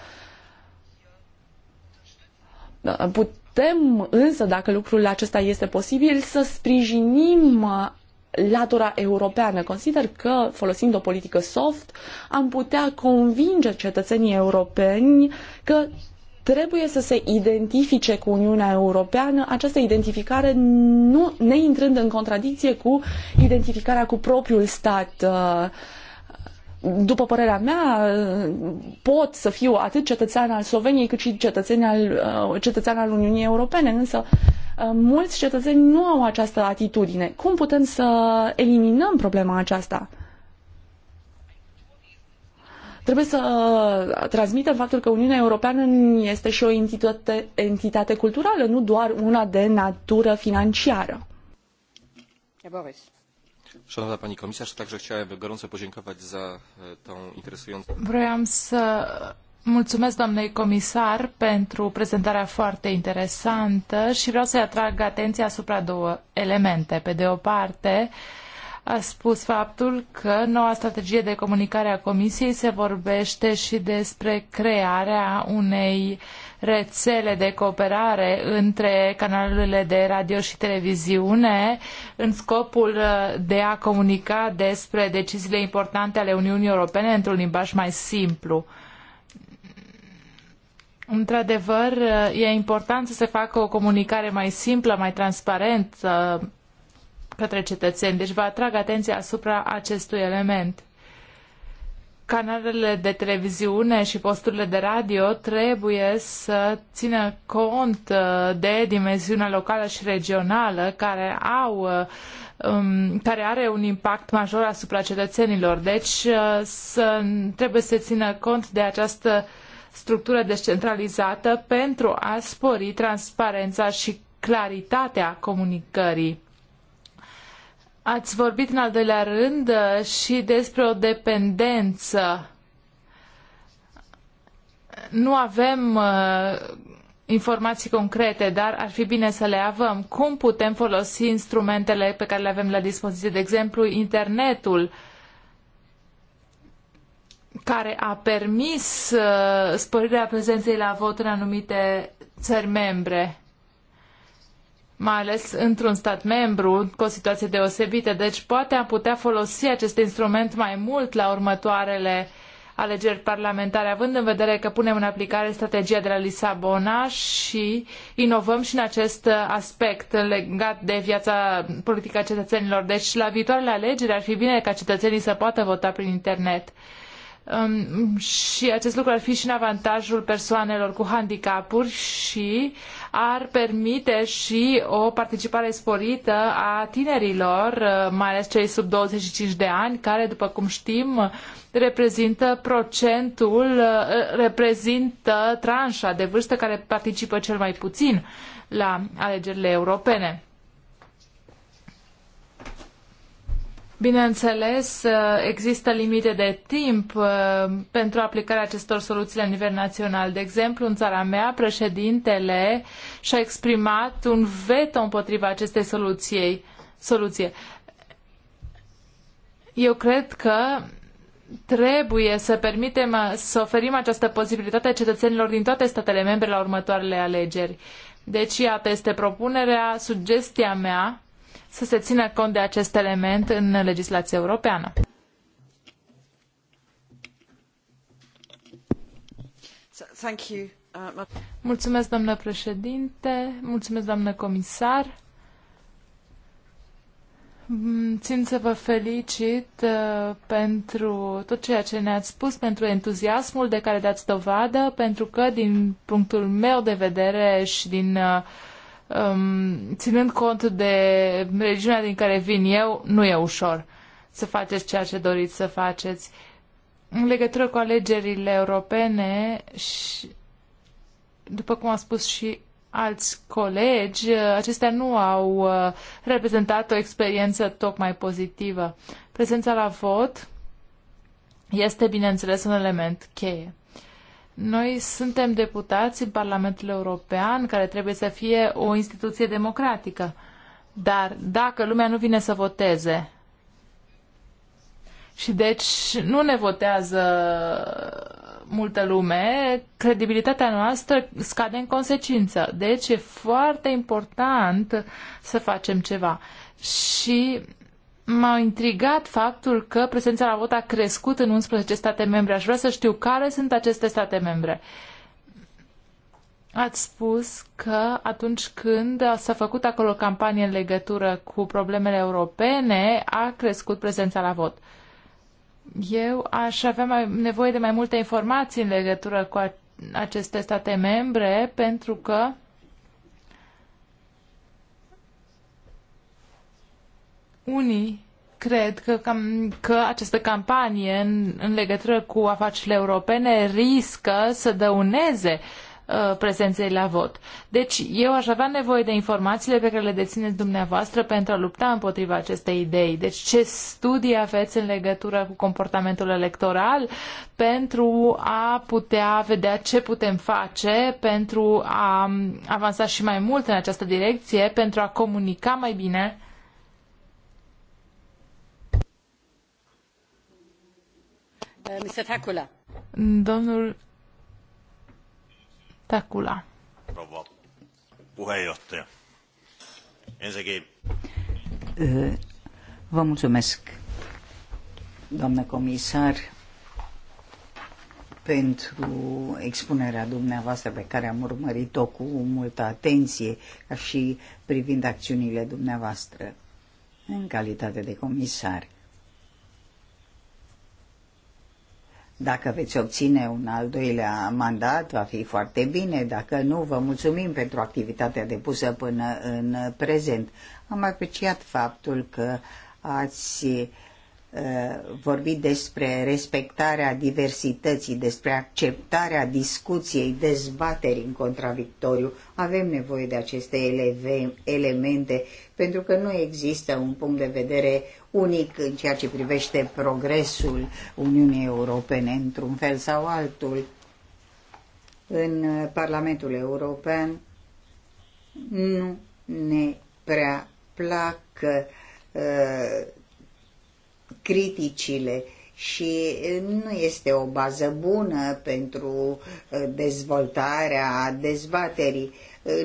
Uh, putem însă, dacă lucrul acesta este posibil, să sprijinim latura europeană. Consider că, folosind o politică soft, am putea convinge cetățenii europeni că trebuie să se identifice cu Uniunea Europeană, această identificare nu neintrând în contradicție cu identificarea cu propriul stat după părerea mea, pot să fiu atât cetățean al Sloveniei cât și cetățean al, cetățean al Uniunii Europene, însă Uh, mulți cetățeni nu au această atitudine. Cum putem să eliminăm problema aceasta? Trebuie să uh, transmitem faptul că Uniunea Europeană este și o entitate, entitate culturală, nu doar una de natură financiară. Boris. Szanowna Pani Komisarz, także chciałem gorąco podziękować za tą interesującą... Vreau să Mulțumesc, doamnei comisar, pentru prezentarea foarte interesantă și vreau să-i atrag atenția asupra două elemente. Pe de o parte, a spus faptul că noua strategie de comunicare a Comisiei se vorbește și despre crearea unei rețele de cooperare între canalele de radio și televiziune în scopul uh, de a comunica despre deciziile importante ale Uniunii Europene într-un limbaj mai simplu. Într-adevăr, e important să se facă o comunicare mai simplă, mai transparentă către cetățeni. Deci vă atrag atenția asupra acestui element. Canalele de televiziune și posturile de radio trebuie să țină cont uh, de dimensiunea locală și regională care au uh, um, care are un impact major asupra cetățenilor. Deci uh, să, trebuie să țină cont de această uh, structură descentralizată pentru a spori transparența și claritatea comunicării. Ați vorbit în al doilea rând uh, și despre o dependență. Nu avem uh, informații concrete, dar ar fi bine să le avem. Cum putem folosi instrumentele pe care le avem la dispoziție, de exemplu, internetul uh, care a permis uh, sporirea prezenței la vot în anumite țări membre mai ales într-un stat membru, cu o situație deosebită. Deci poate am putea folosi acest instrument mai mult la următoarele alegeri parlamentare, având în vedere că punem în aplicare strategia de la Lisabona și inovăm și în acest aspect legat de viața politică a cetățenilor. Deci la viitoarele alegeri ar fi bine ca cetățenii să poată vota prin internet um, și acest lucru ar fi și în avantajul persoanelor cu handicapuri și ar permite și o participare sporită a tinerilor, uh, mai ales cei sub 25 de ani, care, după cum știm, reprezintă procentul, uh, reprezintă tranșa de vârstă care participă cel mai puțin la alegerile europene. Bineînțeles, uh, există limite de timp uh, pentru aplicarea acestor soluții la nivel național. De exemplu, în țara mea, președintele și-a exprimat un veto împotriva acestei soluției, soluție. Eu cred că trebuie să permitem uh, să oferim această posibilitate cetățenilor din toate statele membre la următoarele alegeri. Deci, iată, este propunerea, sugestia mea să se țină cont de acest element în legislația europeană. Mulțumesc, doamnă președinte, mulțumesc, doamnă comisar. Mm, țin să vă felicit uh, pentru tot ceea ce ne-ați spus, pentru entuziasmul de care dați dovadă, pentru că, din punctul meu de vedere și din uh, Um, ținând cont de regiunea din care vin eu, nu e ușor să faceți ceea ce doriți să faceți. În legătură cu alegerile europene și, după cum a spus și alți colegi, acestea nu au uh, reprezentat o experiență tocmai pozitivă. Prezența la vot este, bineînțeles, un element cheie. Noi suntem deputați în Parlamentul European, care trebuie să fie o instituție democratică. Dar dacă lumea nu vine să voteze și deci nu ne votează multă lume, credibilitatea noastră scade în consecință. Deci e foarte important să facem ceva. Și m-a intrigat faptul că prezența la vot a crescut în 11 state membre. Aș vrea să știu care sunt aceste state membre. Ați spus că atunci când s-a făcut acolo campanie în legătură cu problemele europene, a crescut prezența la vot. Eu aș avea mai, nevoie de mai multe informații în legătură cu aceste state membre, pentru că Unii cred că, cam, că această campanie în, în legătură cu afacerile europene riscă să dăuneze uh, prezenței la vot. Deci eu aș avea nevoie de informațiile pe care le dețineți dumneavoastră pentru a lupta împotriva acestei idei. Deci ce studii aveți în legătură cu comportamentul electoral pentru a putea vedea ce putem face pentru a um, avansa și mai mult în această direcție, pentru a comunica mai bine Eh, Domnul Rouva puheenjohtaja. Ensinnäkin... Eh, vă mulțumesc, doamnă comisar, pentru expunerea dumneavoastră pe care am urmărit-o cu multă atenție, ca și privind acțiunile dumneavoastră în calitate de comisar. Dacă veți obține un al doilea mandat, va fi foarte bine. Dacă nu, vă mulțumim pentru activitatea depusă până în prezent. Am apreciat faptul că ați uh, Uh, vorbit despre respectarea diversității, despre acceptarea discuției, dezbaterii în contradictoriu. Avem nevoie de aceste eleve, elemente pentru că nu există un punct de vedere unic în ceea ce privește progresul Uniunii Europene într-un fel sau altul. În Parlamentul European nu ne prea plac uh, criticile și nu este o bază bună pentru dezvoltarea dezbaterii.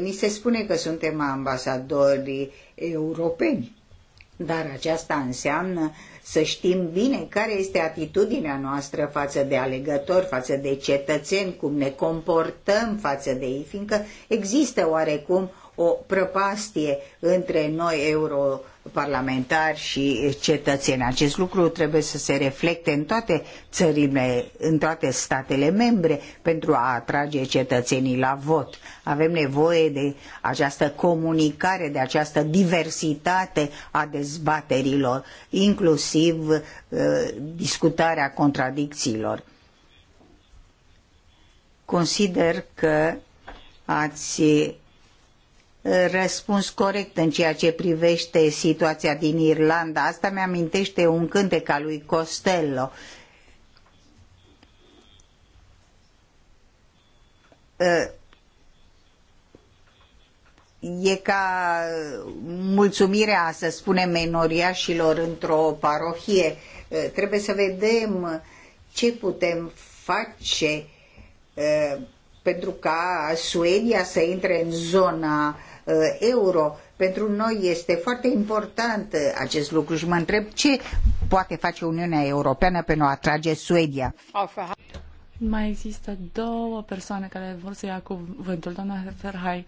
Ni se spune că suntem ambasadori europeni, dar aceasta înseamnă să știm bine care este atitudinea noastră față de alegători, față de cetățeni, cum ne comportăm față de ei, fiindcă există oarecum o prăpastie între noi, euro parlamentari și cetățeni. Acest lucru trebuie să se reflecte în toate țările, în toate statele membre pentru a atrage cetățenii la vot. Avem nevoie de această comunicare, de această diversitate a dezbaterilor, inclusiv uh, discutarea contradicțiilor. Consider că ați răspuns corect în ceea ce privește situația din Irlanda. Asta mi-amintește un cântec al lui Costello. Ă, e ca mulțumirea, să spunem, menoriașilor într-o parohie. Ă, trebuie să vedem ce putem face ă, pentru ca Suedia să intre în zona uh, Uh, euro. Pentru noi este foarte important uh, acest lucru și mă întreb ce poate face Uniunea Europeană pentru a atrage Suedia. Mai există două persoane care vor să ia cuvântul. Doamna Ferhai,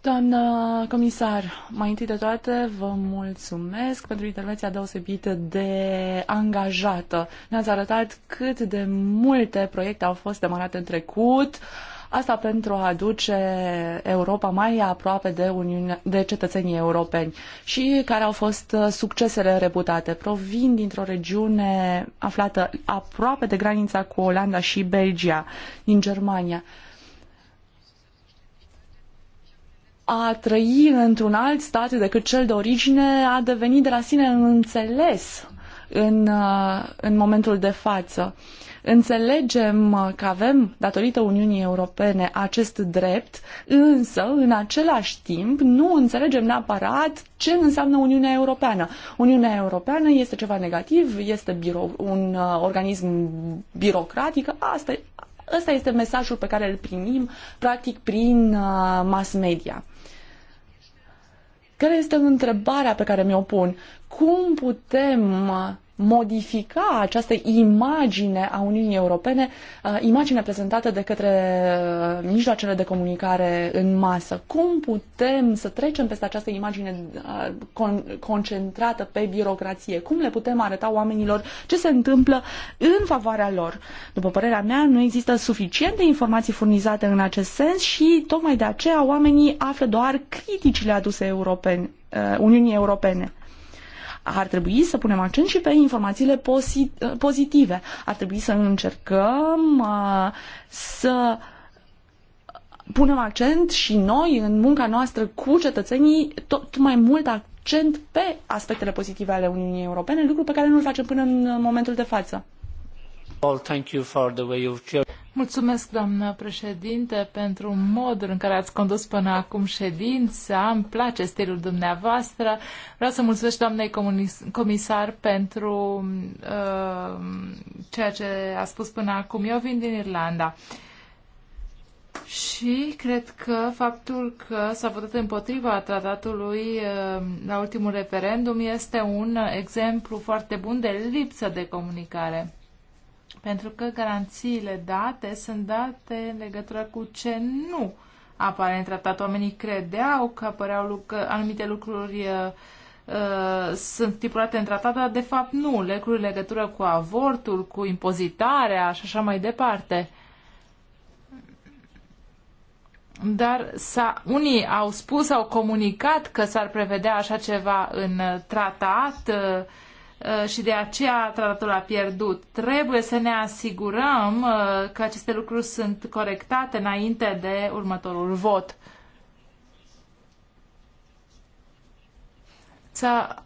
Doamna comisar, mai întâi de toate vă mulțumesc pentru intervenția deosebită de angajată. Ne-ați arătat cât de multe proiecte au fost demarate în trecut. Uh, Asta pentru a aduce Europa mai aproape de, Uniune, de cetățenii europeni și care au fost uh, succesele reputate. Provin dintr-o regiune aflată aproape de granița cu Olanda și Belgia, din Germania. a trăi într-un alt stat decât cel de origine a devenit de la sine înțeles în, uh, în momentul de față. Înțelegem că avem, datorită Uniunii Europene, acest drept, însă, în același timp, nu înțelegem neapărat ce înseamnă Uniunea Europeană. Uniunea Europeană este ceva negativ, este biro- un uh, organism birocratic, asta e Ăsta este mesajul pe care îl primim, practic, prin uh, mass media. Care este întrebarea pe care mi-o pun? Cum putem uh, modifica această imagine a Uniunii Europene, uh, imagine prezentată de către uh, mijloacele de comunicare în masă. Cum putem să trecem peste această imagine uh, concentrată pe birocrație? Cum le putem arăta oamenilor ce se întâmplă în favoarea lor? După părerea mea, nu există suficiente informații furnizate în acest sens și tocmai de aceea oamenii află doar criticile aduse europene, Uniunii Europene. Ar trebui să punem accent și pe informațiile pozitive. Ar trebui să încercăm uh, să punem accent și noi în munca noastră cu cetățenii tot mai mult accent pe aspectele pozitive ale Uniunii Europene, lucru pe care nu-l facem până în momentul de față. Mulțumesc, doamnă președinte, pentru modul în care ați condus până acum ședința. Îmi place stilul dumneavoastră. Vreau să mulțumesc doamnei comisar pentru uh, ceea ce a spus până acum. Eu vin din Irlanda. Și cred că faptul că s-a votat împotriva tratatului uh, la ultimul referendum este un exemplu foarte bun de lipsă de comunicare pentru că garanțiile date sunt date în legătură cu ce nu apare în tratat. Oamenii credeau că apăreau că anumite lucruri uh, uh, sunt stipulate în tratat, dar de fapt nu. Lucruri în legătură cu avortul, cu impozitarea și așa mai departe. Dar unii au spus, au comunicat că s-ar prevedea așa ceva în tratat uh, Uh, și de aceea tratatul a pierdut. Trebuie să ne asigurăm uh, că aceste lucruri sunt corectate înainte de următorul vot. S-a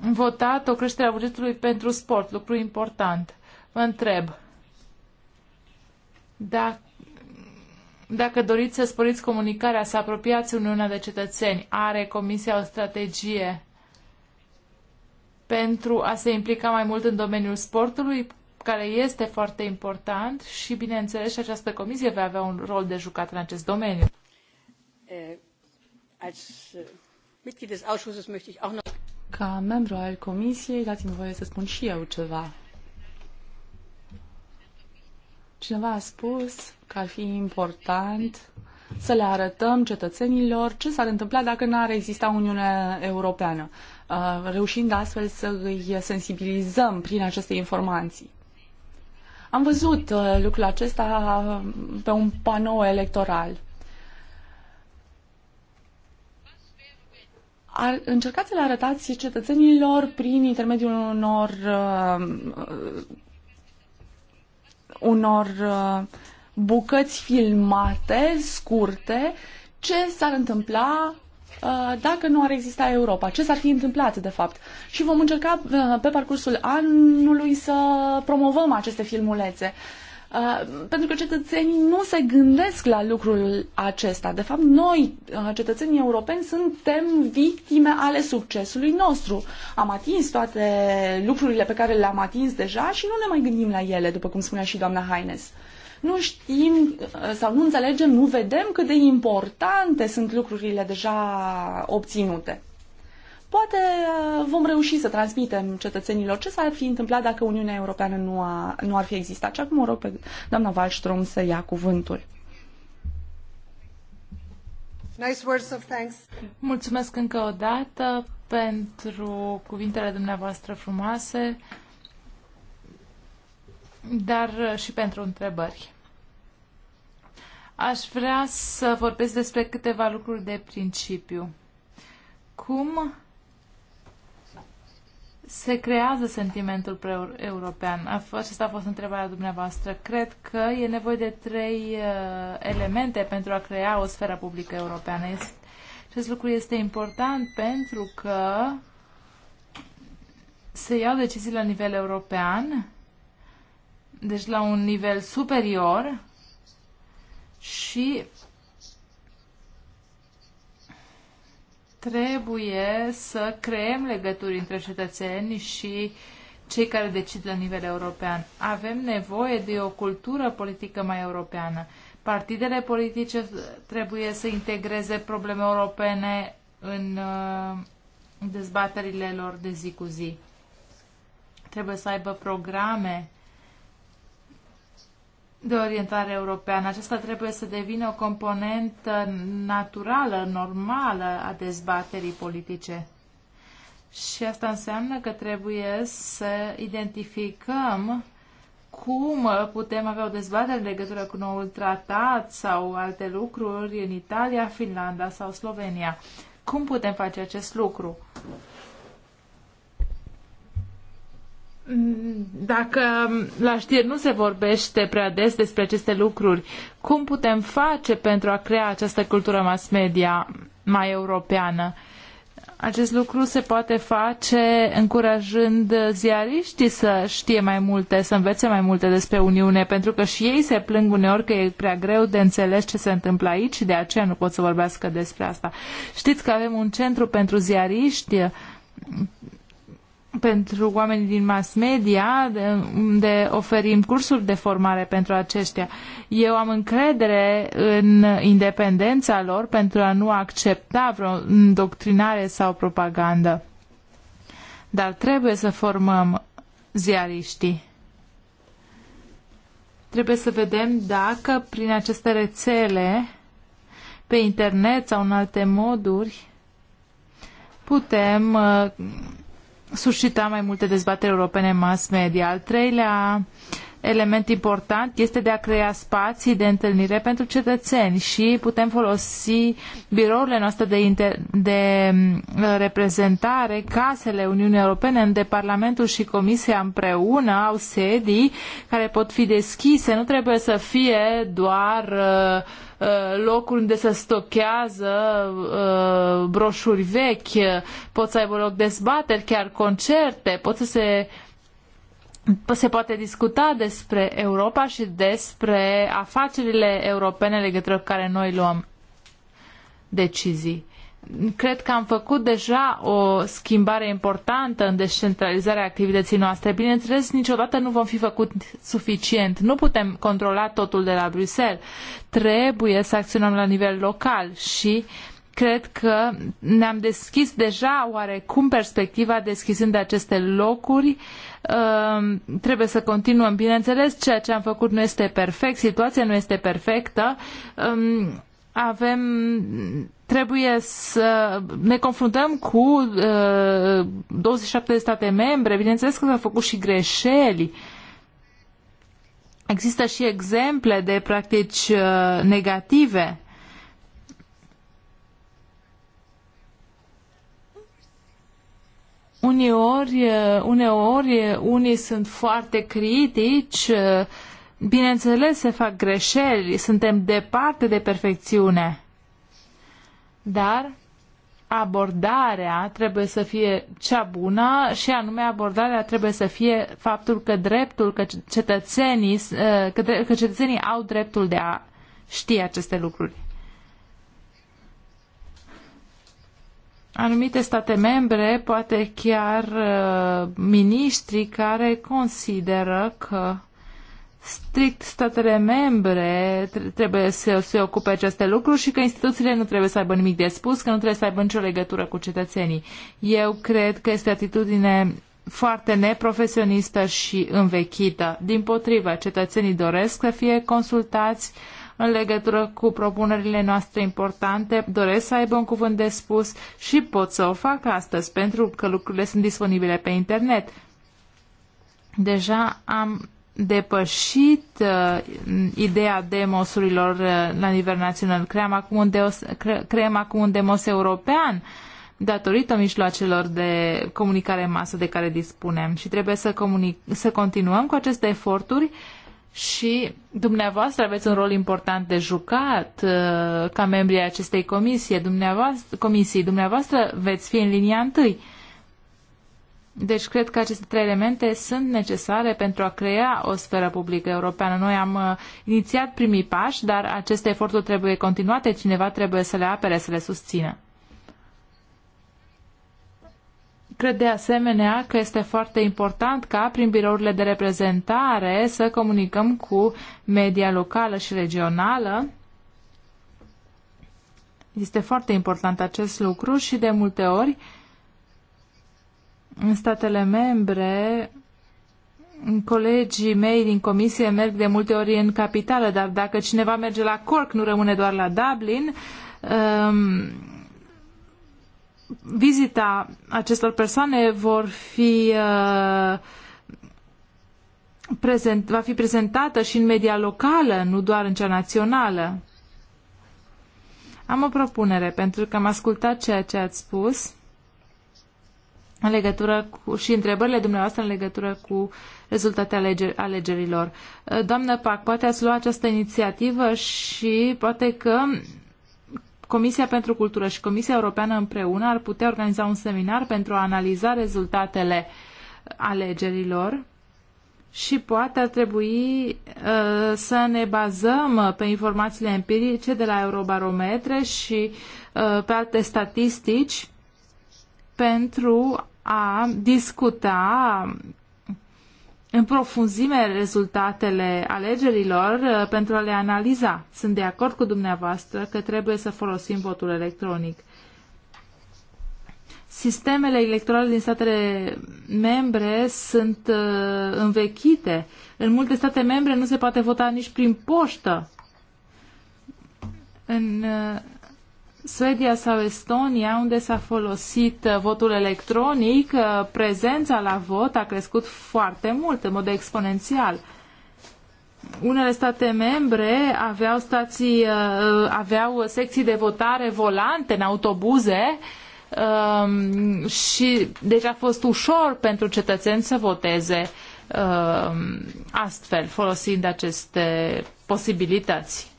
votat o creștere a bugetului pentru sport, lucru important. Vă întreb, dacă dacă doriți să sporiți comunicarea, să apropiați Uniunea de Cetățeni, are Comisia o strategie pentru a se implica mai mult în domeniul sportului, care este foarte important și, bineînțeles, și această comisie va avea un rol de jucat în acest domeniu. Eh, eh, Ca membru al comisiei, dați-mi voie să spun și eu ceva. Cineva a spus că ar fi important să le arătăm cetățenilor ce s-ar întâmpla dacă n-ar exista Uniunea Europeană. Uh, reușind astfel să îi sensibilizăm prin aceste informații. Am văzut uh, lucrul acesta uh, pe un panou electoral. ar, încercați să le arătați cetățenilor prin intermediul unor uh, unor uh, bucăți filmate, scurte, ce s-ar întâmpla Uh, dacă nu ar exista Europa, ce s-ar fi întâmplat de fapt. Și vom încerca uh, pe parcursul anului să promovăm aceste filmulețe. Uh, pentru că cetățenii nu se gândesc la lucrul acesta. De fapt, noi, cetățenii europeni, suntem victime ale succesului nostru. Am atins toate lucrurile pe care le-am atins deja și nu ne mai gândim la ele, după cum spunea și doamna Haines nu știm sau nu înțelegem, nu vedem cât de importante sunt lucrurile deja obținute. Poate uh, vom reuși să transmitem cetățenilor ce s-ar fi întâmplat dacă Uniunea Europeană nu, a, nu ar fi existat. Și acum mă rog pe doamna Wallström să ia cuvântul. Nice words of thanks. Mulțumesc încă o dată pentru cuvintele dumneavoastră frumoase, dar uh, și pentru întrebări. Aș vrea să vorbesc despre câteva lucruri de principiu. Cum se creează sentimentul pre-european? Aceasta a fost întrebarea dumneavoastră. Cred că e nevoie de trei uh, elemente pentru a crea o sferă publică europeană. Este, acest lucru este important pentru că se iau decizii la nivel european deci la un nivel superior și trebuie să creăm legături între cetățeni și cei care decid la nivel european. Avem nevoie de o cultură politică mai europeană. Partidele politice trebuie să integreze probleme europene în uh, dezbaterile lor de zi cu zi. Trebuie să aibă programe de orientare europeană. Aceasta trebuie să devină o componentă naturală, normală a dezbaterii politice. Și asta înseamnă că trebuie să identificăm cum putem avea o dezbatere în legătură cu noul tratat sau alte lucruri în Italia, Finlanda sau Slovenia. Cum putem face acest lucru? Mm, dacă la știri nu se vorbește prea des despre aceste lucruri, cum putem face pentru a crea această cultură mass media mai europeană? Acest lucru se poate face încurajând ziariștii să știe mai multe, să învețe mai multe despre Uniune, pentru că și ei se plâng uneori că e prea greu de înțeles ce se întâmplă aici și de aceea nu pot să vorbească despre asta. Știți că avem un centru pentru ziariști pentru oamenii din mass media, de, unde oferim cursuri de formare pentru aceștia. Eu am încredere în independența lor pentru a nu accepta vreo îndoctrinare sau propagandă. Dar trebuie să formăm ziariștii. Trebuie să vedem dacă prin aceste rețele pe internet sau în alte moduri putem uh, suscita mai multe dezbateri europene mass media. Al treilea element important este de a crea spații de întâlnire pentru cetățeni și putem folosi birourile noastre de, inter... de mm, reprezentare, casele Uniunii Europene, unde Parlamentul și Comisia împreună au sedii care pot fi deschise, nu trebuie să fie doar uh, Uh, locuri unde se stochează uh, broșuri vechi, pot să aibă loc dezbateri, chiar concerte, pot să se se poate discuta despre Europa și despre afacerile europene legătură cu care noi luăm decizii cred că am făcut deja o schimbare importantă în descentralizarea activității noastre. Bineînțeles, niciodată nu vom fi făcut suficient. Nu putem controla totul de la Bruxelles. Trebuie să acționăm la nivel local și cred că ne-am deschis deja oarecum perspectiva deschizând aceste locuri. Ehm, trebuie să continuăm. Bineînțeles, ceea ce am făcut nu este perfect, situația nu este perfectă ehm, avem trebuie să ne confruntăm cu uh, 27 de state membre. Bineînțeles că s-au făcut și greșeli. Există și exemple de practici uh, negative. Uneori, uh, uneori, uh, unii sunt foarte critici uh, Bineînțeles, se fac greșeli, suntem departe de perfecțiune, dar abordarea trebuie să fie cea bună și anume abordarea trebuie să fie faptul că dreptul, că cetățenii, uh, că, că cetățenii au dreptul de a ști aceste lucruri. Anumite state membre, poate chiar uh, miniștri care consideră că strict statele membre trebuie să se ocupe aceste lucruri și că instituțiile nu trebuie să aibă nimic de spus, că nu trebuie să aibă nicio legătură cu cetățenii. Eu cred că este atitudine foarte neprofesionistă și învechită. Din potrivă, cetățenii doresc să fie consultați în legătură cu propunerile noastre importante, doresc să aibă un cuvânt de spus și pot să o fac astăzi pentru că lucrurile sunt disponibile pe internet. Deja am depășit uh, ideea demosurilor uh, la nivel național. Creăm acum un, deos, cre, creăm acum un demos european datorită mijloacelor de comunicare în masă de care dispunem și trebuie să, comunic, să continuăm cu aceste eforturi și dumneavoastră aveți un rol important de jucat uh, ca membrii acestei comisie. Dumneavoastră, comisii. Dumneavoastră veți fi în linia întâi. Uh, deci cred că aceste trei elemente sunt necesare pentru a crea o sferă publică europeană. Noi am uh, inițiat primii pași, dar aceste eforturi trebuie continuate, cineva trebuie să le apere, să le susțină. Cred de asemenea că este foarte important ca prin birourile de reprezentare să comunicăm cu media locală și regională. Este foarte important acest lucru și de multe ori uh, în statele membre Colegii mei din comisie merg de multe ori în capitală, dar dacă cineva merge la Cork, nu rămâne doar la Dublin, um, vizita acestor persoane vor fi uh, prezent, va fi prezentată și în media locală, nu doar în cea națională. Am o propunere, pentru că am ascultat ceea ce ați spus în legătură cu, și întrebările dumneavoastră în legătură cu rezultatele alegeri, alegerilor. Uh, doamnă Pac, poate ați luat această inițiativă și poate că Comisia pentru Cultură și Comisia Europeană împreună ar putea organiza un seminar pentru a analiza rezultatele alegerilor și poate ar trebui uh, să ne bazăm pe informațiile empirice de la Eurobarometre și uh, pe alte statistici pentru a discuta în profunzime rezultatele alegerilor uh, pentru a le analiza. Sunt de acord cu dumneavoastră că trebuie să folosim votul electronic. Sistemele electorale din statele membre sunt uh, învechite. În multe state membre nu se poate vota nici prin poștă. În uh, Suedia sau Estonia, unde s-a folosit uh, votul electronic, uh, prezența la vot a crescut foarte mult, în mod exponențial. Unele state membre aveau, stații, uh, aveau secții de votare volante în autobuze um, și deci a fost ușor pentru cetățeni să voteze um, astfel, folosind aceste posibilități.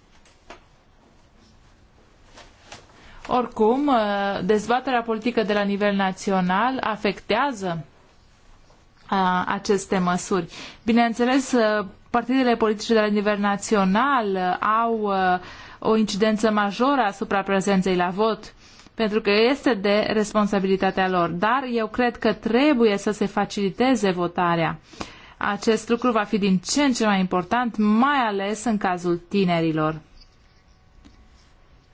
Oricum, uh, dezbaterea politică de la nivel național afectează uh, aceste măsuri. Bineînțeles, uh, partidele politice de la nivel național au o incidență majoră asupra prezenței la vot, pentru că este de responsabilitatea lor. Dar eu cred că trebuie să se faciliteze votarea. Acest lucru va fi din ce în ce mai important, mai ales în cazul tinerilor.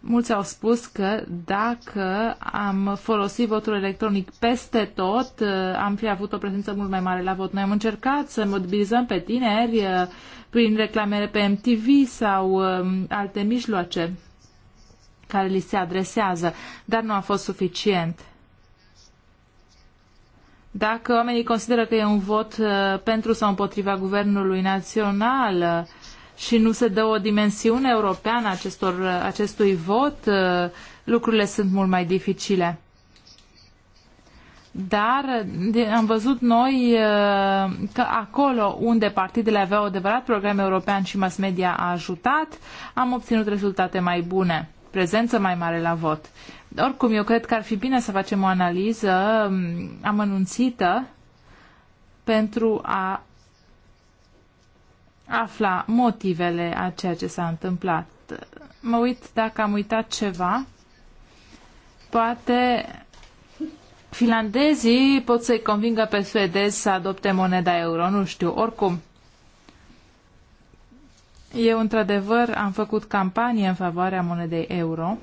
Mulți au spus că dacă am folosit votul electronic peste tot, uh, am fi avut o prezență mult mai mare la vot. Noi am încercat să mobilizăm pe tineri uh, prin reclamele pe MTV sau um, alte mijloace care li se adresează, dar nu a fost suficient. Dacă oamenii consideră că e un vot uh, pentru sau împotriva guvernului național, și nu se dă o dimensiune europeană acestor, acestui vot, uh, lucrurile sunt mult mai dificile. Dar am văzut noi uh, că acolo unde partidele aveau adevărat program european și mass media a ajutat, am obținut rezultate mai bune, prezență mai mare la vot. Oricum, eu cred că ar fi bine să facem o analiză um, amănunțită pentru a afla motivele a ceea ce s-a întâmplat. Mă uit dacă am uitat ceva. Poate finlandezii pot să-i convingă pe suedezi să adopte moneda euro, nu știu, oricum. Eu, într-adevăr, am făcut campanie în favoarea monedei euro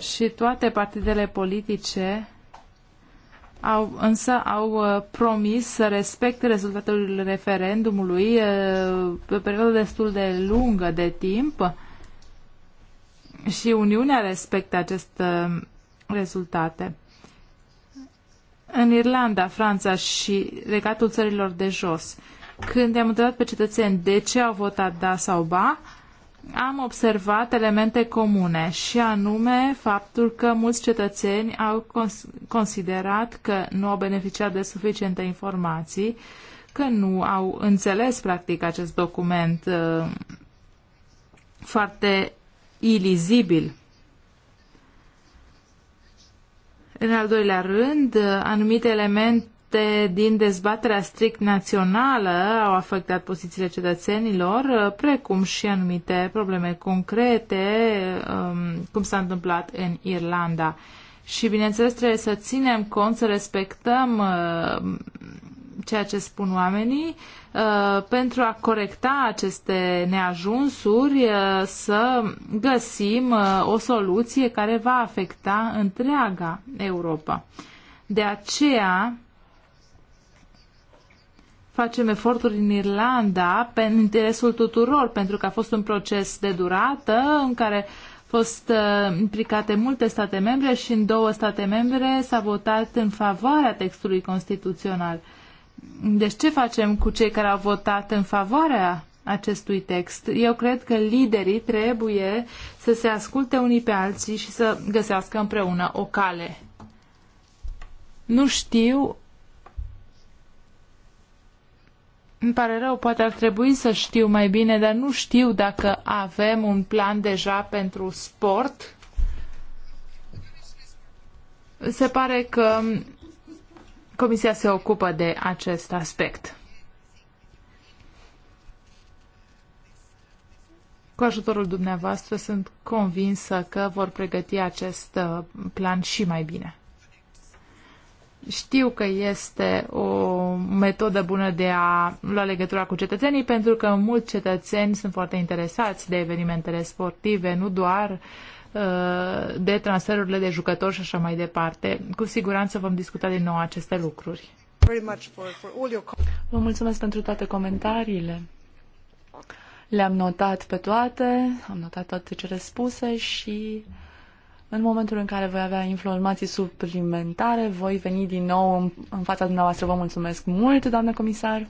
și toate partidele politice au, însă au uh, promis să respecte rezultatul referendumului uh, pe o perioadă destul de lungă de timp și Uniunea respectă aceste uh, rezultate. În Irlanda, Franța și regatul țărilor de jos, când i-am întrebat pe cetățeni de ce au votat da sau ba, am observat elemente comune și anume faptul că mulți cetățeni au considerat că nu au beneficiat de suficiente informații, că nu au înțeles practic acest document uh, foarte ilizibil. În al doilea rând, uh, anumite elemente parte din dezbaterea strict națională au afectat pozițiile cetățenilor, precum și anumite probleme concrete, um, cum s-a întâmplat în Irlanda. Și, bineînțeles, trebuie să ținem cont, să respectăm uh, ceea ce spun oamenii, uh, pentru a corecta aceste neajunsuri, uh, să găsim o soluție care va afecta întreaga Europa. De aceea, facem eforturi în Irlanda pe, în interesul tuturor, pentru că a fost un proces de durată în care au fost uh, implicate multe state membre și în două state membre s-a votat în favoarea textului constituțional. Deci ce facem cu cei care au votat în favoarea acestui text? Eu cred că liderii trebuie să se asculte unii pe alții și să găsească împreună o cale. Nu știu Îmi pare rău, poate ar trebui să știu mai bine, dar nu știu dacă avem un plan deja pentru sport. Se pare că Comisia se ocupă de acest aspect. Cu ajutorul dumneavoastră sunt convinsă că vor pregăti acest uh, plan și mai bine. Știu că este o metodă bună de a lua legătura cu cetățenii, pentru că mulți cetățeni sunt foarte interesați de evenimentele sportive, nu doar uh, de transferurile de jucători și așa mai departe. Cu siguranță vom discuta din nou aceste lucruri. Vă mulțumesc pentru toate comentariile. Le-am notat pe toate, am notat toate cele spuse și în momentul în care voi avea informații suplimentare, voi veni din nou în, în fața dumneavoastră. Vă mulțumesc mult, doamnă comisar.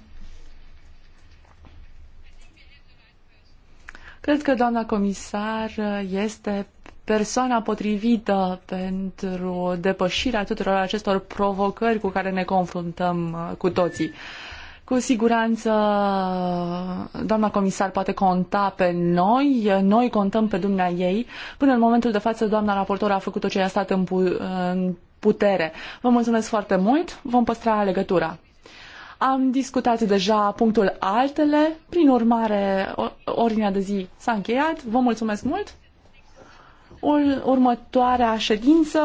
Cred că doamna comisar este persoana potrivită pentru depășirea tuturor acestor provocări cu care ne confruntăm uh, cu toții. Cu siguranță, doamna comisar poate conta pe noi, noi contăm pe dumnea ei. Până în momentul de față, doamna raportor a făcut tot ce i-a stat în, pu- în putere. Vă mulțumesc foarte mult, vom păstra legătura. Am discutat deja punctul altele, prin urmare, ordinea de zi s-a încheiat. Vă mulțumesc mult! următoarea ședință,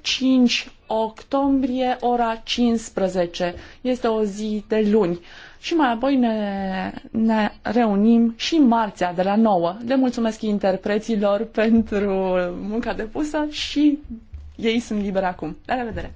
5 octombrie, ora 15. Este o zi de luni. Și mai apoi ne, ne reunim și marțea de la 9. Le mulțumesc interpreților pentru munca depusă și ei sunt liberi acum. La revedere!